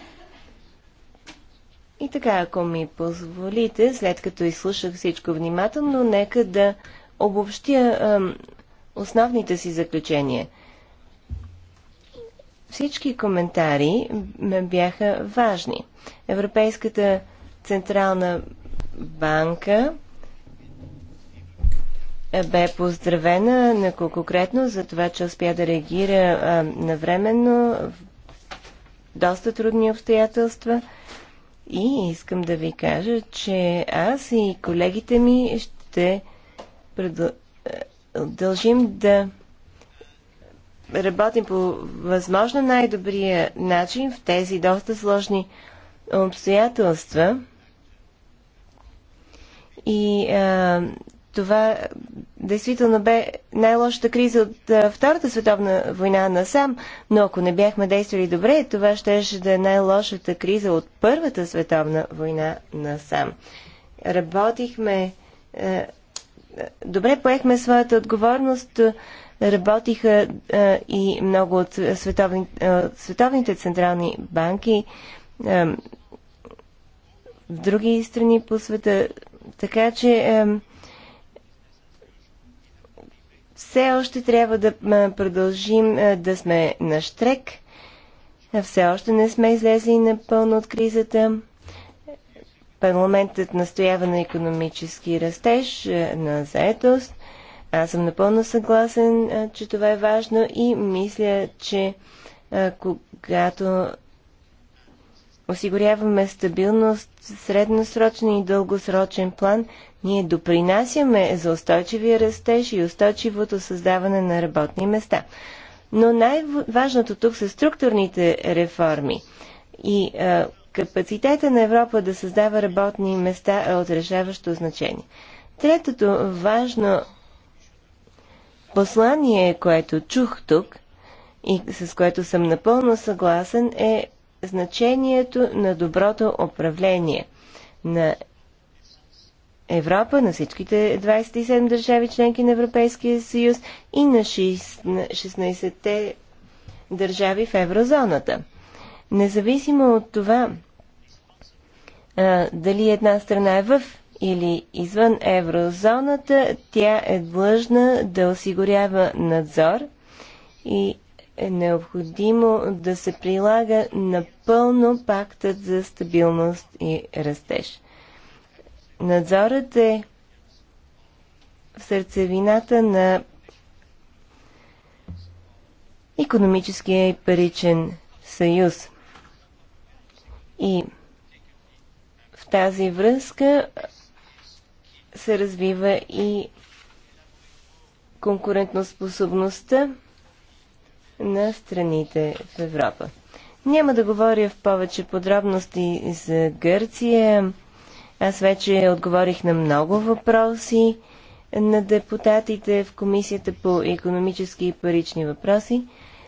И така, ако ми позволите, след като изслушах всичко внимателно, нека да обобщя основните си заключения – всички коментари бяха важни. Европейската централна банка е, бе поздравена неколкократно за това, че успя да реагира навременно в доста трудни обстоятелства. И искам да ви кажа, че аз и колегите ми ще е, дължим да работим по възможно най-добрия начин в тези доста сложни обстоятелства. И а, това действително бе най-лошата криза от а, Втората световна война насам, но ако не бяхме действали добре, това щеше да е най-лошата криза от Първата световна война насам. Работихме, а, добре поехме своята отговорност. А, работиха а, е, и много от световни, а, е, световните централни банки а, е, в други страни по света. Така че а, все още трябва да продължим а, да сме на штрек. Все още не сме излезли напълно от кризата. Парламентът настоява на економически растеж, на заетост аз съм напълно съгласен, че това е важно и мисля, че когато осигуряваме стабилност в средносрочен и дългосрочен план, ние допринасяме за устойчивия растеж и устойчивото създаване на работни места. Но най-важното тук са структурните реформи. И а, капацитета на Европа да създава работни места е от решаващо значение. Третото важно послание, което чух тук и с което съм напълно съгласен, е значението на доброто управление на Европа, на всичките 27 държави членки на Европейския съюз и на 16-те държави в еврозоната. Независимо от това дали една страна е в или извън еврозоната, тя е длъжна да осигурява надзор и е необходимо да се прилага напълно пактът за стабилност и растеж. Надзорът е в сърцевината на економическия и паричен съюз. И в тази връзка се развива и конкурентоспособността на страните в Европа. Няма да говоря в повече подробности за Гърция. Аз вече отговорих на много въпроси на депутатите в Комисията по економически и парични въпроси,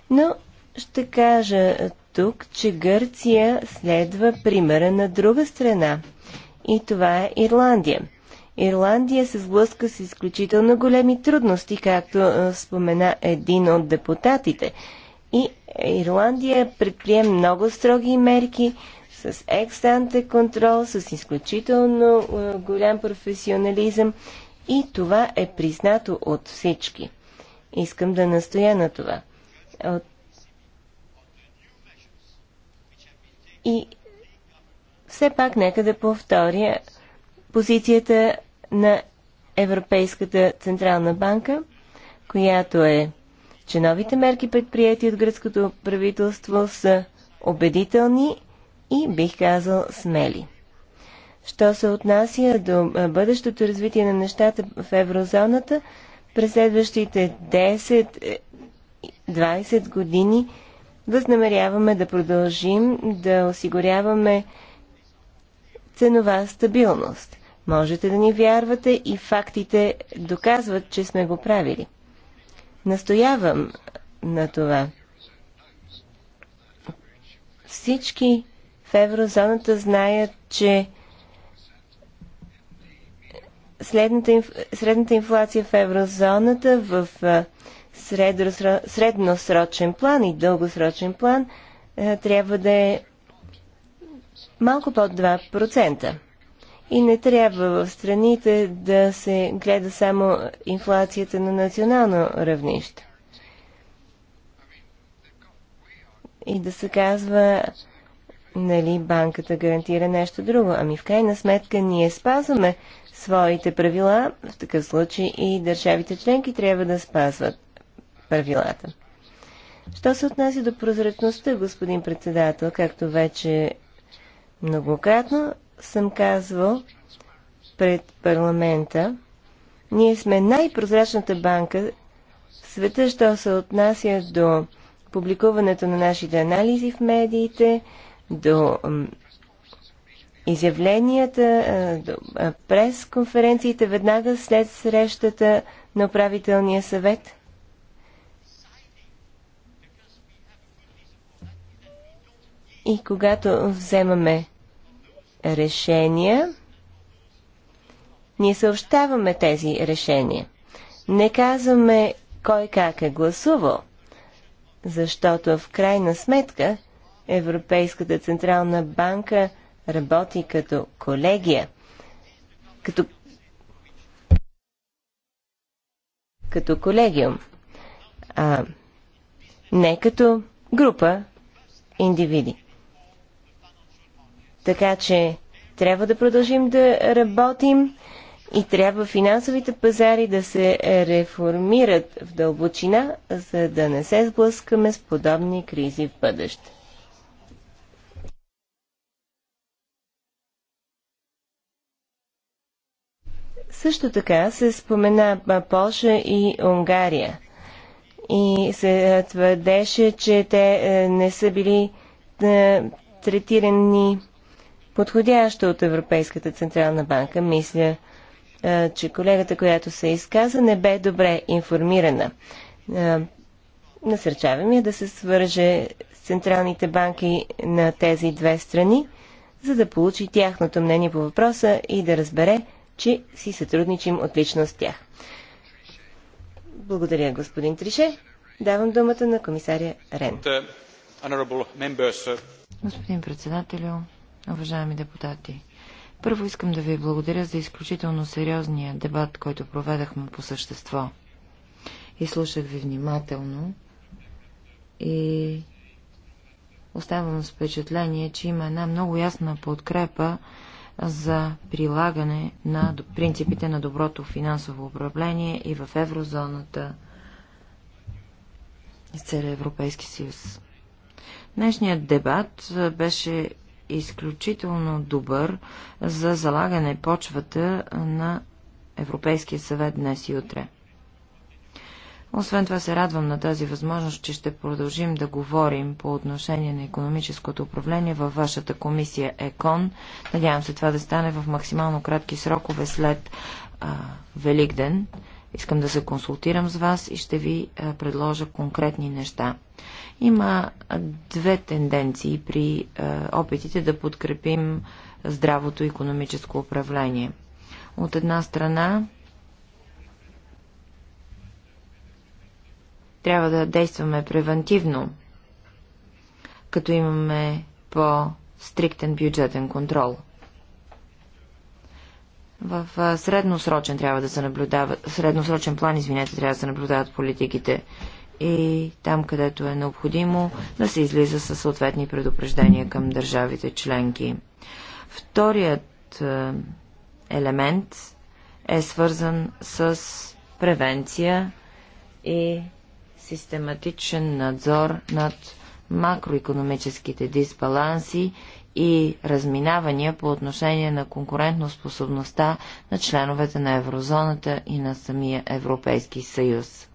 но ще кажа тук, че Гърция следва примера на друга страна и това е Ирландия. Ирландия се сблъска с изключително големи трудности, както спомена един от депутатите. И Ирландия предприем много строги мерки с екстанте контрол, с изключително голям професионализъм и това е признато от всички. Искам да настоя на това. От... И все пак нека да повторя позицията на Европейската Централна банка, която е, че новите мерки предприяти от гръцкото правителство са убедителни и, бих казал, смели. Що се отнася до бъдещото развитие на нещата в еврозоната, през следващите 10-20 е, години възнамеряваме да продължим да осигуряваме ценова стабилност. Можете да ни вярвате и фактите доказват, че сме го правили. Настоявам на това. Всички в еврозоната знаят, че следната, средната инфлация в еврозоната в средносрочен план и дългосрочен план трябва да е малко под 2%. И не трябва в страните да се гледа само инфлацията на национално равнище. И да се казва, нали, банката гарантира нещо друго. Ами в крайна сметка ние спазваме своите правила, в такъв случай и държавите членки трябва да спазват правилата. Що се отнася до прозрачността, господин председател, както вече многократно съм казвал пред парламента, ние сме най-прозрачната банка в света, що се отнася до публикуването на нашите анализи в медиите, до изявленията, до прес-конференциите веднага след срещата на управителния съвет. И когато вземаме решения, ние съобщаваме тези решения. Не казваме кой как е гласувал, защото в крайна сметка Европейската Централна банка работи като колегия, като, като колегиум, а не като група индивиди. Така че трябва да продължим да работим и трябва финансовите пазари да се реформират в дълбочина, за да не се сблъскаме с подобни кризи в бъдеще. Също така се спомена Польша и Унгария. И се твърдеше, че те е, не са били е, третирани подходяща от Европейската Централна банка. Мисля, че колегата, която се изказа, не бе добре информирана. Насърчавам я да се свърже с централните банки на тези две страни, за да получи тяхното мнение по въпроса и да разбере, че си сътрудничим отлично с тях. Благодаря, господин Трише. Давам думата на комисаря Рен. Uh, господин председателю, уважаеми депутати. Първо искам да ви благодаря за изключително сериозния дебат, който проведахме по същество. И слушах ви внимателно и оставам с впечатление, че има една много ясна подкрепа за прилагане на принципите на доброто финансово управление и в еврозоната и целия Европейски съюз. Днешният дебат беше изключително добър за залагане почвата на Европейския съвет днес и утре. Освен това се радвам на тази възможност, че ще продължим да говорим по отношение на економическото управление във вашата комисия ЕКОН. Надявам се това да стане в максимално кратки срокове след а, Великден. Искам да се консултирам с вас и ще ви е, предложа конкретни неща. Има е, две тенденции при е, опитите да подкрепим здравото економическо управление. От една страна трябва да действаме превентивно, като имаме по-стриктен бюджетен контрол – в средносрочен трябва да се наблюдава, средносрочен план, извинете, трябва да се наблюдават политиките и там, където е необходимо, да се излиза със съответни предупреждения към държавите членки. Вторият елемент е свързан с превенция и систематичен надзор над макроекономическите дисбаланси и разминавания по отношение на конкурентноспособността на членовете на еврозоната и на самия Европейски съюз.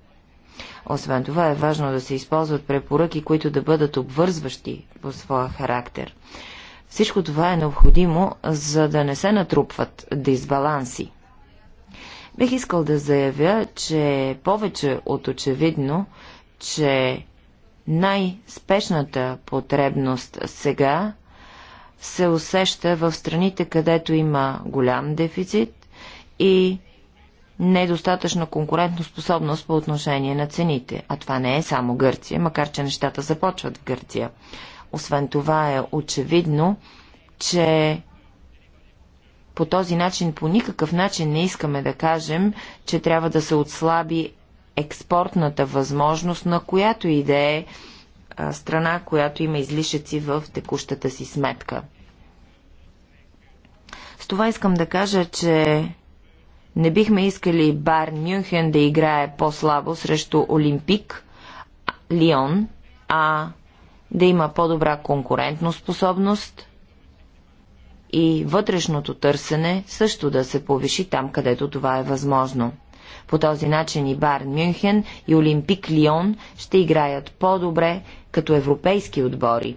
Освен това е важно да се използват препоръки, които да бъдат обвързващи по своя характер. Всичко това е необходимо, за да не се натрупват дисбаланси. Бих искал да заявя, че е повече от очевидно, че най-спешната потребност сега се усеща в страните, където има голям дефицит и недостатъчна конкурентоспособност по отношение на цените. А това не е само Гърция, макар че нещата започват в Гърция. Освен това е очевидно, че по този начин по никакъв начин не искаме да кажем, че трябва да се отслаби експортната възможност на която идея страна, която има излишъци в текущата си сметка. С това искам да кажа, че не бихме искали Бар Мюнхен да играе по-слабо срещу Олимпик, Лион, а да има по-добра конкурентно способност и вътрешното търсене също да се повиши там, където това е възможно. По този начин и Бар Мюнхен и Олимпик Лион ще играят по-добре като европейски отбори.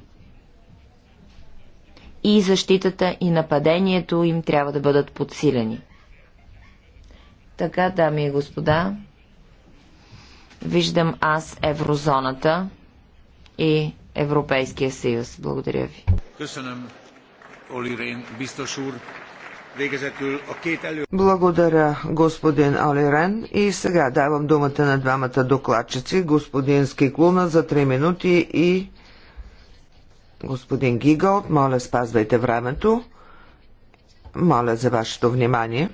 И защитата и нападението им трябва да бъдат подсилени. Така, дами и господа, виждам аз еврозоната и Европейския съюз. Благодаря ви. Благодаря, господин Оли Рен. И сега давам думата на двамата докладчици, господин Скиклуна за 3 минути и господин Гигалт. Моля, спазвайте времето. Моля за вашето внимание.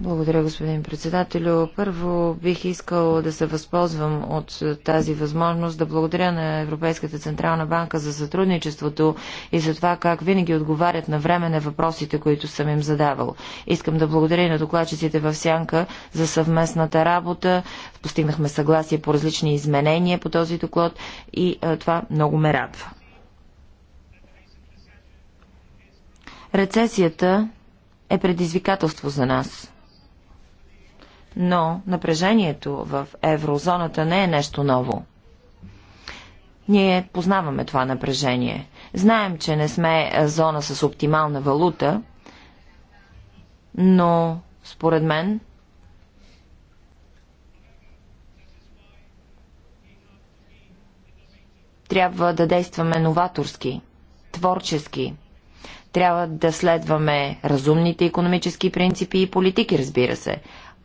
Благодаря, господин председателю. Първо бих искал да се възползвам от тази възможност да благодаря на Европейската Централна банка за сътрудничеството и за това как винаги отговарят на време на въпросите, които съм им задавал. Искам да благодаря и на докладчиците в Сянка за съвместната работа. Постигнахме съгласие по различни изменения по този доклад и това много ме радва. Рецесията е предизвикателство за нас. Но напрежението в еврозоната не е нещо ново. Ние познаваме това напрежение. Знаем, че не сме зона с оптимална валута, но според мен трябва да действаме новаторски, творчески, трябва да следваме разумните економически принципи и политики, разбира се.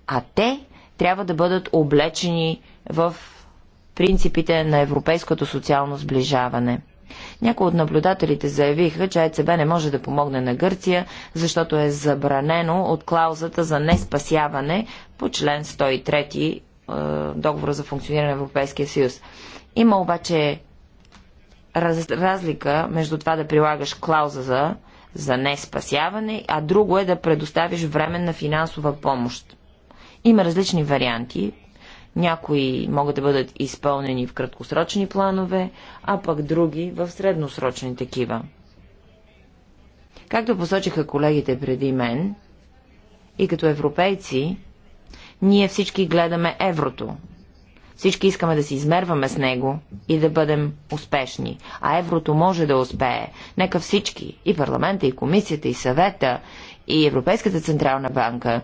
А те трябва да бъдат облечени в принципите на европейското социално сближаване. Някои от наблюдателите заявиха, че ЕЦБ не може да помогне на Гърция, защото е забранено от клаузата за неспасяване по член 103 е, договора за функциониране на Европейския съюз. Има обаче раз, разлика между това да прилагаш клауза за за не спасяване, а друго е да предоставиш временна финансова помощ. Има различни варианти. Някои могат да бъдат изпълнени в краткосрочни планове, а пък други в средносрочни такива. Както посочиха колегите преди мен, и като европейци, ние всички гледаме еврото, всички искаме да се измерваме с него и да бъдем успешни. А еврото може да успее. Нека всички, и парламента, и комисията, и съвета, и Европейската централна банка,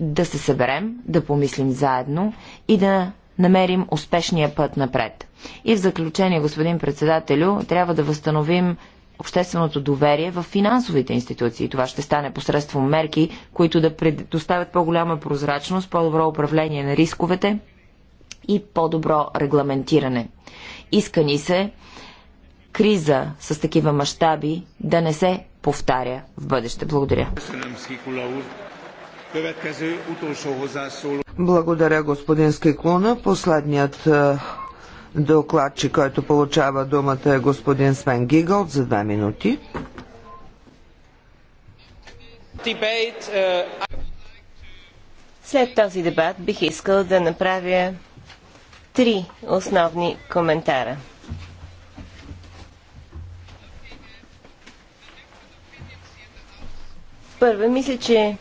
да се съберем, да помислим заедно и да намерим успешния път напред. И в заключение, господин председателю, трябва да възстановим общественото доверие в финансовите институции. Това ще стане посредством мерки, които да предоставят по-голяма прозрачност, по-добро управление на рисковете и по-добро регламентиране. Иска ни се криза с такива мащаби да не се повтаря в бъдеще. Благодаря. Благодаря, господин Скиклуна. Последният е, докладчик, който получава думата е господин Свен Гигъл за две минути. Е, След този дебат бих искал да направя три основни коментара. Първо, мисля, че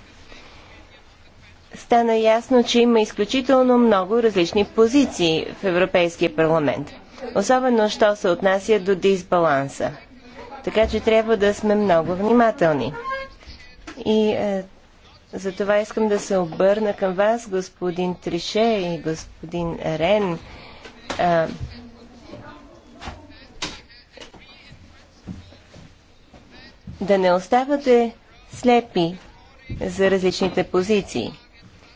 стана ясно, че има изключително много различни позиции в Европейския парламент. Особено, що се отнася до дисбаланса. Така че трябва да сме много внимателни. И е, затова искам да се обърна към вас, господин Трише и господин Рен. А, да не оставате слепи за различните позиции.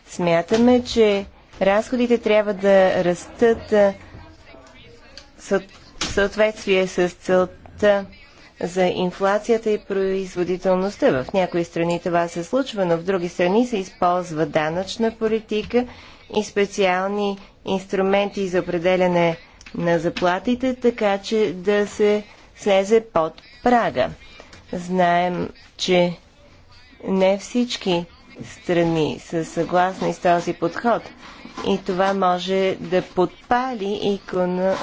Смятаме, че разходите трябва да растат в съответствие с целта за инфлацията и производителността. В някои страни това се случва, но в други страни се използва данъчна политика и специални инструменти за определяне на заплатите, така че да се слезе под прага. Знаем, че не всички страни са съгласни с този подход и това може да подпали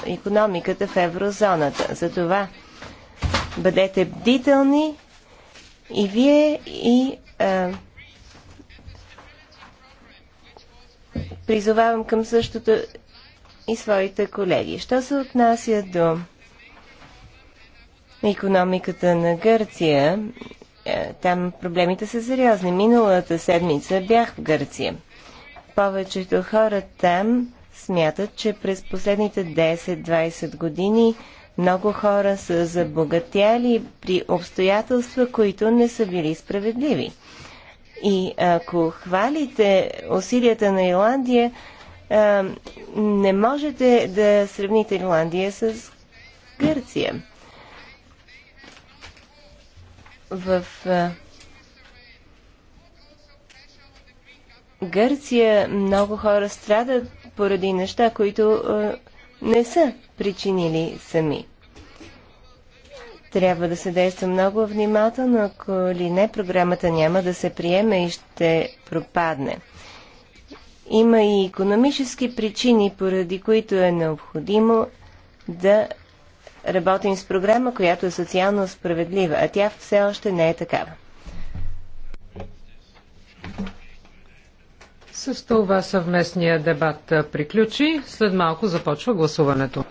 економиката в еврозоната. Затова Бъдете бдителни и вие и а, призовавам към същото и своите колеги. Що се отнася до економиката на Гърция, е, там проблемите са сериозни. Миналата седмица бях в Гърция. Повечето хора там смятат, че през последните 10-20 години много хора са забогатяли при обстоятелства, които не са били справедливи. И ако хвалите усилията на Ирландия, не можете да сравните Ирландия с Гърция. В Гърция много хора страдат поради неща, които не са причинили сами. Трябва да се действа много внимателно, ако ли не, програмата няма да се приеме и ще пропадне. Има и економически причини, поради които е необходимо да работим с програма, която е социално справедлива, а тя все още не е такава. С това съвместния дебат приключи. След малко започва гласуването.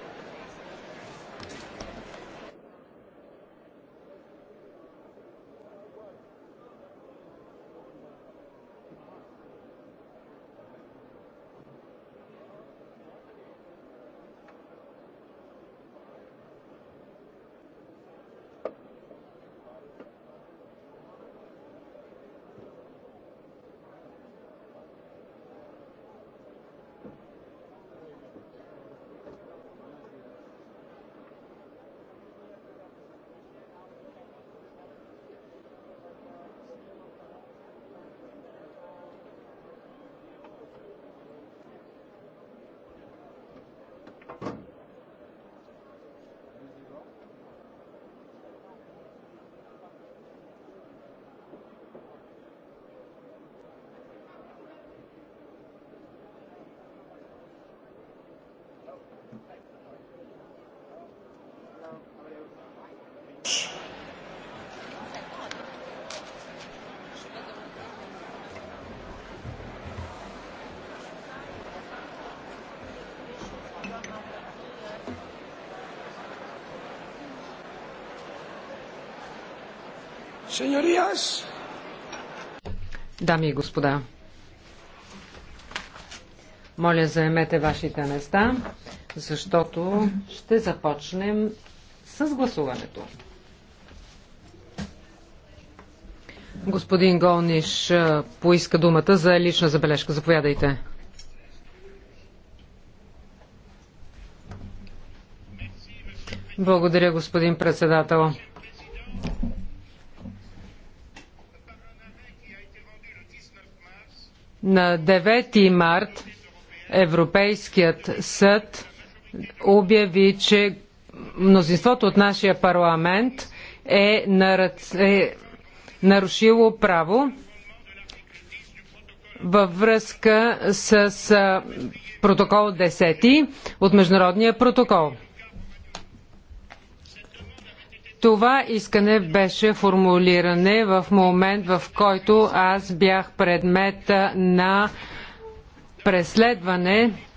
Дами и господа, моля заемете вашите места, защото ще започнем с гласуването. Господин Голниш поиска думата за лична забележка. Заповядайте. Благодаря, господин председател. На 9 март Европейският съд обяви, че мнозинството от нашия парламент е, е нарушило право във връзка с протокол 10 от Международния протокол. Това искане беше формулиране в момент, в който аз бях предмет на преследване